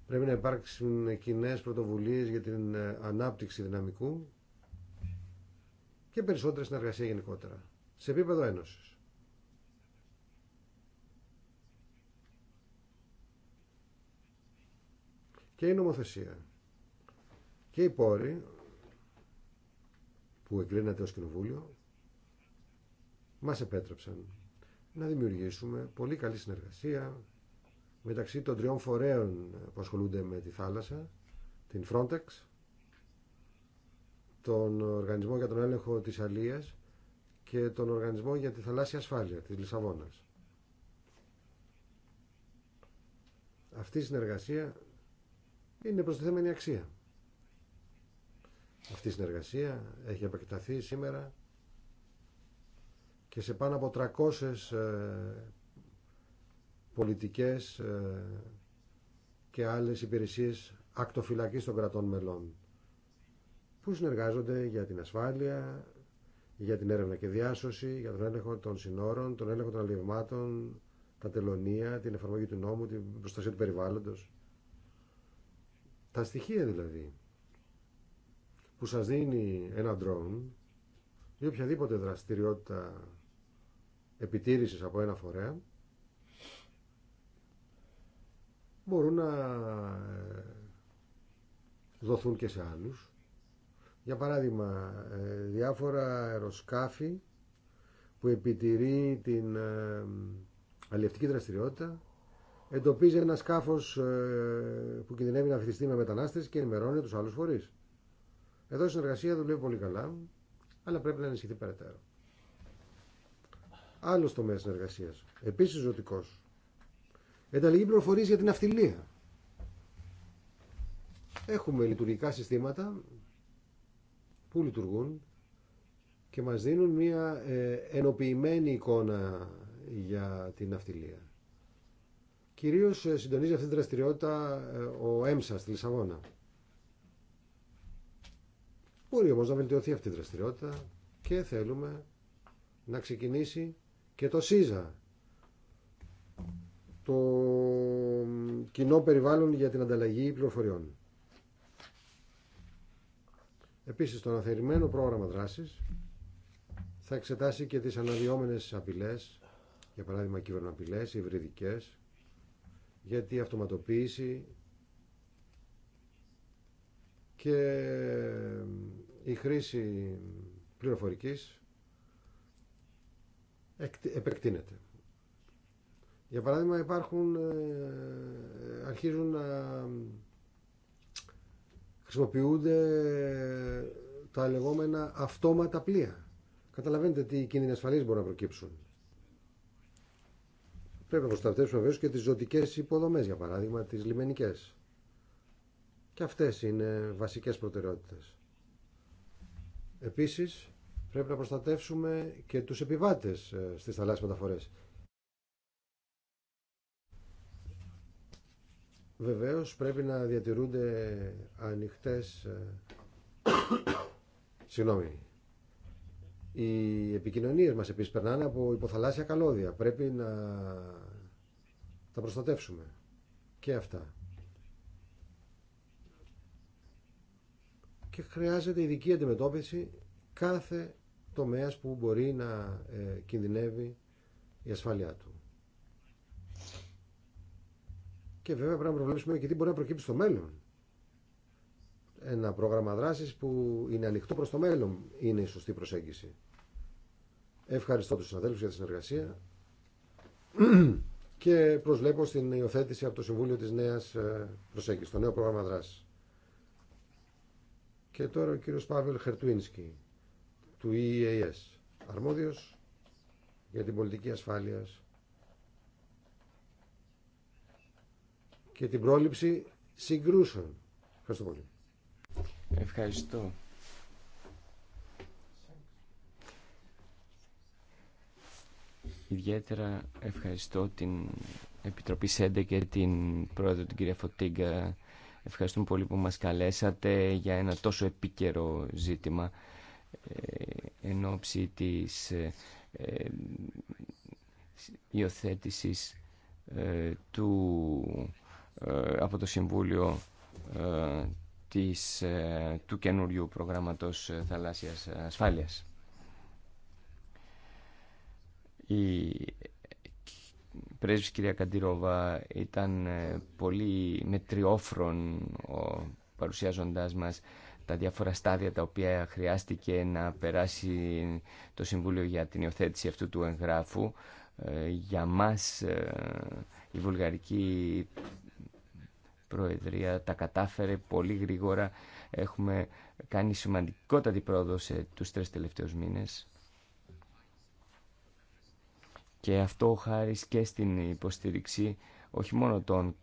S3: Πρέπει να υπάρξουν κοινέ πρωτοβουλίε για την ε, ανάπτυξη δυναμικού και περισσότερη συνεργασία γενικότερα σε επίπεδο ένωσης. Και η νομοθεσία και οι πόροι που εγκρίνεται ως Κοινοβούλιο μας επέτρεψαν να δημιουργήσουμε πολύ καλή συνεργασία μεταξύ των τριών φορέων που ασχολούνται με τη θάλασσα, την Frontex, τον Οργανισμό για τον Έλεγχο της Αλίας και τον Οργανισμό για τη Θαλάσσια Ασφάλεια της Λισαβόνας. Αυτή η συνεργασία είναι προστιθέμενη αξία. Αυτή η συνεργασία έχει επεκταθεί σήμερα και σε πάνω από 300 ε, πολιτικές ε, και άλλες υπηρεσίες ακτοφυλακής των κρατών μελών που συνεργάζονται για την ασφάλεια, για την έρευνα και διάσωση, για τον έλεγχο των συνόρων, τον έλεγχο των αλληλευμάτων, τα τελωνία, την εφαρμογή του νόμου, την προστασία του περιβάλλοντος. Τα στοιχεία δηλαδή που σας δίνει ένα drone ή οποιαδήποτε δραστηριότητα επιτήρησης από ένα φορέα μπορούν να ε, δοθούν και σε άλλους για παράδειγμα, ε, διάφορα αεροσκάφη που επιτηρεί την ε, αλληλευτική δραστηριότητα εντοπίζει ένα σκάφος ε, που κινδυνεύει να βυθιστεί με μετανάστες και ενημερώνει τους άλλους φορείς. Εδώ η συνεργασία δουλεύει πολύ καλά, αλλά πρέπει να ενισχυθεί περαιτέρω. Άλλο τομέα συνεργασία. Επίση ζωτικό. Ενταλλαγή πληροφορίε για την αυτιλία. Έχουμε λειτουργικά συστήματα που λειτουργούν και μας δίνουν μια ε, ενοποιημένη εικόνα για την ναυτιλία. Κυρίως ε, συντονίζει αυτή τη δραστηριότητα ε, ο ΕΜΣΑ στη Λισαβόνα. Μπορεί όμως να βελτιωθεί αυτή η δραστηριότητα και θέλουμε να ξεκινήσει και το ΣΥΖΑ, το κοινό περιβάλλον για την ανταλλαγή πληροφοριών. Επίσης, το αναθερημένο πρόγραμμα δράσης θα εξετάσει και τις αναδυόμενες απειλές, για παράδειγμα κυβερνοαπειλές, υβριδικές, γιατί η αυτοματοποίηση και η χρήση πληροφορικής επεκτείνεται. Για παράδειγμα υπάρχουν, ε, αρχίζουν να χρησιμοποιούνται τα λεγόμενα αυτόματα πλοία. Καταλαβαίνετε τι κίνδυνοι ασφαλής μπορούν να προκύψουν. Πρέπει να προστατεύσουμε βέβαια και τις ζωτικές υποδομές, για παράδειγμα, τις λιμενικές. Και αυτές είναι βασικές προτεραιότητες. Επίσης, πρέπει να προστατεύσουμε και τους επιβάτες ε, στις θαλάσσιες μεταφορές. Βεβαίως πρέπει να διατηρούνται ανοιχτές ε, συγγνώμη οι επικοινωνίες μας επίσης περνάνε από υποθαλάσσια καλώδια πρέπει να τα προστατεύσουμε και αυτά και χρειάζεται ειδική αντιμετώπιση κάθε τομέας που μπορεί να ε, κινδυνεύει η ασφάλειά του και βέβαια πρέπει να προβλέψουμε και τι μπορεί να προκύψει στο μέλλον. Ένα πρόγραμμα δράση που είναι ανοιχτό προ το μέλλον είναι η σωστή προσέγγιση. Ευχαριστώ του συναδέλφου για τη συνεργασία και προσβλέπω στην υιοθέτηση από το Συμβούλιο τη Νέα ε, Προσέγγιση, το νέο πρόγραμμα δράση. Και τώρα ο κύριο Παύλ Χερτουίνσκι του EEAS, Αρμόδιο για την πολιτική ασφάλεια. και την πρόληψη συγκρούσεων.
S4: Ευχαριστώ πολύ. Ευχαριστώ. Ιδιαίτερα ευχαριστώ την Επιτροπή ΣΕΝΤΕ και την Πρόεδρο την κυρία Φωτίγκα. Ευχαριστούμε πολύ που μας καλέσατε για ένα τόσο επίκαιρο ζήτημα ε, εν ώψη της ε, ε, ε του ε, από το Συμβούλιο ε, της, ε, του καινούριου προγράμματος θαλάσσιας ασφάλειας. Η πρέσβης κυρία Καντήροβα ήταν πολύ μετριόφρον παρουσιάζοντάς μας τα διάφορα στάδια τα οποία χρειάστηκε να περάσει το Συμβούλιο για την υιοθέτηση αυτού του εγγράφου. Για μας η βουλγαρική Προεδρία τα κατάφερε πολύ γρήγορα. Έχουμε κάνει σημαντικότατη πρόοδο σε τους τρεις τελευταίους μήνες. Και αυτό χάρη και στην υποστήριξη όχι μόνο των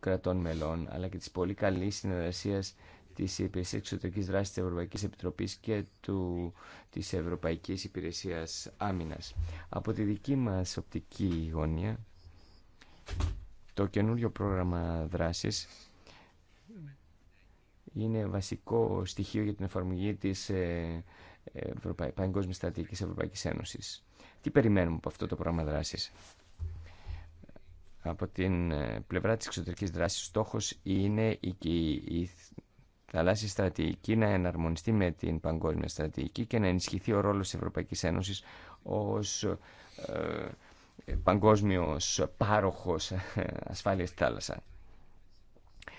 S4: κρατών μελών, αλλά και της πολύ καλής συνεργασίας της Υπηρεσίας Εξωτερικής Δράσης της Ευρωπαϊκής Επιτροπής και του, της Ευρωπαϊκής Υπηρεσίας Άμυνας. Από τη δική μας οπτική γωνία, το καινούριο πρόγραμμα δράσης είναι βασικό στοιχείο για την εφαρμογή της ε, Ευρωπαϊ... Παγκόσμιας Στρατηγικής Ευρωπαϊκής Ένωσης. Τι περιμένουμε από αυτό το πρόγραμμα δράσης. Από την ε, πλευρά της εξωτερικής δράσης στόχος είναι η, η θαλάσσια στρατηγική να εναρμονιστεί με την παγκόσμια στρατηγική και να ενισχυθεί ο ρόλος της Ευρωπαϊκής Ένωσης ως ε, παγκόσμιος πάροχος ε, ασφάλειας στη θάλασσα.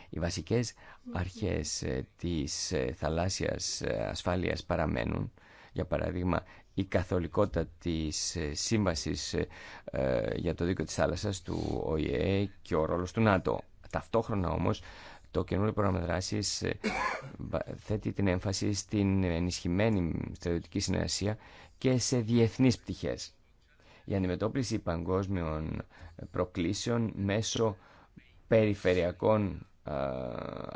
S4: Οι βασικές αρχές ε, της ε, θαλάσσιας ασφάλειας παραμένουν. Για παράδειγμα, η καθολικότητα της σύμβασης για το δίκαιο της θάλασσας του ΟΗΕ και ο ρόλος του ΝΑΤΟ. Ταυτόχρονα όμως, το καινούριο πρόγραμμα δράση θέτει την έμφαση στην ενισχυμένη στρατιωτική συνεργασία και σε διεθνείς πτυχές η αντιμετώπιση παγκόσμιων προκλήσεων μέσω περιφερειακών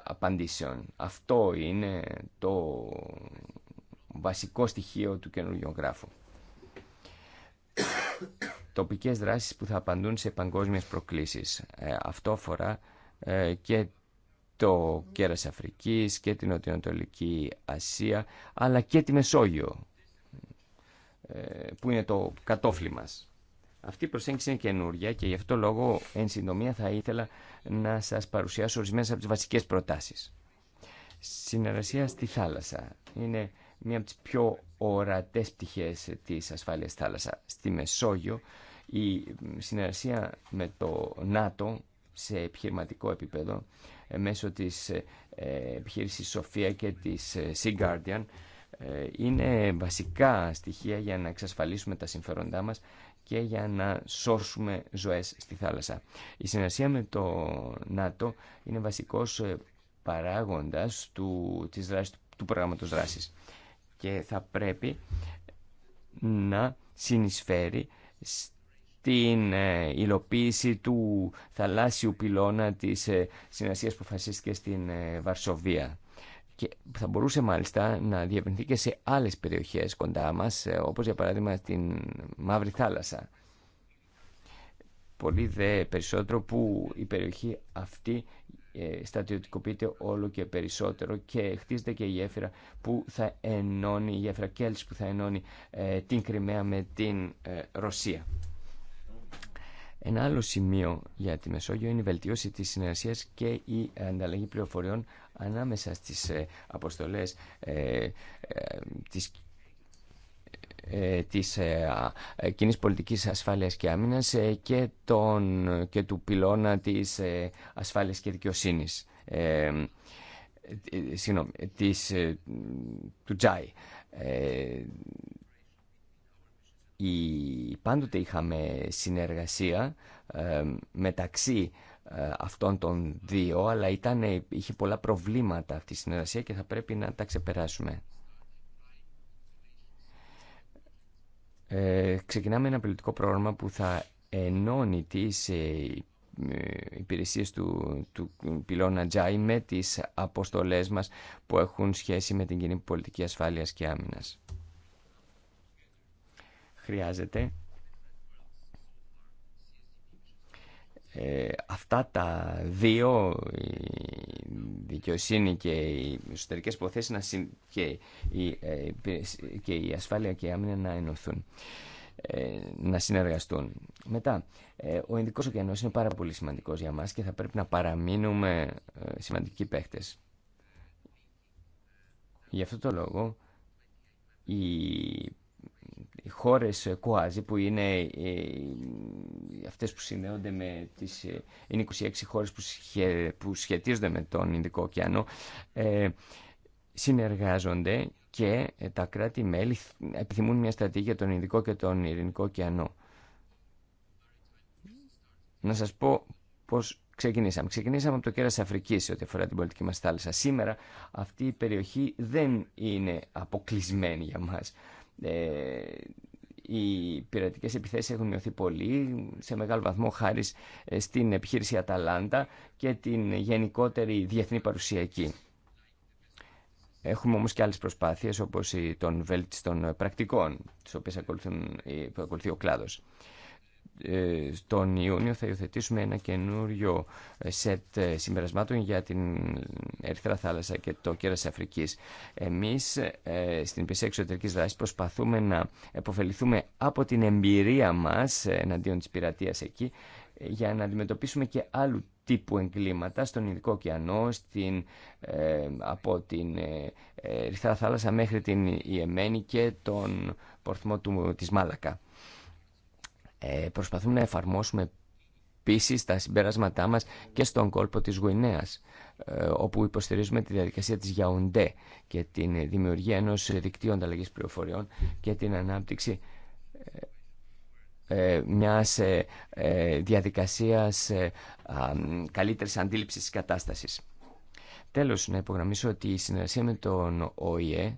S4: απαντήσεων. Αυτό είναι το βασικό στοιχείο του καινούργιου γράφου. Τοπικές δράσεις που θα απαντούν σε παγκόσμιες προκλήσεις. Ε, αυτό αφορά ε, και το κέρας Αφρικής και την Νοτιοανατολική Ασία, αλλά και τη Μεσόγειο ε, που είναι το κατόφλι μας. Αυτή η προσέγγιση είναι καινούργια και γι' αυτό λόγο εν συντομία θα ήθελα να σας παρουσιάσω ορισμένες από τις βασικές προτάσεις. Συνεργασία στη θάλασσα είναι μία από τις πιο ορατές πτυχές της ασφάλειας θάλασσα. Στη Μεσόγειο η συνεργασία με το ΝΑΤΟ σε επιχειρηματικό επίπεδο ε, μέσω της ε, επιχείρησης Σοφία και της Sea Guardian ε, είναι βασικά στοιχεία για να εξασφαλίσουμε τα συμφέροντά μας και για να σώσουμε ζωές στη θάλασσα. Η συνεργασία με το ΝΑΤΟ είναι βασικός ε, παράγοντας του, της δράσης, του προγράμματος δράσης και θα πρέπει να συνεισφέρει στην ε, υλοποίηση του θαλάσσιου πυλώνα της συνεργασίας που φασίστηκε στην Βαρσοβία και θα μπορούσε μάλιστα να διευρυνθεί και σε άλλες περιοχές κοντά μας, ε, όπως για παράδειγμα την Μαύρη Θάλασσα. Πολύ δε περισσότερο που η περιοχή αυτή ε, στατιωτικοποιείται όλο και περισσότερο και χτίζεται και η γέφυρα που θα ενώνει, η γέφυρα που θα ενώνει ε, την Κρυμαία με την Ρωσία. Ένα άλλο σημείο για τη Μεσόγειο είναι η βελτίωση της συνεργασίας και η ανταλλαγή πληροφοριών ανάμεσα στις ε, αποστολές ε, ε της ε, της κοινή πολιτικής ασφάλειας και άμυνας και, τον, και του πυλώνα της ασφάλειας και δικαιοσύνης. Ε, συγγνώμη, της, του Τζάι η, πάντοτε είχαμε συνεργασία ε, μεταξύ ε, αυτών των δύο, αλλά ήταν, ε, είχε πολλά προβλήματα αυτή η συνεργασία και θα πρέπει να τα ξεπεράσουμε. Ε, ξεκινάμε ένα πολιτικό πρόγραμμα που θα ενώνει τις υπηρεσίες του, του πυλώνα Τζάι με τις αποστολές μας που έχουν σχέση με την κοινή πολιτική ασφάλειας και άμυνας χρειάζεται. Ε, αυτά τα δύο, η δικαιοσύνη και οι εσωτερικέ υποθέσει να και, η, ε, και η ασφάλεια και η άμυνα να ενωθούν, ε, να συνεργαστούν. Μετά, ε, ο Ινδικός ωκεανός είναι πάρα πολύ σημαντικός για μας και θα πρέπει να παραμείνουμε σημαντικοί παίχτες. Γι' αυτό το λόγο, η οι χώρες ε, ΚΟΑΖΙ που είναι ε, αυτές που συνδέονται με τις... Ε, είναι 26 χώρες που, που σχετίζονται με τον Ινδικό ωκεανό συνεργάζονται και τα κράτη-μέλη επιθυμούν μια στρατηγία τον Ινδικό και τον Ειρηνικό ωκεανό. Να σας πω πώς ξεκινήσαμε. Ξεκινήσαμε από το κέρας Αφρικής ό,τι αφορά την πολιτική μας θάλασσα. Σήμερα αυτή η περιοχή δεν είναι αποκλεισμένη για μας. Ε, οι πειρατικές επιθέσεις έχουν μειωθεί πολύ σε μεγάλο βαθμό χάρη ε, στην επιχείρηση Αταλάντα και την γενικότερη διεθνή παρουσιακή. Έχουμε όμως και άλλες προσπάθειες όπως η των βέλτιστων πρακτικών τις οποίες ε, ακολουθεί ο κλάδος. Ε, τον Ιούνιο θα υιοθετήσουμε ένα καινούριο ε, σετ ε, συμπερασμάτων για την Ερυθρά Θάλασσα και το κέρας Αφρικής. Εμείς στην υπηρεσία εξωτερικής δράσης προσπαθούμε να επωφεληθούμε από την εμπειρία μας εναντίον της πειρατείας εκεί για να αντιμετωπίσουμε και άλλου τύπου εγκλήματα στον Ινδικό ωκεανό, στην, από την ε, Θάλασσα μέχρι την Ιεμένη και τον πορθμό του, της Μάλακα. Ε, προσπαθούμε να εφαρμόσουμε επίση τα συμπέρασματά μας και στον κόλπο της Γουινέας, ε, όπου υποστηρίζουμε τη διαδικασία της Γιαουντέ και την δημιουργία ενός δικτύου ανταλλαγή πληροφοριών και την ανάπτυξη ε, ε μιας διαδικασίας καλύτερης αντίληψης της κατάστασης. Τέλος, να υπογραμμίσω ότι η συνεργασία με τον ΟΗΕ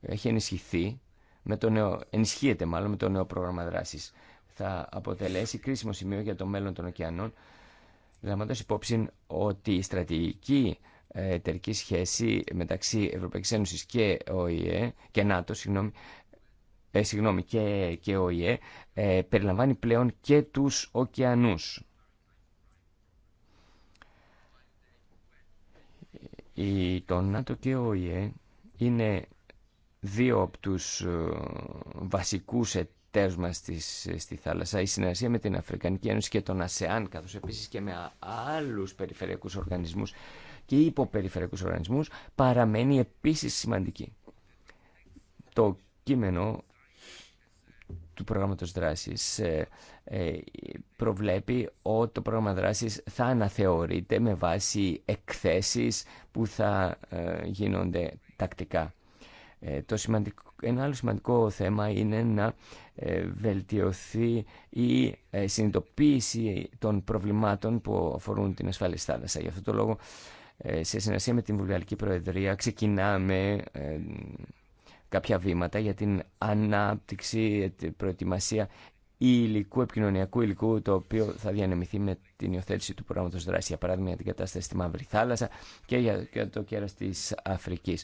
S4: έχει ενισχυθεί με το νέο, ενισχύεται μάλλον με το νέο πρόγραμμα δράσης. Θα αποτελέσει κρίσιμο σημείο για το μέλλον των ωκεανών, λαμβάνοντα υπόψη ότι η στρατηγική ε, εταιρική σχέση μεταξύ Ευρωπαϊκής Ένωσης και ΟΗΕ, και ΝΑΤΟ, συγγνώμη, ε, και, και ΟΗΕ, ε, περιλαμβάνει πλέον και τους ωκεανούς. το ΝΑΤΟ και ο ΟΗΕ είναι δύο από τους ε, βασικούς εταίρους μας ε, στη θάλασσα, η συνεργασία με την Αφρικανική Ένωση και τον ΑΣΕΑΝ, καθώς επίσης και με άλλους περιφερειακούς οργανισμούς και υποπεριφερειακούς οργανισμούς, παραμένει επίσης σημαντική. Το κείμενο του προγράμματος δράσης ε, προβλέπει ότι το πρόγραμμα δράσης θα αναθεωρείται με βάση εκθέσεις που θα γίνονται τακτικά. Ε, το ένα άλλο σημαντικό θέμα είναι να ε, βελτιωθεί η ε, συνειδητοποίηση των προβλημάτων που αφορούν την ασφάλεια στη θάλασσα. Γι' αυτό το λόγο, σε συνεργασία με την Βουλγαρική Προεδρία, ξεκινάμε κάποια βήματα για την ανάπτυξη, την προετοιμασία υλικού, επικοινωνιακού υλικού, το οποίο θα διανεμηθεί με την υιοθέτηση του προγράμματο δράση, για παράδειγμα, για την κατάσταση στη Μαύρη Θάλασσα και για το κέρα τη Αφρική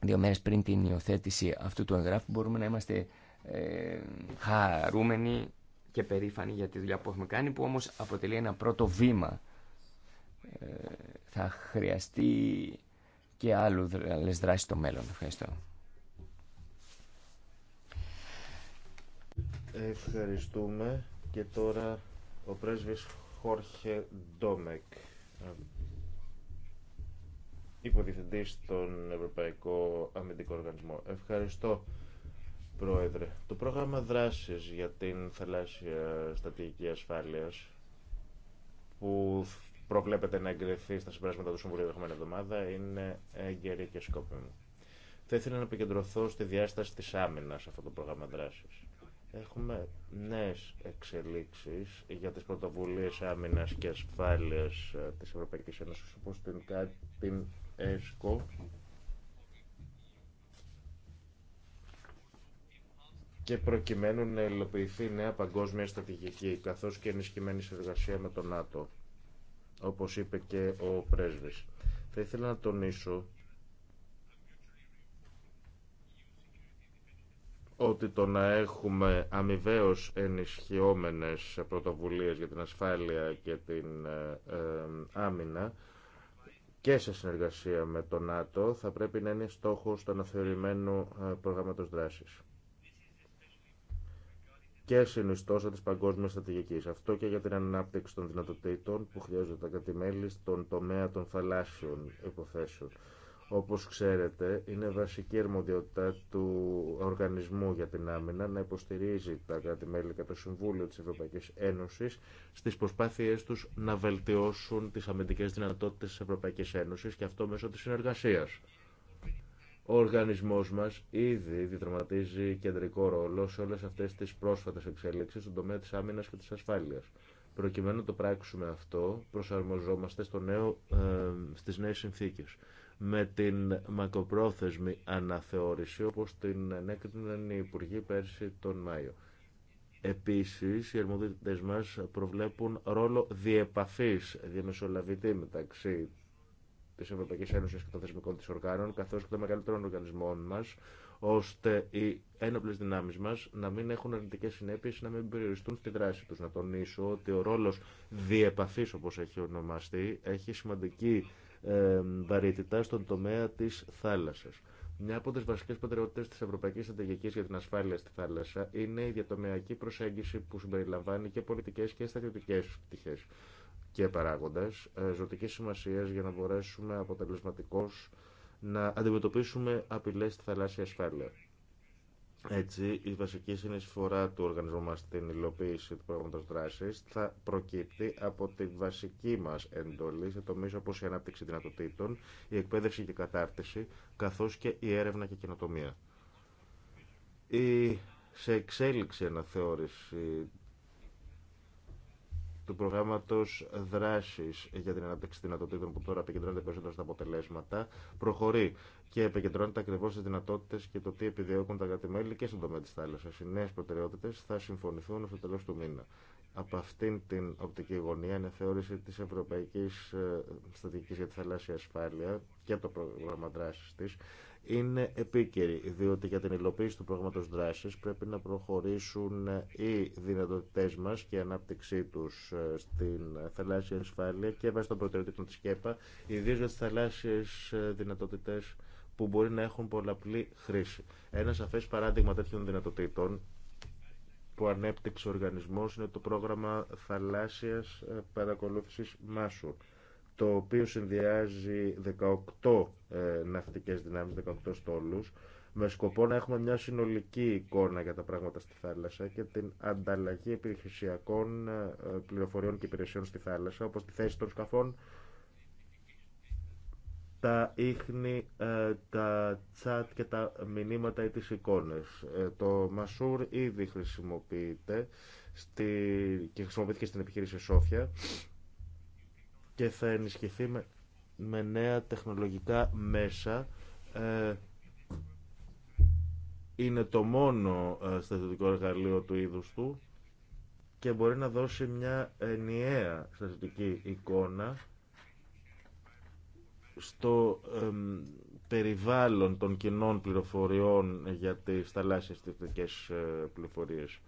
S4: δύο μέρες πριν την υιοθέτηση αυτού του εγγράφου μπορούμε να είμαστε ε, χαρούμενοι και περήφανοι για τη δουλειά που έχουμε κάνει που όμως αποτελεί ένα πρώτο βήμα. Ε, θα χρειαστεί και άλλες δράσεις στο μέλλον. Ευχαριστώ.
S1: Ευχαριστούμε και τώρα ο πρέσβης Χόρχε Ντόμεκ υποδιευθυντή στον Ευρωπαϊκό Αμυντικό Οργανισμό. Ευχαριστώ, Πρόεδρε. Το πρόγραμμα δράση για την θαλάσσια στατική ασφάλεια που προβλέπεται να εγκριθεί στα συμπεράσματα του Συμβουλίου την εβδομάδα είναι έγκαιρη και σκόπιμη. Θα ήθελα να επικεντρωθώ στη διάσταση τη άμυνα αυτό το πρόγραμμα δράση. Έχουμε νέε εξελίξει για τι πρωτοβουλίε άμυνα και ασφάλεια ε, τη Ευρωπαϊκή Ένωση, όπω την, την και προκειμένου να υλοποιηθεί νέα παγκόσμια στρατηγική καθώς και ενισχυμένη συνεργασία με το ΝΑΤΟ όπως είπε και ο πρέσβης. Θα ήθελα να τονίσω ότι το να έχουμε αμοιβαίως ενισχυόμενες πρωτοβουλίες για την ασφάλεια και την ε, ε, άμυνα και σε συνεργασία με το ΝΑΤΟ θα πρέπει να είναι στόχος του αναθεωρημένου ε, προγράμματος δράσης και συνιστόσα τη παγκόσμια στρατηγική. Αυτό και για την ανάπτυξη των δυνατοτήτων που χρειάζονται τα τη στον τομέα των θαλάσσιων υποθέσεων. Όπως ξέρετε, είναι βασική αρμοδιότητα του Οργανισμού για την Άμυνα να υποστηρίζει τα κράτη-μέλη και το Συμβούλιο της Ευρωπαϊκής Ένωσης στις προσπάθειές τους να βελτιώσουν τις αμυντικές δυνατότητες της Ευρωπαϊκής Ένωσης και αυτό μέσω της συνεργασίας. Ο οργανισμός μας ήδη διδραματίζει κεντρικό ρόλο σε όλες αυτές τις πρόσφατες εξέλιξεις στον τομέα της άμυνας και της ασφάλειας. Προκειμένου να το πράξουμε αυτό, προσαρμοζόμαστε στο νέο, ε, στις νέες με την μακροπρόθεσμη αναθεώρηση όπως την ανέκριναν οι Υπουργοί πέρσι τον Μάιο. Επίσης, οι αρμοδίτες μας προβλέπουν ρόλο διεπαφής διαμεσολαβητή μεταξύ της Ευρωπαϊκής Ένωσης και των θεσμικών της οργάνων, καθώς και των μεγαλύτερων οργανισμών μας, ώστε οι ένοπλε δυνάμει μα να μην έχουν αρνητικέ συνέπειε να μην περιοριστούν στη δράση του. Να τονίσω ότι ο ρόλο διεπαφή, όπω έχει ονομαστεί, έχει σημαντική βαρύτητα στον τομέα της θάλασσας. Μια από τι βασικέ προτεραιότητε τη Ευρωπαϊκή Στρατηγική για την Ασφάλεια στη Θάλασσα είναι η διατομεακή προσέγγιση που συμπεριλαμβάνει και πολιτικέ και στρατιωτικέ πτυχέ και παράγοντε ζωτική σημασία για να μπορέσουμε αποτελεσματικώ να αντιμετωπίσουμε απειλέ στη θαλάσσια ασφάλεια. Έτσι, η βασική συνεισφορά του οργανισμού μας στην υλοποίηση του πρόγραμματος δράσης θα προκύπτει από τη βασική μας εντολή σε τομείς όπως η ανάπτυξη δυνατοτήτων, η εκπαίδευση και η κατάρτιση, καθώς και η έρευνα και η καινοτομία. Η σε εξέλιξη αναθεώρηση του προγράμματο δράση για την ανάπτυξη δυνατοτήτων που τώρα επικεντρώνεται περισσότερο στα αποτελέσματα, προχωρεί και επικεντρώνεται ακριβώ στι δυνατότητε και το τι επιδιώκουν τα κράτη-μέλη και στον τομέα τη θάλασσα. Οι νέε προτεραιότητε θα συμφωνηθούν στο τέλο του μήνα από αυτήν την οπτική γωνία η θεώρηση της Ευρωπαϊκής ε, Στατικής για τη Θαλάσσια Ασφάλεια και το πρόγραμμα δράσης της είναι επίκαιρη, διότι για την υλοποίηση του πρόγραμματος δράσης πρέπει να προχωρήσουν ε, οι δυνατότητές μας και η ανάπτυξή τους ε, στην θαλάσσια ασφάλεια και βάσει των προτεραιοτήτων της ΚΕΠΑ, ιδίως για τις θαλάσσιες δυνατότητες που μπορεί να έχουν πολλαπλή χρήση. Ένα σαφέ παράδειγμα τέτοιων δυνατοτήτων που ανέπτυξε ο οργανισμός είναι το πρόγραμμα θαλάσσιας παρακολούθησης μάσου το οποίο συνδυάζει 18 ε, ναυτικές δυνάμεις, 18 στόλους με σκοπό να έχουμε μια συνολική εικόνα για τα πράγματα στη θάλασσα και την ανταλλαγή επιχειρησιακών ε, πληροφοριών και υπηρεσιών στη θάλασσα, όπως τη θέση των σκαφών, τα ίχνη, ε, τα τσάτ και τα μηνύματα ή τις εικόνες. Ε, το Μασούρ ήδη χρησιμοποιείται στη, και χρησιμοποιήθηκε στην επιχείρηση Σόφια και θα ενισχυθεί με, νέα τεχνολογικά μέσα ε, είναι το μόνο στρατιωτικό εργαλείο του είδους του και μπορεί να δώσει μια ενιαία στρατιωτική εικόνα στο περιβάλλον των κοινών πληροφοριών για τις θαλάσσιες τεχνικές ε, πληροφορίες.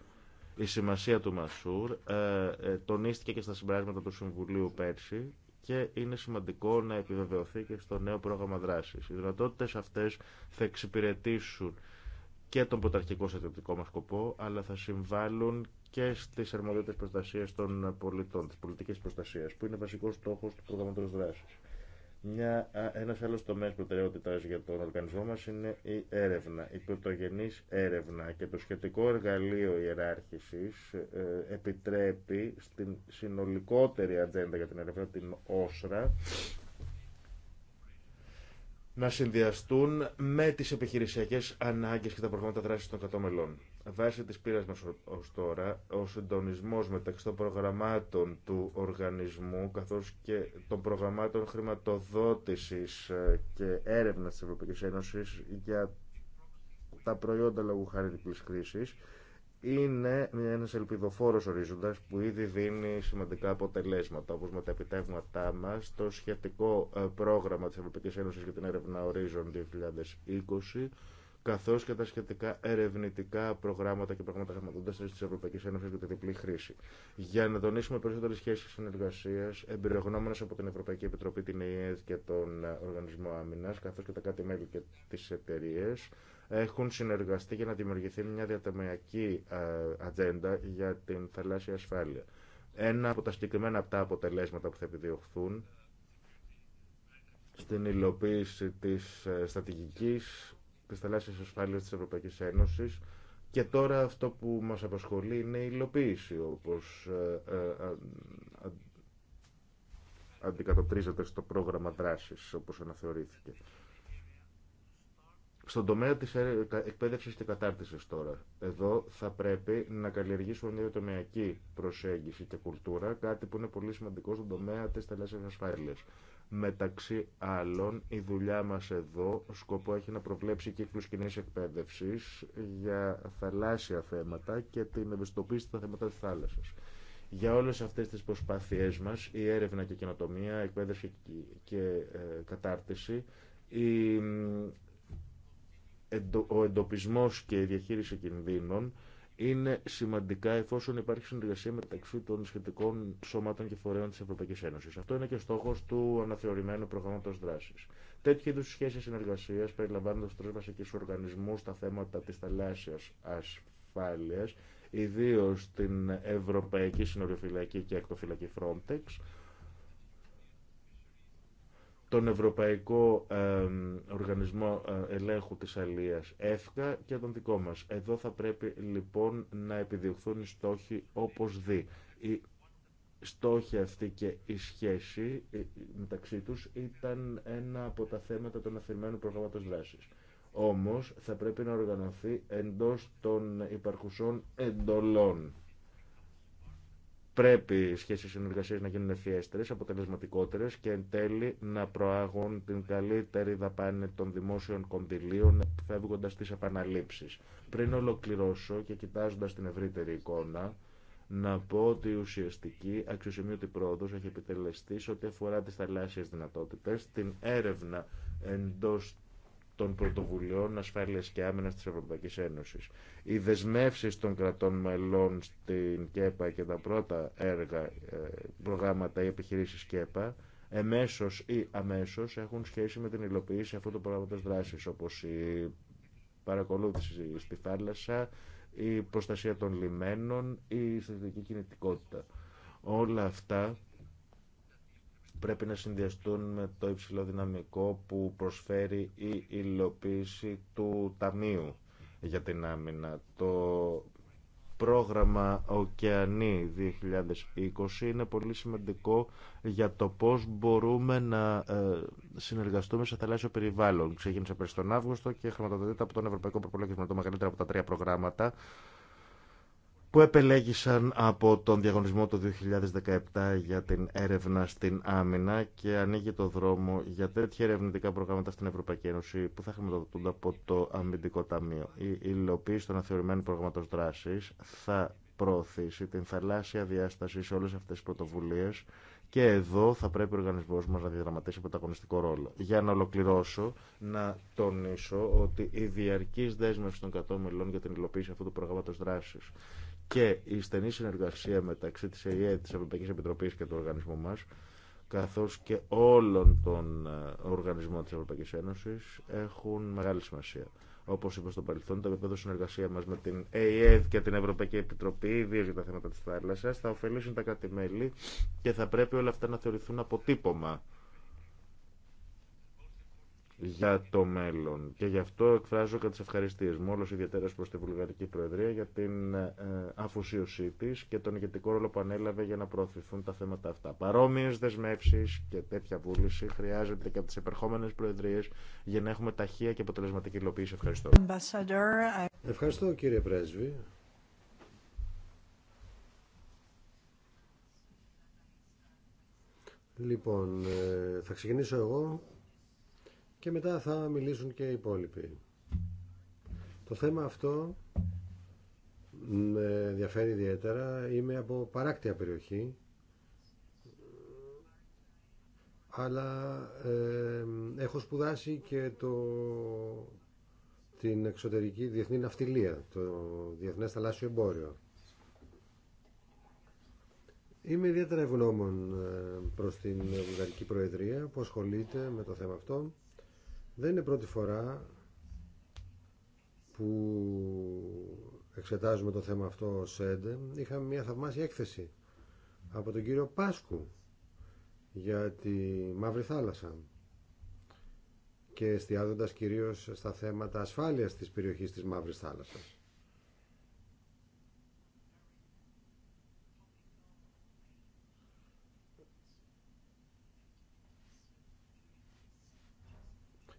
S1: Η σημασία του Μασούρ ε, ε, τονίστηκε και στα συμπράγματα του Συμβουλίου πέρσι και είναι σημαντικό να επιβεβαιωθεί και στο νέο πρόγραμμα δράσης. Οι δυνατότητε αυτές θα εξυπηρετήσουν και τον πρωταρχικό στρατιωτικό μας σκοπό, αλλά θα συμβάλλουν και στι αρμοδιότητε προστασία των πολιτών, τη πολιτική προστασία, που είναι βασικό στόχο του προγραμματός δράσης. Μια, ένας άλλος τομέας προτεραιότητας για τον οργανισμό μας είναι η έρευνα, η πρωτογενής έρευνα και το σχετικό εργαλείο ιεράρχησης ε, επιτρέπει στην συνολικότερη ατζέντα για την έρευνα, την όσρα, να συνδυαστούν με τις επιχειρησιακές ανάγκες και τα προγράμματα δράσης των κατώμελών. Βάσει της πείρας μας ως τώρα, ο συντονισμός μεταξύ των προγραμμάτων του οργανισμού καθώς και των προγραμμάτων χρηματοδότησης ε, και έρευνας της Ευρωπαϊκής Ένωσης για τα προϊόντα λόγου χάρη κρίσης είναι ένας ελπιδοφόρος ορίζοντας που ήδη δίνει σημαντικά αποτελέσματα όπως με τα επιτεύγματά μας το σχετικό ε, πρόγραμμα της Ευρωπαϊκής Ένωσης για την έρευνα Horizon 2020 καθώς και τα σχετικά ερευνητικά προγράμματα και πράγματα χρηματοδότησης της Ευρωπαϊκής Ένωσης για τη διπλή χρήση. Για να τονίσουμε περισσότερες σχέσεις συνεργασίας, εμπειρογνώμενες από την Ευρωπαϊκή Επιτροπή, την ΕΕΔ και τον Οργανισμό Άμυνας, καθώς και τα κάτι μέλη και τις εταιρείε, έχουν συνεργαστεί για να δημιουργηθεί μια διαταμιακή ατζέντα για την θαλάσσια ασφάλεια. Ένα από τα συγκεκριμένα από τα αποτελέσματα που θα επιδιωχθούν στην υλοποίηση της ε, στρατηγικής της θαλάσσιας ασφάλειας της Ευρωπαϊκής Ένωσης και τώρα αυτό που μας απασχολεί είναι η υλοποίηση όπως ε, ε, αντικατοπτρίζεται στο πρόγραμμα δράσης όπως αναθεωρήθηκε. Στον τομέα της ε, εκπαίδευσης και κατάρτισης τώρα, εδώ θα πρέπει να καλλιεργήσουμε μια τομεακή προσέγγιση και κουλτούρα, κάτι που είναι πολύ σημαντικό στον τομέα της θαλάσσιας ασφάλειας. Μεταξύ άλλων, η δουλειά μας εδώ σκοπό έχει να προβλέψει κύκλους κοινή εκπαίδευση για θαλάσσια θέματα και την ευαισθητοποίηση στα θέματα της θάλασσας. Για όλες αυτές τις προσπάθειές μας, η έρευνα και καινοτομία, εκπαίδευση και ε, κατάρτιση, ο εντοπισμός και η διαχείριση κινδύνων, είναι σημαντικά εφόσον υπάρχει συνεργασία μεταξύ των σχετικών σώματων και φορέων τη Ευρωπαϊκή Ένωση. Αυτό είναι και στόχο του αναθεωρημένου προγράμματο δράση. Τέτοιου είδου σχέσει συνεργασία περιλαμβάνονται στου τρει βασικού οργανισμού στα θέματα τη θαλάσσια ασφάλεια, ιδίω στην Ευρωπαϊκή Συνοριοφυλακή και Ακτοφυλακή Frontex, τον Ευρωπαϊκό Οργανισμό ε, Ελέγχου της Αλίας ΕΦΚΑ και τον δικό μας. Εδώ θα πρέπει λοιπόν να επιδιωχθούν οι στόχοι όπως δει. Οι στόχοι αυτοί και η σχέση ε, μεταξύ τους ήταν ένα από τα θέματα των αφηρημένων προγράμματος δράσης. Όμως θα πρέπει να οργανωθεί εντός των υπαρχουσών εντολών Πρέπει οι σχέσει συνεργασία να γίνουν ευφιέστερε, αποτελεσματικότερε και εν τέλει να προάγουν την καλύτερη δαπάνη των δημόσιων κονδυλίων, φεύγοντα τι επαναλήψει. Πριν ολοκληρώσω και κοιτάζοντα την ευρύτερη εικόνα, να πω ότι η ουσιαστική αξιοσημείωτη πρόοδο έχει επιτελεστεί σε ό,τι αφορά τι θαλάσσιε δυνατότητε, την έρευνα εντό των πρωτοβουλειών ασφάλεια και άμυνα τη Ευρωπαϊκή Ένωση. Οι δεσμεύσει των κρατών μελών στην ΚΕΠΑ και τα πρώτα έργα, ε, προγράμματα ή επιχειρήσει ΚΕΠΑ εμέσω ή αμέσω έχουν σχέση με την υλοποίηση αυτού του προγράμματο δράση, όπω η παρακολούθηση στη θάλασσα, η προστασία των λιμένων, η θετική κινητικότητα. Όλα αυτά πρέπει να συνδυαστούν με το υψηλό δυναμικό που προσφέρει η υλοποίηση του Ταμείου για την άμυνα. Το πρόγραμμα Οκεανή 2020 είναι πολύ σημαντικό για το πώς μπορούμε να ε, συνεργαστούμε σε θαλάσσιο περιβάλλον. Ξεκίνησε πριν τον Αύγουστο και χρηματοδοτείται από τον Ευρωπαϊκό Προπολογισμό το μεγαλύτερο από τα τρία προγράμματα που επελέγησαν από τον διαγωνισμό το 2017 για την έρευνα στην άμυνα και ανοίγει το δρόμο για τέτοια ερευνητικά προγράμματα στην Ευρωπαϊκή Ένωση που θα χρηματοδοτούνται από το Αμυντικό Ταμείο. Η υλοποίηση των αθεωρημένων προγραμματών δράση θα προωθήσει την θαλάσσια διάσταση σε όλε αυτέ τι πρωτοβουλίε και εδώ θα πρέπει ο οργανισμό μα να διαδραματίσει πρωταγωνιστικό ρόλο. Για να ολοκληρώσω, να τονίσω ότι η διαρκή δέσμευση των 100 μελών για την υλοποίηση αυτού του προγράμματο δράση και η στενή συνεργασία μεταξύ της ΕΕ, της Ευρωπαϊκής Επιτροπής και του οργανισμού μας, καθώς και όλων των ε, οργανισμών της Ευρωπαϊκής Ένωσης έχουν μεγάλη σημασία. Όπως είπα στο παρελθόν, το επίπεδο συνεργασία μας με την ΕΕΔ και την Ευρωπαϊκή Επιτροπή, ιδίω για τα θέματα της θάλασσας, θα ωφελήσουν τα κράτη-μέλη και θα πρέπει όλα αυτά να θεωρηθούν αποτύπωμα για το μέλλον. Και γι' αυτό εκφράζω και τι ευχαριστίε μου, όλο ιδιαίτερα προ τη Βουλγαρική Προεδρία, για την ε, αφοσίωσή τη και τον ηγετικό ρόλο που ανέλαβε για να προωθηθούν τα θέματα αυτά. Παρόμοιες δεσμεύσει και τέτοια βούληση χρειάζεται και από τι επερχόμενε Προεδρίε για να έχουμε ταχεία και αποτελεσματική υλοποίηση. Ευχαριστώ. Ευχαριστώ κύριε Πρέσβη.
S3: Λοιπόν, ε, θα ξεκινήσω εγώ και μετά θα μιλήσουν και οι υπόλοιποι. Το θέμα αυτό με ενδιαφέρει ιδιαίτερα. Είμαι από παράκτια περιοχή, αλλά έχω σπουδάσει και το, την εξωτερική διεθνή ναυτιλία, το διεθνές θαλάσσιο εμπόριο. Είμαι ιδιαίτερα ευγνώμων ε, προς την Βουλγαρική Προεδρία που ασχολείται με το θέμα αυτό. Δεν είναι πρώτη φορά που εξετάζουμε το θέμα αυτό ως ΕΝΤΕ. Είχαμε μια θαυμάσια έκθεση από τον κύριο Πάσκου για τη Μαύρη Θάλασσα και εστιάζοντας κυρίως στα θέματα ασφάλειας της περιοχής της Μαύρης Θάλασσας.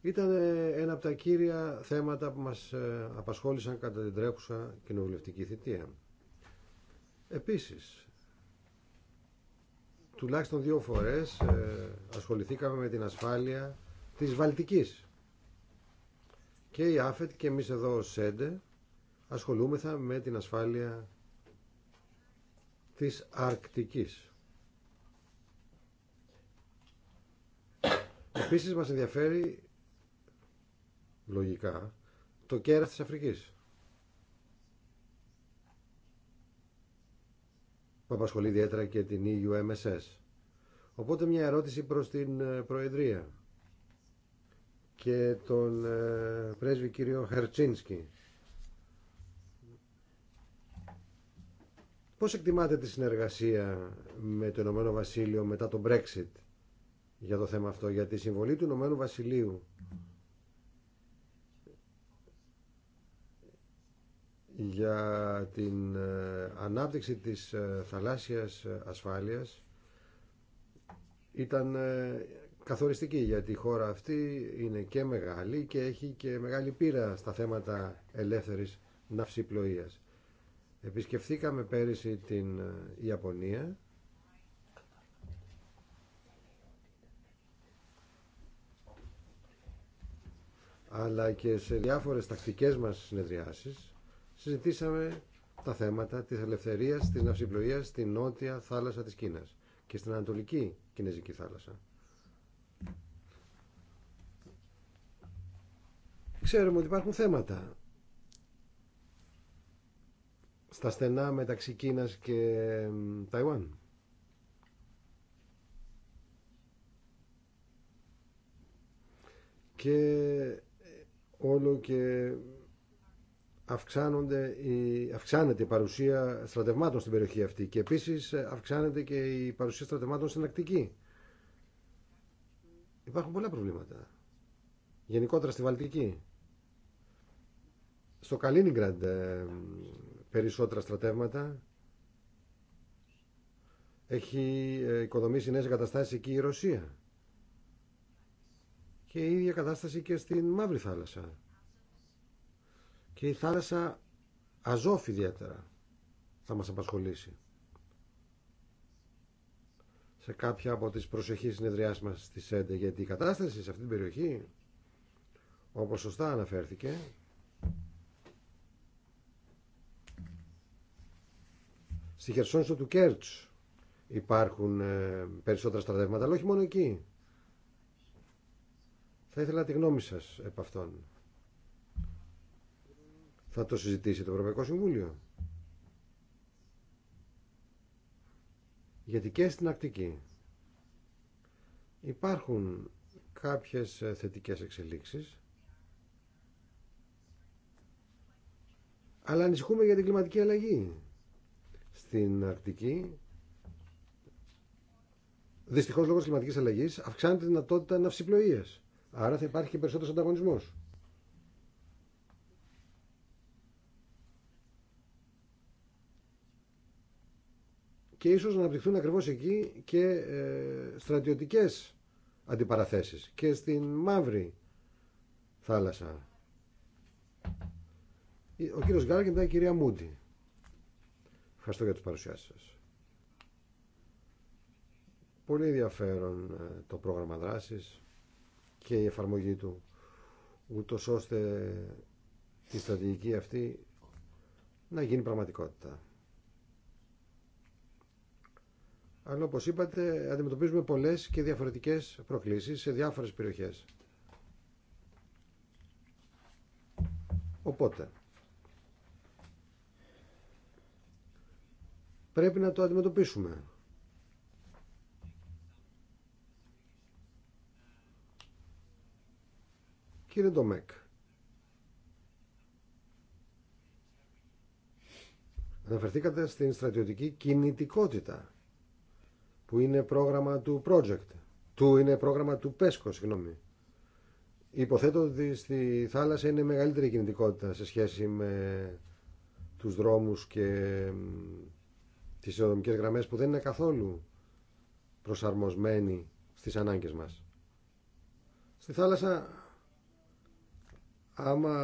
S3: Ήταν ε, ένα από τα κύρια θέματα που μας ε, απασχόλησαν κατά την τρέχουσα κοινοβουλευτική θητεία. Επίσης, τουλάχιστον δύο φορές ε, ασχοληθήκαμε με την ασφάλεια της Βαλτικής. Και η ΑΦΕΤ και εμείς εδώ ως ΣΕΝΤΕ ασχολούμεθα με την ασφάλεια της Αρκτικής. Επίσης μας ενδιαφέρει λογικά το κέρας της Αφρικής. Που απασχολεί ιδιαίτερα και την EU Οπότε μια ερώτηση προς την ε, Προεδρία και τον ε, πρέσβη κύριο Χερτσίνσκι. Πώς εκτιμάτε τη συνεργασία με το Ηνωμένο Βασίλειο μετά το Brexit για το θέμα αυτό, για τη συμβολή του Ηνωμένου Βασιλείου για την ε, ανάπτυξη της ε, θαλάσσιας ε, ασφάλειας ήταν καθοριστική γιατί η χώρα αυτή είναι και μεγάλη και έχει και μεγάλη πείρα στα θέματα ελεύθερης ναυσιπλοείας. Επισκεφθήκαμε πέρυσι την Ιαπωνία αλλά και σε διάφορες τακτικές μας συνεδριάσεις συζητήσαμε τα θέματα της ελευθερία της ναυσιπλοεία στην νότια θάλασσα της Κίνας και στην ανατολική Κινέζικη θάλασσα. Ξέρουμε ότι υπάρχουν θέματα στα στενά μεταξύ Κίνας και Ταϊουάν. Και όλο και αυξάνονται, αυξάνεται η παρουσία στρατευμάτων στην περιοχή αυτή και επίσης ε, αυξάνεται και η παρουσία στρατευμάτων στην Ακτική. Υπάρχουν πολλά προβλήματα. Γενικότερα στη Βαλτική. Στο Καλίνιγκραντ ε, περισσότερα στρατεύματα. Έχει ε, οικοδομήσει νέες εγκαταστάσεις εκεί η Ρωσία. Και η ίδια κατάσταση και στην Μαύρη Θάλασσα και η θάλασσα Αζόφ ιδιαίτερα θα μας απασχολήσει σε κάποια από τις προσεχείς συνεδριάσεις μας στη ΣΕΝΤΕ γιατί η κατάσταση σε αυτή την περιοχή όπως σωστά αναφέρθηκε στη Χερσόνησο του Κέρτς υπάρχουν ε, περισσότερα στρατεύματα αλλά όχι μόνο εκεί θα ήθελα τη γνώμη σας επ' Θα το συζητήσει το Ευρωπαϊκό Συμβούλιο. Γιατί και στην Αρκτική υπάρχουν κάποιες θετικές εξελίξεις αλλά ανησυχούμε για την κλιματική αλλαγή στην Αρκτική δυστυχώς λόγω της κλιματικής αλλαγής αυξάνεται η δυνατότητα ναυσιπλοείας άρα θα υπάρχει και περισσότερος ανταγωνισμός και ίσως να αναπτυχθούν ακριβώς εκεί και ε, στρατιωτικές αντιπαραθέσεις και στην Μαύρη Θάλασσα. Ο κύριος Γκάλα και μετά η κυρία Μούντι. Ευχαριστώ για τις παρουσιάσεις σας. Πολύ ενδιαφέρον ε, το πρόγραμμα δράσης και η εφαρμογή του ούτω ώστε τη στρατηγική αυτή να γίνει πραγματικότητα. Αλλά όπως είπατε αντιμετωπίζουμε πολλές και διαφορετικές προκλήσεις σε διάφορες περιοχές. Οπότε, πρέπει να το αντιμετωπίσουμε. Κύριε Ντομέκ, αναφερθήκατε στην στρατιωτική κινητικότητα που είναι πρόγραμμα του project, του είναι πρόγραμμα του PESCO, συγγνώμη. Υποθέτω ότι στη θάλασσα είναι μεγαλύτερη κινητικότητα σε σχέση με τους δρόμους και τις ισοδομικές γραμμές που δεν είναι καθόλου προσαρμοσμένοι στις ανάγκες μας. Στη θάλασσα, άμα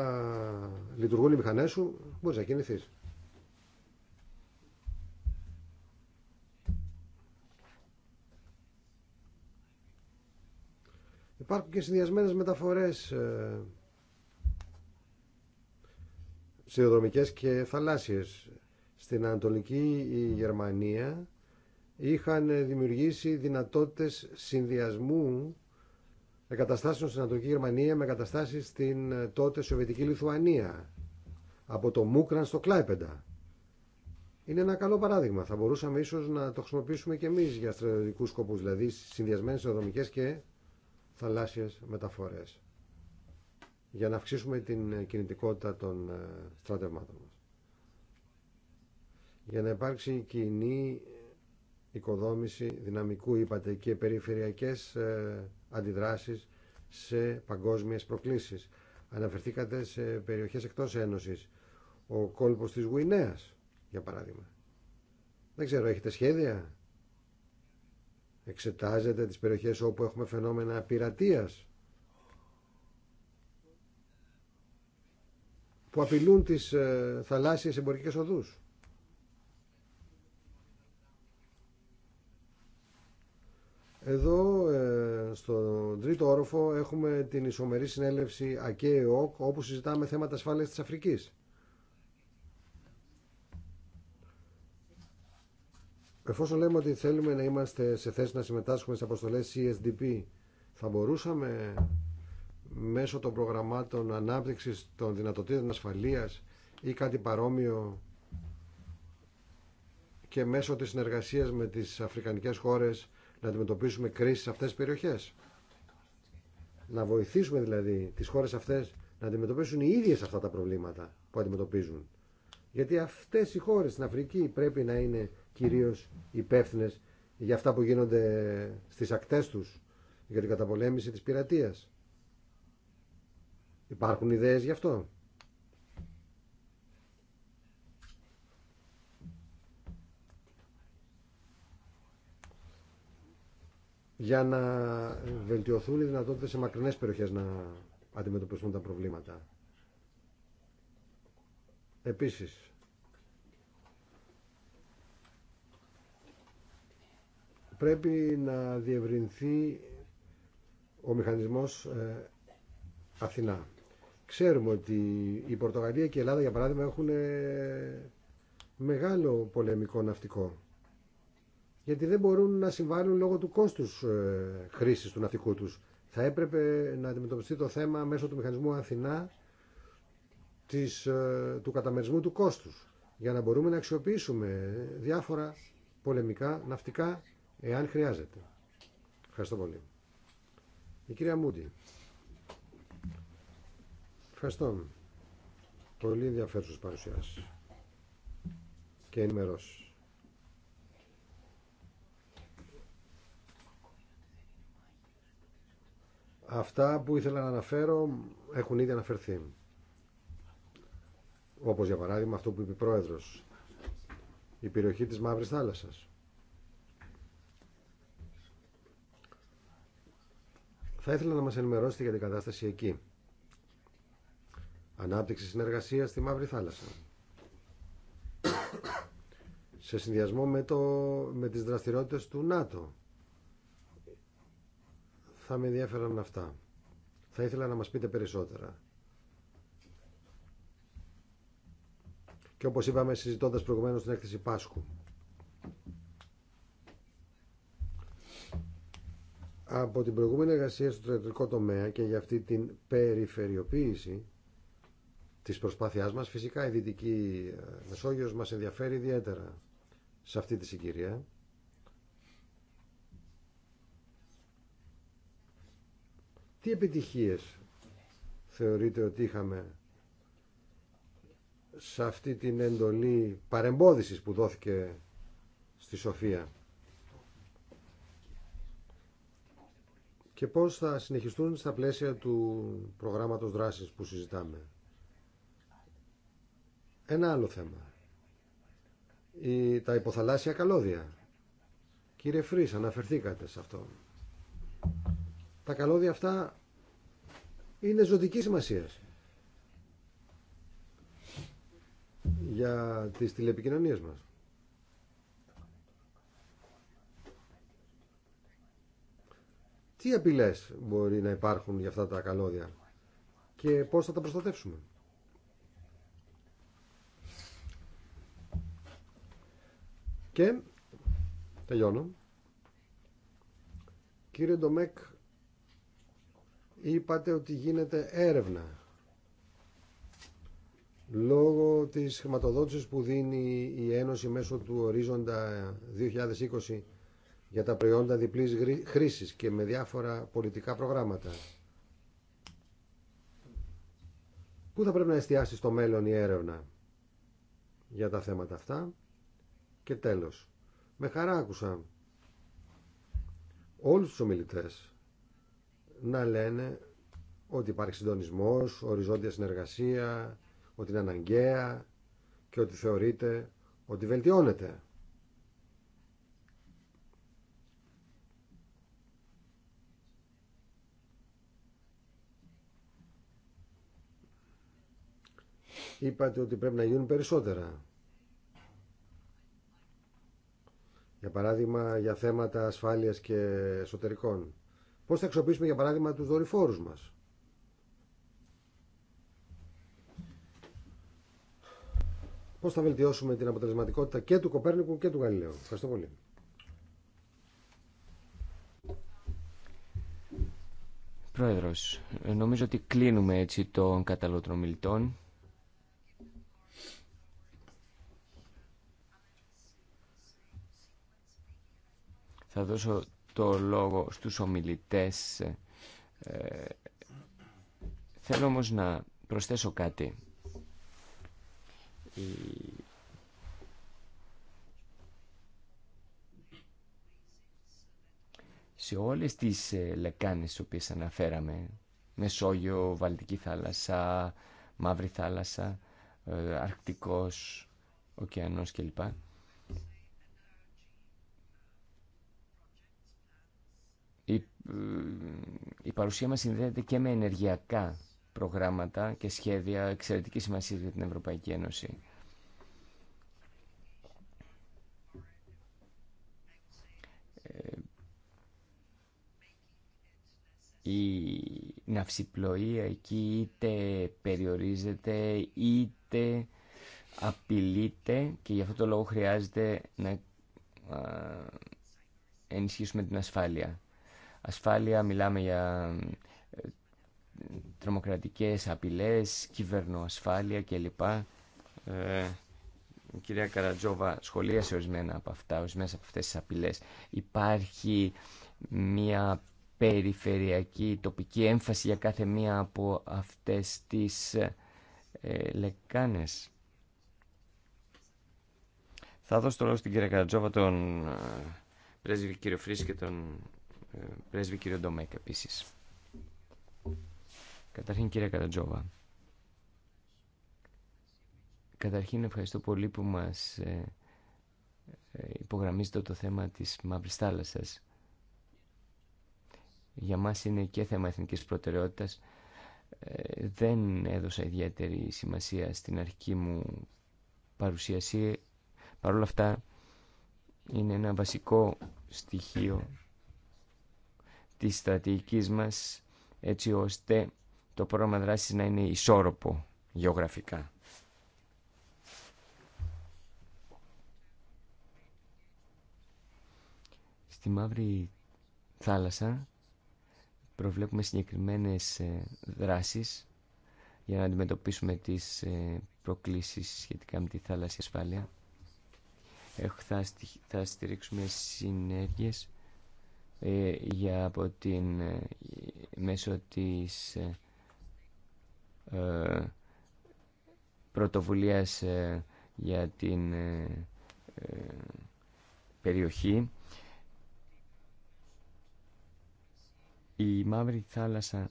S3: λειτουργούν οι μηχανές σου, μπορείς να κινηθείς. Υπάρχουν και συνδυασμένες μεταφορές ε, σιδηροδρομικές και θαλάσσιες. Στην Ανατολική Γερμανία είχαν δημιουργήσει δυνατότητες συνδυασμού εγκαταστάσεων στην Ανατολική Γερμανία με εγκαταστάσεις στην ε, τότε Σοβιετική Λιθουανία από το Μούκραν στο Κλάιπεντα. Είναι ένα καλό παράδειγμα. Θα μπορούσαμε ίσως να το χρησιμοποιήσουμε και εμείς για στρατιωτικούς σκοπούς, δηλαδή συνδυασμένες και θαλάσσιες μεταφορές για να αυξήσουμε την ε, κινητικότητα των ε, στρατευμάτων μας. Για να υπάρξει κοινή οικοδόμηση δυναμικού, είπατε, και περιφερειακές ε, αντιδράσεις σε παγκόσμιες προκλήσεις. Αναφερθήκατε σε περιοχές εκτός Ένωσης. Ο κόλπος της Γουινέας, για παράδειγμα. Δεν ξέρω, έχετε σχέδια Εξετάζετε τις περιοχές όπου έχουμε φαινόμενα πειρατείας που απειλούν τις ε, θαλάσσιες εμπορικές οδούς. Εδώ ε, στον τρίτο όροφο έχουμε την ισομερή συνέλευση ΑΚΕΟΚ όπου συζητάμε θέματα ασφάλειας της Αφρικής. Εφόσον λέμε ότι θέλουμε να είμαστε σε θέση να συμμετάσχουμε σε αποστολές CSDP, θα μπορούσαμε μέσω των προγραμμάτων ανάπτυξης των δυνατοτήτων ασφαλείας ή κάτι παρόμοιο και μέσω της συνεργασίας με τις αφρικανικές χώρες να αντιμετωπίσουμε κρίσεις σε αυτές τις περιοχές. Να βοηθήσουμε δηλαδή τις χώρες αυτές να αντιμετωπίσουν οι ίδιες αυτά τα προβλήματα που αντιμετωπίζουν. Γιατί αυτές οι χώρες στην Αφρική πρέπει να είναι κυρίως υπεύθυνε για αυτά που γίνονται στις ακτές τους για την καταπολέμηση της πειρατείας. Υπάρχουν ιδέες γι' αυτό. για να βελτιωθούν οι δυνατότητες σε μακρινές περιοχές να αντιμετωπιστούν τα προβλήματα. Επίσης, πρέπει να διευρυνθεί ο μηχανισμός ε, Αθηνά. Ξέρουμε ότι η Πορτογαλία και η Ελλάδα για παράδειγμα έχουν ε, μεγάλο πολεμικό ναυτικό γιατί δεν μπορούν να συμβάλλουν λόγω του κόστους ε, χρήσης του ναυτικού τους. Θα έπρεπε να αντιμετωπιστεί το θέμα μέσω του μηχανισμού Αθηνά της, του καταμερισμού του κόστους για να μπορούμε να αξιοποιήσουμε διάφορα πολεμικά ναυτικά εάν χρειάζεται. Ευχαριστώ πολύ. Η κυρία Μούντι. Ευχαριστώ. Πολύ ενδιαφέρουσες παρουσιάσεις και ενημερώσεις. Αυτά που ήθελα να αναφέρω έχουν ήδη αναφερθεί. Όπως για παράδειγμα αυτό που είπε η Πρόεδρος, η περιοχή της Μαύρης Θάλασσας. Θα ήθελα να μας ενημερώσετε για την κατάσταση εκεί. Ανάπτυξη συνεργασίας στη Μαύρη Θάλασσα. Σε συνδυασμό με, το, με τις δραστηριότητες του ΝΑΤΟ. Θα με ενδιαφέραν αυτά. Θα ήθελα να μας πείτε περισσότερα. Και όπως είπαμε συζητώντας προηγουμένως την έκθεση Πάσχου. από την προηγούμενη εργασία στο ιατρικό τομέα και για αυτή την περιφερειοποίηση της προσπάθειάς μας, φυσικά η Δυτική ε, Μεσόγειος μας ενδιαφέρει ιδιαίτερα σε αυτή τη συγκυρία. Τι επιτυχίες θεωρείτε ότι είχαμε σε αυτή την εντολή παρεμπόδισης που δόθηκε στη Σοφία. και πώς θα συνεχιστούν στα πλαίσια του προγράμματος δράσης που συζητάμε. Ένα άλλο θέμα. Η, τα υποθαλάσσια καλώδια. Κύριε Φρύς, αναφερθήκατε σε αυτό. Τα καλώδια αυτά είναι ζωτική σημασία για τις τηλεπικοινωνίες μας. τι απειλέ μπορεί να υπάρχουν για αυτά τα καλώδια και πώς θα τα προστατεύσουμε. Και τελειώνω. Κύριε Ντομέκ, είπατε ότι γίνεται έρευνα λόγω της χρηματοδότησης που δίνει η Ένωση μέσω του ορίζοντα 2020 για τα προϊόντα διπλής χρήσης και με διάφορα πολιτικά προγράμματα. Πού θα πρέπει να εστιάσει στο μέλλον η έρευνα για τα θέματα αυτά. Και τέλος, με χαρά άκουσα όλους τους ομιλητές να λένε ότι υπάρχει συντονισμός, οριζόντια συνεργασία, ότι είναι αναγκαία και ότι θεωρείται ότι βελτιώνεται. Είπατε ότι πρέπει να γίνουν περισσότερα. Για παράδειγμα, για θέματα ασφάλειας και εσωτερικών. Πώς θα αξιοποιήσουμε, για παράδειγμα, τους δορυφόρους μας. Πώς θα βελτιώσουμε την αποτελεσματικότητα και του Κοπέρνικου και του Γαλιλαίου. Ευχαριστώ πολύ.
S4: Πρόεδρος, νομίζω ότι κλείνουμε έτσι τον καταλότρο μιλητών. Θα δώσω το λόγο στους ομιλητές. Ε, θέλω όμως να προσθέσω κάτι. Σε όλες τις ε, λεκάνες τις οποίες αναφέραμε, Μεσόγειο, Βαλτική θάλασσα, Μαύρη θάλασσα, ε, Αρκτικός, Οκεανός κλπ. Η, ε, η παρουσία μας συνδέεται και με ενεργειακά προγράμματα και σχέδια εξαιρετικής σημασίας για την Ευρωπαϊκή Ένωση. Ε, η ναυσιπλοεία εκεί είτε περιορίζεται είτε απειλείται και γι' αυτό το λόγο χρειάζεται να ενισχύσουμε την ασφάλεια ασφάλεια, μιλάμε για ε, τρομοκρατικές απειλές, κυβερνοασφάλεια κλπ. Ε, η κυρία Καρατζόβα σχολίασε ορισμένα από αυτά, ορισμένες από αυτές τις απειλές. Υπάρχει μια περιφερειακή τοπική έμφαση για κάθε μία από αυτές τις ε, λεκάνες. Θα δώσω το λόγο στην κυρία Καρατζόβα, τον ε, πρέσβη κύριο και τον ε, πρέσβη κύριο Ντομέκ επίσης. Καταρχήν κύριε Καρατζόβα. Καταρχήν ευχαριστώ πολύ που μας ε, ε, υπογραμμίζετε το θέμα της Μαύρης Θάλασσας. Για μας είναι και θέμα εθνικής προτεραιότητας. Δεν έδωσα ιδιαίτερη σημασία στην αρχική μου παρουσίαση. Παρ' όλα αυτά είναι ένα βασικό στοιχείο της στρατηγικής μας έτσι ώστε το πρόγραμμα δράσης να είναι ισόρροπο γεωγραφικά. Στη Μαύρη Θάλασσα προβλέπουμε συγκεκριμένες ε, δράσεις για να αντιμετωπίσουμε τις ε, προκλήσεις σχετικά με τη θάλασσα ασφάλεια. Θα στηρίξουμε συνέργειες ε, για από την, ε, μέσω της ε, ε πρωτοβουλίας για την περιοχή. Η Μαύρη Θάλασσα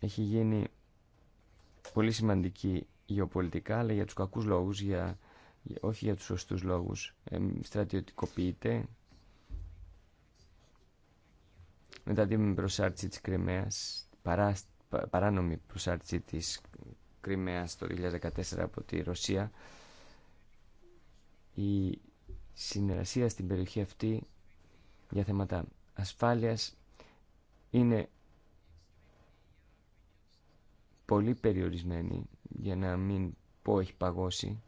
S4: έχει γίνει πολύ σημαντική γεωπολιτικά, αλλά για τους κακούς λόγους, για όχι για τους σωστούς λόγους, ε, στρατιωτικοποιείται μετά την προσάρτηση της Κρυμαίας, παρά, παράνομη προσάρτηση της Κρυμαίας το 2014 από τη Ρωσία, η συνεργασία στην περιοχή αυτή για θέματα ασφάλειας είναι πολύ περιορισμένη για να μην πω έχει παγώσει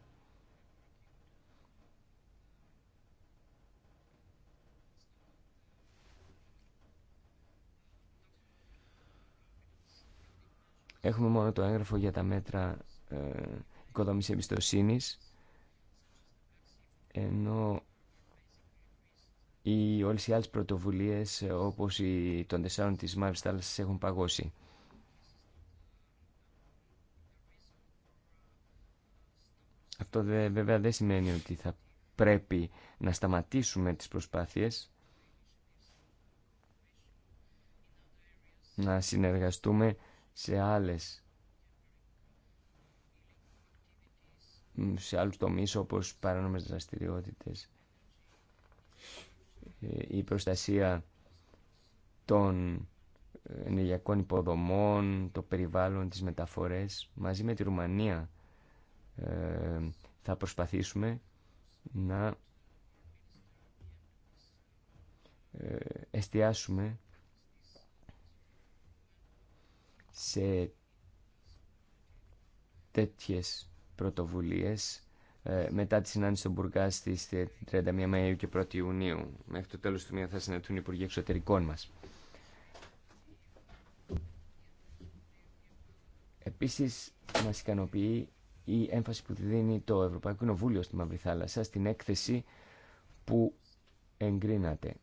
S4: Έχουμε μόνο το έγγραφο για τα μέτρα ε, οικοδόμηση εμπιστοσύνης, ενώ οι, όλες οι άλλες πρωτοβουλίες όπως οι, των τεσσάρων της Μαύρης έχουν παγώσει. Αυτό βέβαια δεν σημαίνει ότι θα πρέπει να σταματήσουμε τις προσπάθειες να συνεργαστούμε σε άλλες σε άλλους τομείς όπως παράνομες δραστηριότητες ε, η προστασία των ενεργειακών υποδομών, το περιβάλλον, τις μεταφορές. Μαζί με τη Ρουμανία ε, θα προσπαθήσουμε να ε, εστιάσουμε σε τέτοιες πρωτοβουλίες ε, μετά τη συνάντηση των Μπουργκά στις 31 Μαΐου και 1 Ιουνίου. Μέχρι το τέλος του μήνα θα συναντούν οι Υπουργοί Εξωτερικών μας. Επίσης, μας ικανοποιεί η έμφαση που δίνει το Ευρωπαϊκό Κοινοβούλιο στη Μαύρη Θάλασσα στην έκθεση που εγκρίνατε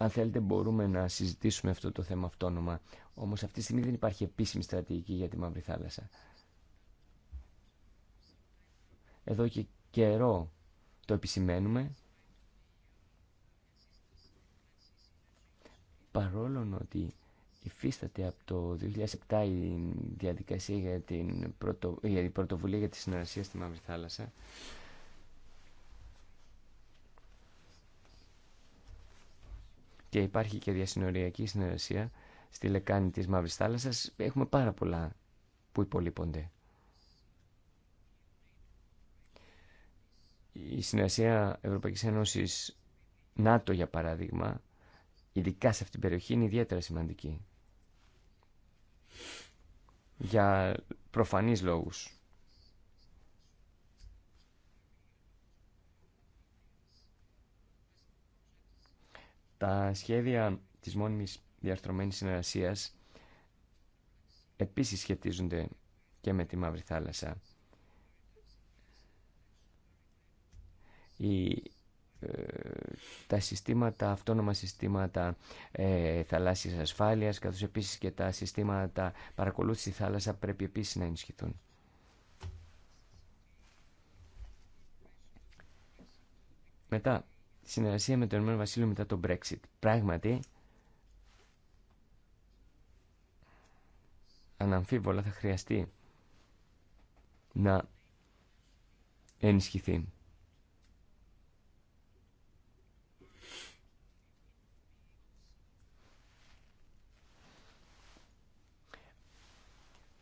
S4: αν θέλετε μπορούμε να συζητήσουμε αυτό το θέμα αυτόνομα. Όμως αυτή τη στιγμή δεν υπάρχει επίσημη στρατηγική για τη Μαύρη Θάλασσα. Εδώ και καιρό το επισημαίνουμε. Παρόλο ότι υφίσταται από το 2007 η διαδικασία για την, πρωτο... για την πρωτοβουλία για τη συνεργασία στη Μαύρη Θάλασσα, και υπάρχει και διασυνοριακή συνεργασία στη λεκάνη της Μαύρης Θάλασσας, έχουμε πάρα πολλά που υπολείπονται. Η συνεργασία Ευρωπαϊκής Ένωσης ΝΑΤΟ, για παράδειγμα, ειδικά σε αυτήν την περιοχή, είναι ιδιαίτερα σημαντική. Για προφανείς λόγους. Τα σχέδια της μόνιμης διαρθρωμένης συνεργασίας επίσης σχετίζονται και με τη Μαύρη Θάλασσα. Ε, τα συστήματα, αυτόνομα συστήματα ε, θαλάσσιας ασφάλειας, καθώς επίσης και τα συστήματα παρακολούθησης θάλασσα πρέπει επίσης να ενισχυθούν. Μετά, συνεργασία με τον Ηνωμένο Βασίλειο μετά το Brexit. Πράγματι, αναμφίβολα θα χρειαστεί να ενισχυθεί.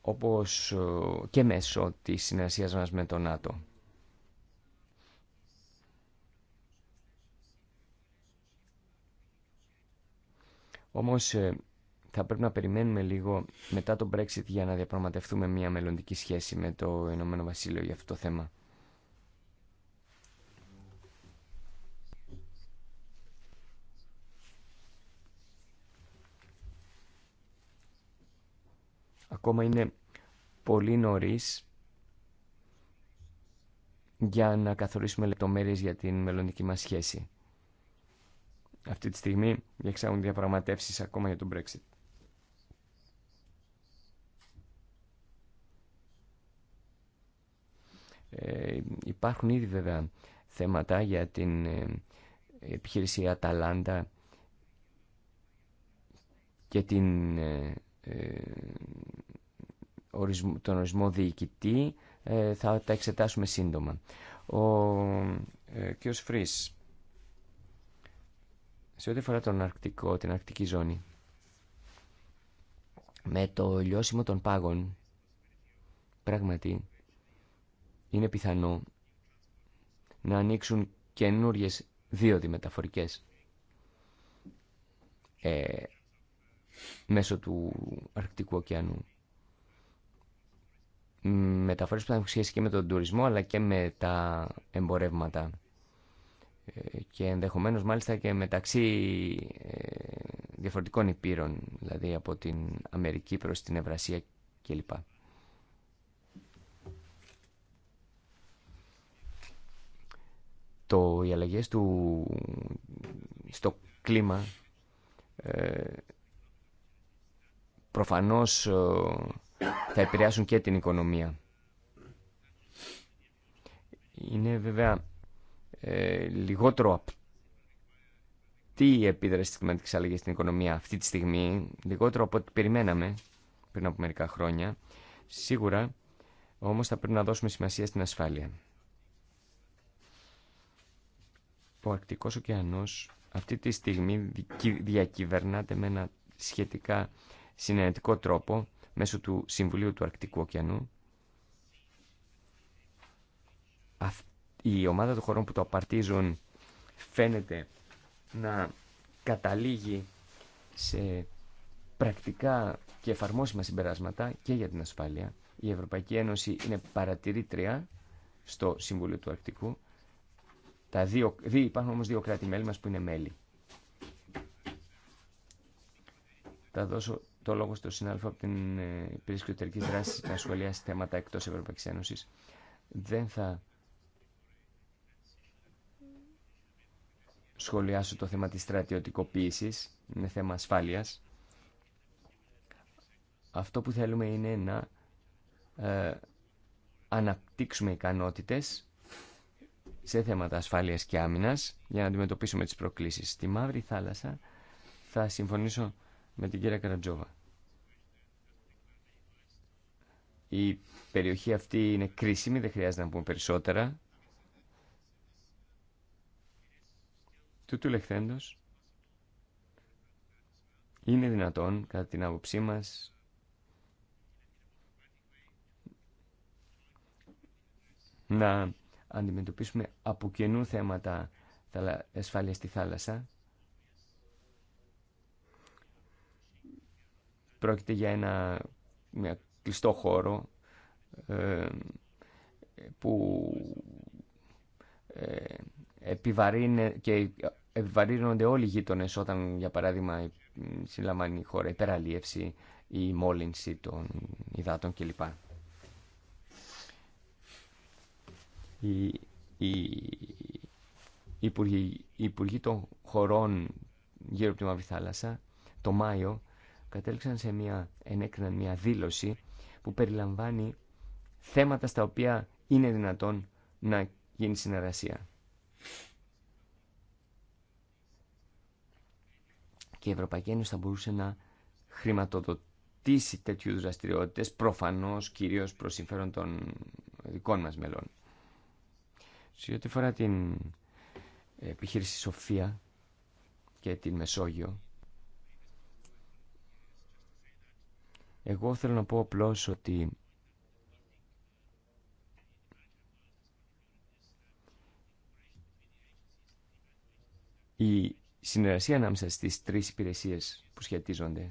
S4: όπως και μέσω της συνεργασίας μας με τον ΝΑΤΟ. Όμως ε, θα πρέπει να περιμένουμε λίγο μετά το Brexit για να διαπραγματευτούμε μια μελλοντική σχέση με το Ηνωμένο Βασίλειο για αυτό το θέμα. Ακόμα είναι πολύ νωρίς για να καθορίσουμε λεπτομέρειες για την μελλοντική μας σχέση αυτή τη στιγμή διεξάγουν διαπραγματεύσει ακόμα για τον Brexit. Ε, υπάρχουν ήδη βέβαια θέματα για την ε, επιχείρηση Αταλάντα και την, ε, ε τον ορισμό διοικητή ε, θα τα εξετάσουμε σύντομα. Ο ε, κ. Φρύς σε ό,τι αφορά τον αρκτικό, την αρκτική ζώνη, με το λιώσιμο των πάγων, πράγματι, είναι πιθανό να ανοίξουν καινούριε δύο μεταφορικές ε, μέσω του Αρκτικού ωκεανού. Μεταφορές που θα έχουν σχέση και με τον τουρισμό αλλά και με τα εμπορεύματα. Ε, και ενδεχομένως μάλιστα και μεταξύ ε, διαφορετικών υπήρων, δηλαδή από την Αμερική προς την Ευρασία κλπ. Το, οι αλλαγέ του, στο κλίμα ε, προφανώς ε, θα επηρεάσουν και την οικονομία. Είναι βέβαια ε, λιγότερο από τι επίδραση της κλιματικής αλλαγής στην οικονομία αυτή τη στιγμή, λιγότερο από ό,τι περιμέναμε πριν από μερικά χρόνια. Σίγουρα όμως θα πρέπει να δώσουμε σημασία στην ασφάλεια. Ο Αρκτικός Ωκεανός αυτή τη στιγμή διακυβερνάται με ένα σχετικά συνενετικό τρόπο μέσω του Συμβουλίου του Αρκτικού Ωκεανού η ομάδα των χωρών που το απαρτίζουν φαίνεται να καταλήγει σε πρακτικά και εφαρμόσιμα συμπεράσματα και για την ασφάλεια. Η Ευρωπαϊκή Ένωση είναι παρατηρήτρια στο Συμβούλιο του Αρκτικού. Τα δύο, υπάρχουν όμως δύο κράτη-μέλη μας που είναι μέλη. Θα δώσω το λόγο στο συνάδελφο από την ε, Υπηρεσία Εξωτερική Δράση να σχολιάσει θέματα εκτός Ευρωπαϊκής Ένωσης. Δεν θα σχολιάσω το θέμα της στρατιωτικοποίησης, είναι θέμα ασφάλειας. Αυτό που θέλουμε είναι να ε, αναπτύξουμε ικανότητες σε θέματα ασφάλειας και άμυνας για να αντιμετωπίσουμε τις προκλήσεις. Στη Μαύρη Θάλασσα θα συμφωνήσω με την κυρία Καρατζόβα. Η περιοχή αυτή είναι κρίσιμη, δεν χρειάζεται να πούμε περισσότερα. Τούτου λεχθέντος είναι δυνατόν, κατά την άποψή μας, να αντιμετωπίσουμε από καινού θέματα ασφάλεια στη θάλασσα. Πρόκειται για ένα μια κλειστό χώρο ε, που ε, και επιβαρύνονται όλοι οι γείτονε, όταν, για παράδειγμα, συλλαμβάνει η χώρα υπεραλίευση ή η μόλυνση των υδάτων κλπ. Οι, οι, οι, υπουργοί, οι των χωρών γύρω από τη Μαύρη Θάλασσα το Μάιο κατέληξαν σε μια, ενέκριναν μια δήλωση που περιλαμβάνει θέματα στα οποία είναι δυνατόν να γίνει συνεργασία. και η Ευρωπαϊκή Ένωση θα μπορούσε να χρηματοδοτήσει τέτοιου είδου δραστηριότητε, προφανώ κυρίω προ συμφέρον των δικών μα μελών. Σε ό,τι αφορά την επιχείρηση Σοφία και την Μεσόγειο, εγώ θέλω να πω απλώ ότι η η συνεργασία ανάμεσα στις τρεις υπηρεσίες που σχετίζονται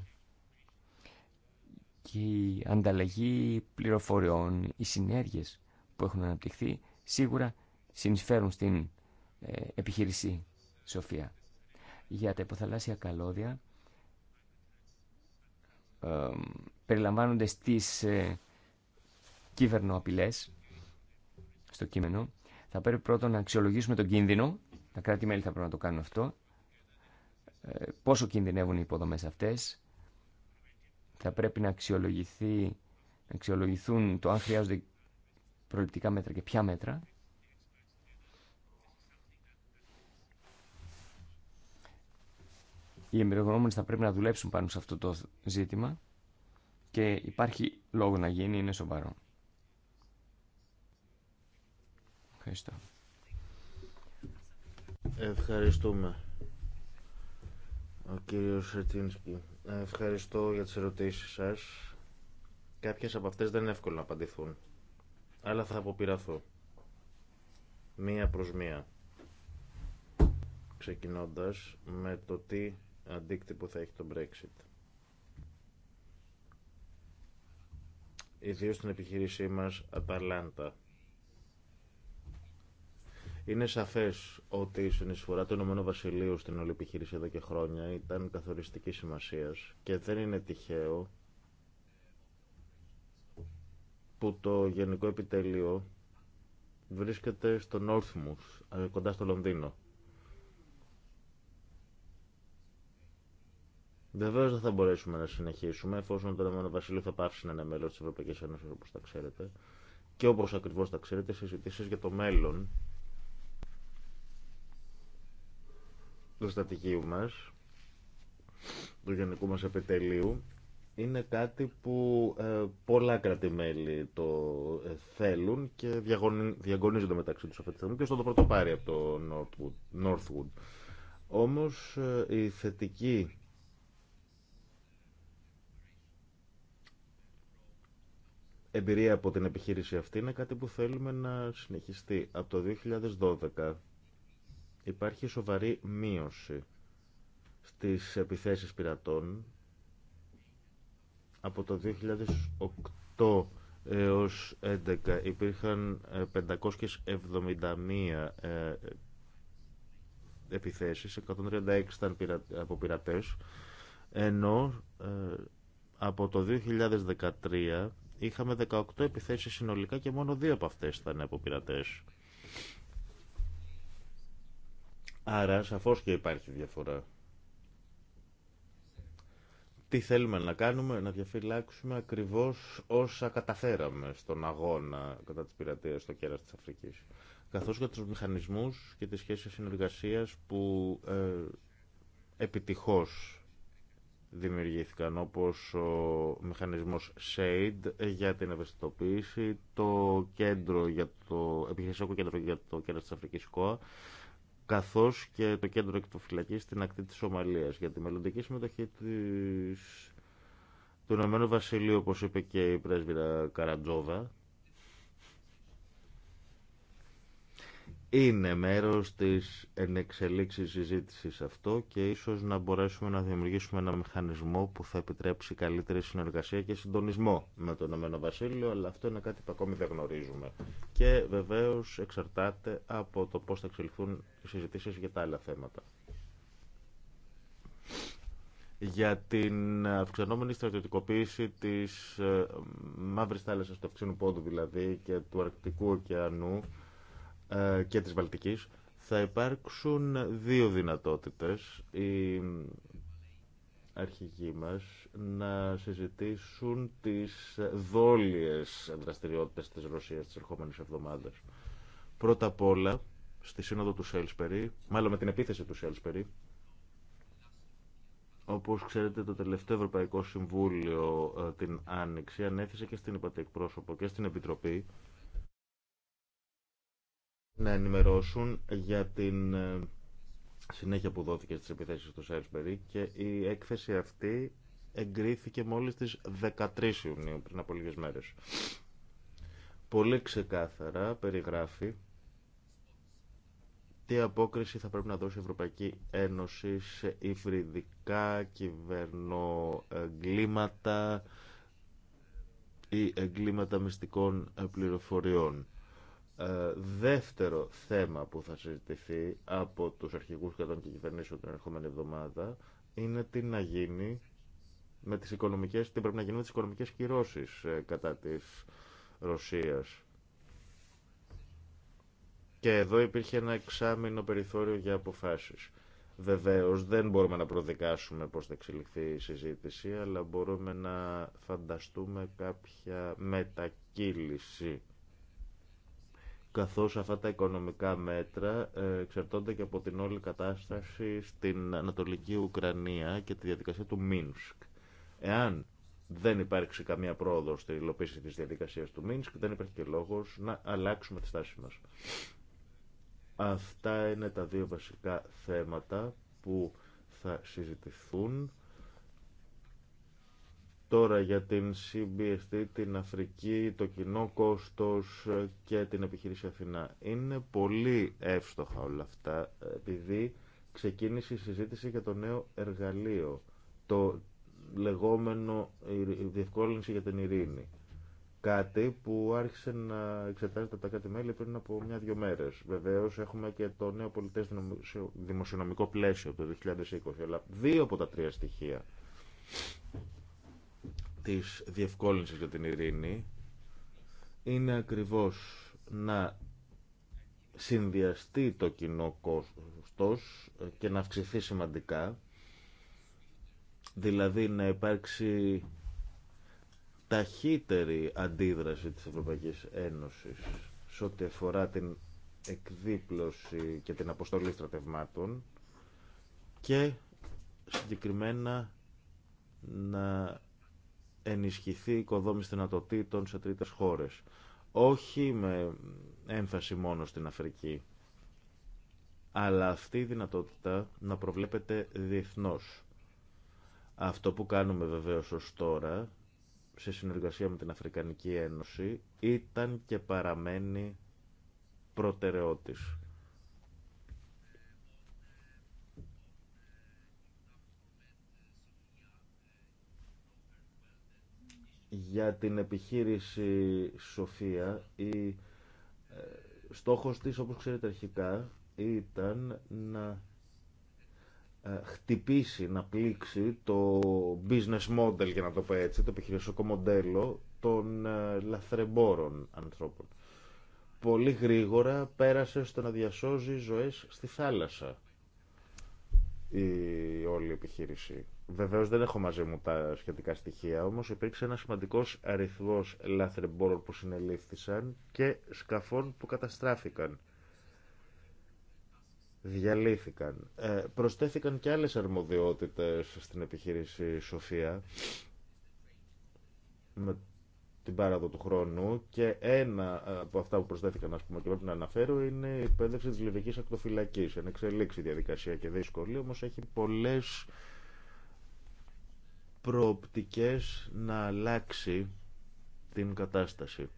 S4: και η ανταλλαγή πληροφοριών, οι συνέργειες που έχουν αναπτυχθεί σίγουρα συνεισφέρουν στην ε, επιχείρηση Σοφία. Για τα υποθαλάσσια καλώδια ε, περιλαμβάνονται στις ε, κύβερνοαπειλές στο κείμενο. Θα πρέπει πρώτον να αξιολογήσουμε τον κίνδυνο. Τα κράτη-μέλη θα πρέπει να το κάνουν αυτό πόσο κινδυνεύουν οι υποδομές αυτές. Θα πρέπει να, αξιολογηθεί, να αξιολογηθούν το αν χρειάζονται προληπτικά μέτρα και ποια μέτρα. Οι εμπειρογνώμονες θα πρέπει να δουλέψουν πάνω σε αυτό το ζήτημα και υπάρχει λόγο να γίνει, είναι σοβαρό.
S1: Ευχαριστώ. Ευχαριστούμε. Ο κύριος Σερτίνσκι, ευχαριστώ για τις ερωτήσεις σας. Κάποιες από αυτές δεν είναι εύκολο να απαντηθούν, αλλά θα αποπειραθώ. Μία προς μία. Ξεκινώντας με το τι αντίκτυπο θα έχει το Brexit. Ιδίως στην επιχείρησή μας Αταλάντα είναι σαφέ ότι η συνεισφορά του Ηνωμένου Βασιλείου στην όλη επιχείρηση εδώ και χρόνια ήταν καθοριστική σημασία και δεν είναι τυχαίο που το Γενικό Επιτελείο βρίσκεται στο Northmouth, ε, κοντά στο Λονδίνο. Βεβαίω δεν θα μπορέσουμε να συνεχίσουμε εφόσον το Ηνωμένο Βασίλειο θα πάψει να είναι μέλο τη Ευρωπαϊκή Ένωση όπω τα ξέρετε. Και όπω ακριβώ τα ξέρετε, συζητήσει για το μέλλον το στατικίου μας, του γενικού μας επιτελείου, είναι κάτι που ε, πολλά κρατημέλη το ε, θέλουν και διαγωνίζονται μεταξύ τους αυτή τη στιγμή. και το πρώτο πάρει από το Northwood. Northwood. Όμως ε, η θετική εμπειρία από την επιχείρηση αυτή είναι κάτι που θέλουμε να συνεχιστεί. Από το 2012 Υπάρχει σοβαρή μείωση στις επιθέσεις πειρατών από το 2008 έως 2011 υπήρχαν 571 ε, ε, επιθέσεις, 136 ήταν από πειρατές, ενώ ε, από το 2013 είχαμε 18 επιθέσεις συνολικά και μόνο δύο από αυτές ήταν από πειρατές. Άρα σαφώς και υπάρχει διαφορά. Τι θέλουμε να κάνουμε, να διαφυλάξουμε ακριβώς όσα καταφέραμε στον αγώνα κατά της πειρατείας στο κέρας της Αφρικής. Καθώς και τους μηχανισμούς και τις σχέσεις συνεργασίας που ε, επιτυχώς δημιουργήθηκαν όπως ο μηχανισμός SAID για την ευαισθητοποίηση, το κέντρο για το επιχειρησιακό κέντρο για το Κέρας της Αφρικής ΚΟΑ, καθώς και το κέντρο εκτοφυλακή στην ακτή τη Ομαλία, για τη μελλοντική συμμετοχή του Ηνωμένου Βασιλείου, όπως είπε και η πρέσβυρα Καρατζόβα. είναι μέρος της ενεξελίξης συζήτησης αυτό και ίσως να μπορέσουμε να δημιουργήσουμε ένα μηχανισμό που θα επιτρέψει καλύτερη συνεργασία και συντονισμό με το Ηνωμένο Βασίλειο, αλλά αυτό είναι κάτι που ακόμη δεν γνωρίζουμε. Και βεβαίως εξαρτάται από το πώς θα εξελιχθούν οι συζητήσεις για τα άλλα θέματα. Για την αυξανόμενη στρατιωτικοποίηση της ε, Μαύρης Θάλασσας, του Αυξήνου Πόντου δηλαδή και του Αρκτικού Ωκεανού, ε, και της Βαλτικής θα υπάρξουν δύο δυνατότητες οι αρχηγοί μας να συζητήσουν τις δόλιες δραστηριότητες της Ρωσίας τις ερχόμενες εβδομάδες. Πρώτα απ' όλα, στη σύνοδο του Σέλσπερι, μάλλον με την επίθεση του Σέλσπερι, όπως ξέρετε το τελευταίο Ευρωπαϊκό Συμβούλιο ε, την Άνοιξη ανέθεσε και στην υπατή εκπρόσωπο και στην Επιτροπή να ενημερώσουν για την ε, συνέχεια που δόθηκε στις επιθέσεις του Σέρσπερι και η έκθεση αυτή εγκρίθηκε μόλις τις 13 Ιουνίου πριν από λίγες μέρες. Πολύ ξεκάθαρα περιγράφει τι απόκριση θα πρέπει να δώσει η Ευρωπαϊκή Ένωση σε υβριδικά κυβερνοεγκλήματα ή εγκλήματα μυστικών πληροφοριών. Ε, δεύτερο θέμα που θα συζητηθεί από τους αρχηγούς κρατών και κυβερνήσεων την ερχόμενη εβδομάδα είναι τι να γίνει με τις οικονομικές, τι πρέπει να γίνει με τις οικονομικές κυρώσεις ε, κατά της Ρωσίας. Και εδώ υπήρχε ένα εξάμεινο περιθώριο για αποφάσεις. Βεβαίω δεν μπορούμε να προδικάσουμε πώς θα εξελιχθεί η συζήτηση, αλλά μπορούμε να φανταστούμε κάποια μετακύληση καθώς αυτά τα οικονομικά μέτρα ε, εξαρτώνται και από την όλη κατάσταση στην Ανατολική Ουκρανία και τη διαδικασία του Μίνσκ. Εάν δεν υπάρξει καμία πρόοδο στη υλοποίηση της διαδικασίας του Μίνσκ, δεν υπάρχει και λόγος να αλλάξουμε τη στάση μας. Αυτά είναι τα δύο βασικά θέματα που θα συζητηθούν Τώρα για την CBST, την Αφρική, το κοινό κόστος και την επιχείρηση Αθηνά. Είναι πολύ εύστοχα όλα αυτά, επειδή ξεκίνησε η συζήτηση για το νέο εργαλείο, το λεγόμενο διευκόλυνση για την ειρήνη. Κάτι που άρχισε να εξετάζεται από τα κάτι μέλη πριν από μια-δυο μέρε. Βεβαίω έχουμε και το νέο πολιτέ δημοσιονομικό πλαίσιο το 2020, αλλά δύο από τα τρία στοιχεία της διευκόλυνσης για την ειρήνη είναι ακριβώς να συνδυαστεί το κοινό κόστος και να αυξηθεί σημαντικά, δηλαδή να υπάρξει ταχύτερη αντίδραση της Ευρωπαϊκής Ένωσης σε ό,τι αφορά την εκδίπλωση και την αποστολή στρατευμάτων και συγκεκριμένα να ενισχυθεί η οικοδόμηση δυνατοτήτων σε τρίτες χώρες. Όχι με έμφαση μόνο στην Αφρική, αλλά αυτή η δυνατότητα να προβλέπεται διεθνώς. Αυτό που κάνουμε βεβαίως ως τώρα, σε συνεργασία με την Αφρικανική Ένωση, ήταν και παραμένει προτεραιότης. για την επιχείρηση Σοφία η ε, στόχος της όπως ξέρετε αρχικά ήταν να ε, χτυπήσει, να πλήξει το business model για να το πω έτσι, το επιχειρησιακό μοντέλο των ε, λαθρεμπόρων ανθρώπων. Πολύ γρήγορα πέρασε στο να διασώζει ζωές στη θάλασσα η όλη επιχείρηση. Βεβαίω δεν έχω μαζί μου τα σχετικά στοιχεία, όμω υπήρξε ένα σημαντικό αριθμό λάθρεμπόρων που συνελήφθησαν και σκαφών που καταστράφηκαν. Διαλύθηκαν. Ε, προστέθηκαν και άλλες αρμοδιότητες στην επιχείρηση Σοφία με την πάραδο του χρόνου και ένα ε, από αυτά που προσθέθηκαν ας πούμε, και πρέπει να αναφέρω είναι η εκπαίδευση της Λιβικής Ακτοφυλακής. Είναι εξελίξη διαδικασία και δύσκολη, όμως έχει πολλές προοπτικές να αλλάξει την κατάσταση.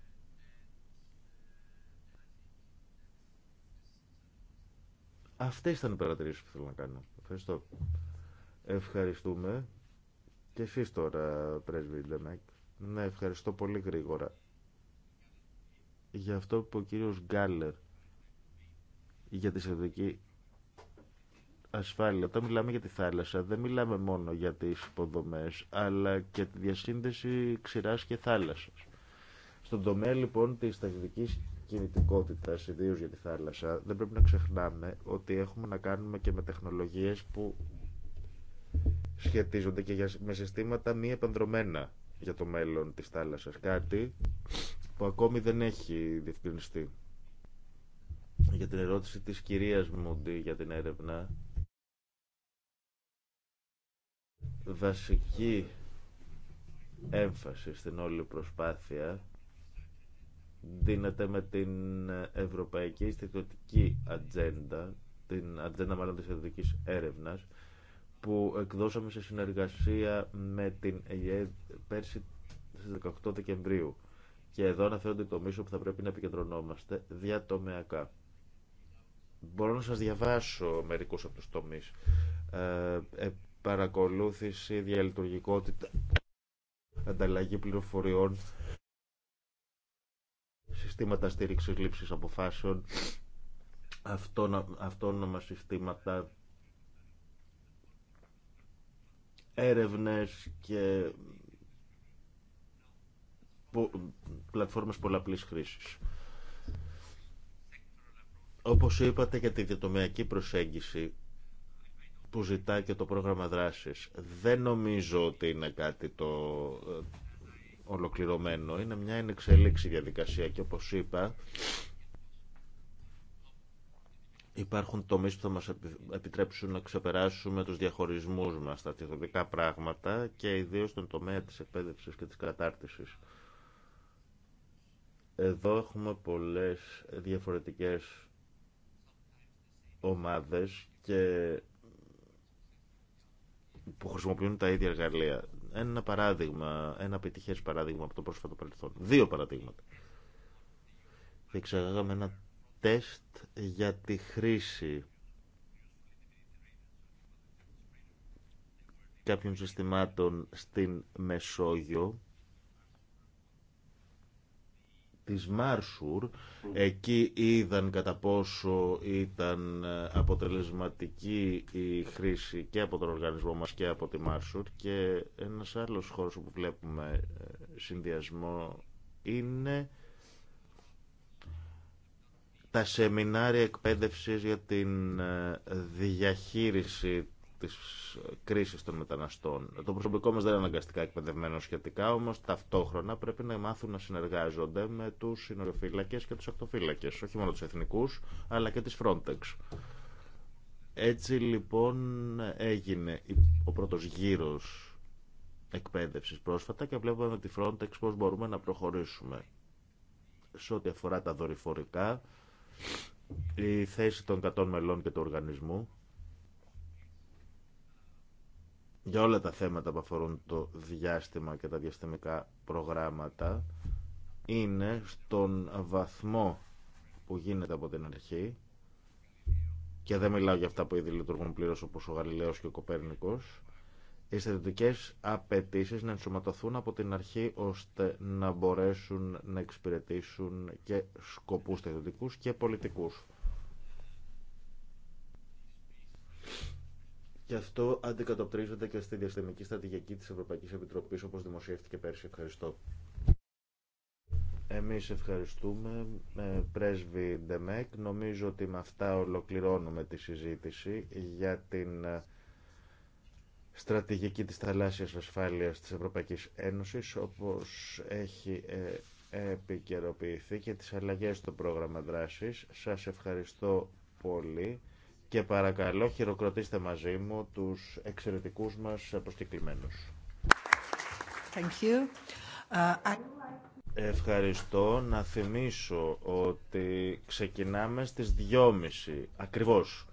S1: Αυτές ήταν οι παρατηρήσεις που θέλω να κάνω. Ευχαριστώ. Ευχαριστούμε. Και εσείς τώρα, πρέσβη ναι, ευχαριστώ πολύ γρήγορα. Για αυτό που ο κύριος Γκάλερ για τη σερβική ασφάλεια. Όταν μιλάμε για τη θάλασσα, δεν μιλάμε μόνο για τις υποδομές, αλλά και τη διασύνδεση ξηράς και θάλασσας. Στον τομέα λοιπόν της ταχυδικής κινητικότητας, ιδίω για τη θάλασσα, δεν πρέπει να ξεχνάμε ότι έχουμε να κάνουμε και με τεχνολογίες που σχετίζονται και με συστήματα μη επανδρομένα για το μέλλον της θάλασσας. Κάτι που ακόμη δεν έχει διευκρινιστεί. Για την ερώτηση της κυρίας Μοντή για την έρευνα, βασική έμφαση στην όλη προσπάθεια δίνεται με την Ευρωπαϊκή Ιστιτωτική Ατζέντα, την Ατζέντα μάλλον της Ειδικής Έρευνας, που εκδώσαμε σε συνεργασία με την ΕΓΕΔ πέρσι στις 18 Δεκεμβρίου. Και εδώ αναφέρονται οι τομείς που θα πρέπει να επικεντρωνόμαστε διατομεακά. Μπορώ να σας διαβάσω μερικούς από τους τομείς. Ε, ε παρακολούθηση, διαλειτουργικότητα, ανταλλαγή πληροφοριών, συστήματα στήριξης λήψης αποφάσεων, αυτόνομα συστήματα έρευνες και πλατφόρμες πολλαπλής χρήσης. Όπως είπατε για τη διατομιακή προσέγγιση που ζητά και το πρόγραμμα δράσης, δεν νομίζω ότι είναι κάτι το ε, ολοκληρωμένο. Είναι μια ενεξελίξη διαδικασία και όπως είπα, Υπάρχουν τομείς που θα μας επιτρέψουν να ξεπεράσουμε τους διαχωρισμούς μας, τα θεωρητικά πράγματα και ιδίως στον τομέα της εκπαίδευσης και της κατάρτισης. Εδώ έχουμε πολλές διαφορετικές ομάδες και που χρησιμοποιούν τα ίδια εργαλεία. Ένα παράδειγμα, ένα πετυχές παράδειγμα από το πρόσφατο παρελθόν. Δύο παραδείγματα. Διεξαγάγαμε ένα τεστ για τη χρήση κάποιων συστημάτων στην Μεσόγειο της Μάρσουρ εκεί είδαν κατά πόσο ήταν ε, αποτελεσματική η χρήση και από τον οργανισμό μας και από τη Μάρσουρ και ένας άλλος χώρος που βλέπουμε ε, συνδυασμό είναι τα σεμινάρια εκπαίδευσης για την ε, διαχείριση της κρίσης των μεταναστών. Το προσωπικό μας δεν είναι αναγκαστικά εκπαιδευμένο σχετικά, όμως ταυτόχρονα πρέπει να μάθουν να συνεργάζονται με τους συνοριοφύλακες και τους ακτοφύλακες, όχι μόνο τους εθνικούς, αλλά και τις Frontex. Έτσι λοιπόν έγινε ο πρώτος γύρος εκπαίδευσης πρόσφατα και βλέπουμε με τη Frontex πώς μπορούμε να προχωρήσουμε σε ό,τι αφορά τα δορυφορικά, η θέση των 100 μελών και του οργανισμού για όλα τα θέματα που αφορούν το διάστημα και τα διαστημικά προγράμματα είναι στον βαθμό που γίνεται από την αρχή και δεν μιλάω για αυτά που ήδη λειτουργούν πλήρως όπω ο Γαλιλαίος και ο Κοπέρνικος οι στρατιωτικές απαιτήσει να ενσωματωθούν από την αρχή ώστε να μπορέσουν να εξυπηρετήσουν και σκοπούς στρατιωτικούς και πολιτικούς. Και αυτό αντικατοπτρίζεται και στη διαστημική στρατηγική της Ευρωπαϊκής Επιτροπής όπως δημοσιεύτηκε πέρσι. Ευχαριστώ. Εμείς ευχαριστούμε. Ε, πρέσβη Ντεμέκ, νομίζω ότι με αυτά ολοκληρώνουμε τη συζήτηση για την ε, στρατηγική της θαλάσσιας ασφάλειας της Ευρωπαϊκής Ένωσης όπως έχει ε, επικαιροποιηθεί και τις αλλαγές στο πρόγραμμα δράσης. Σας ευχαριστώ πολύ και παρακαλώ χειροκροτήστε μαζί μου τους εξαιρετικούς μας αποστοιχημένους.
S2: Thank you. Uh,
S1: ευχαριστώ. Να θυμίσω ότι ξεκινάμε στις 2.30 ακριβώς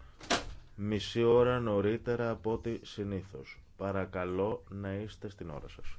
S1: μισή ώρα νωρίτερα από ό,τι συνήθως. Παρακαλώ να είστε στην ώρα σας.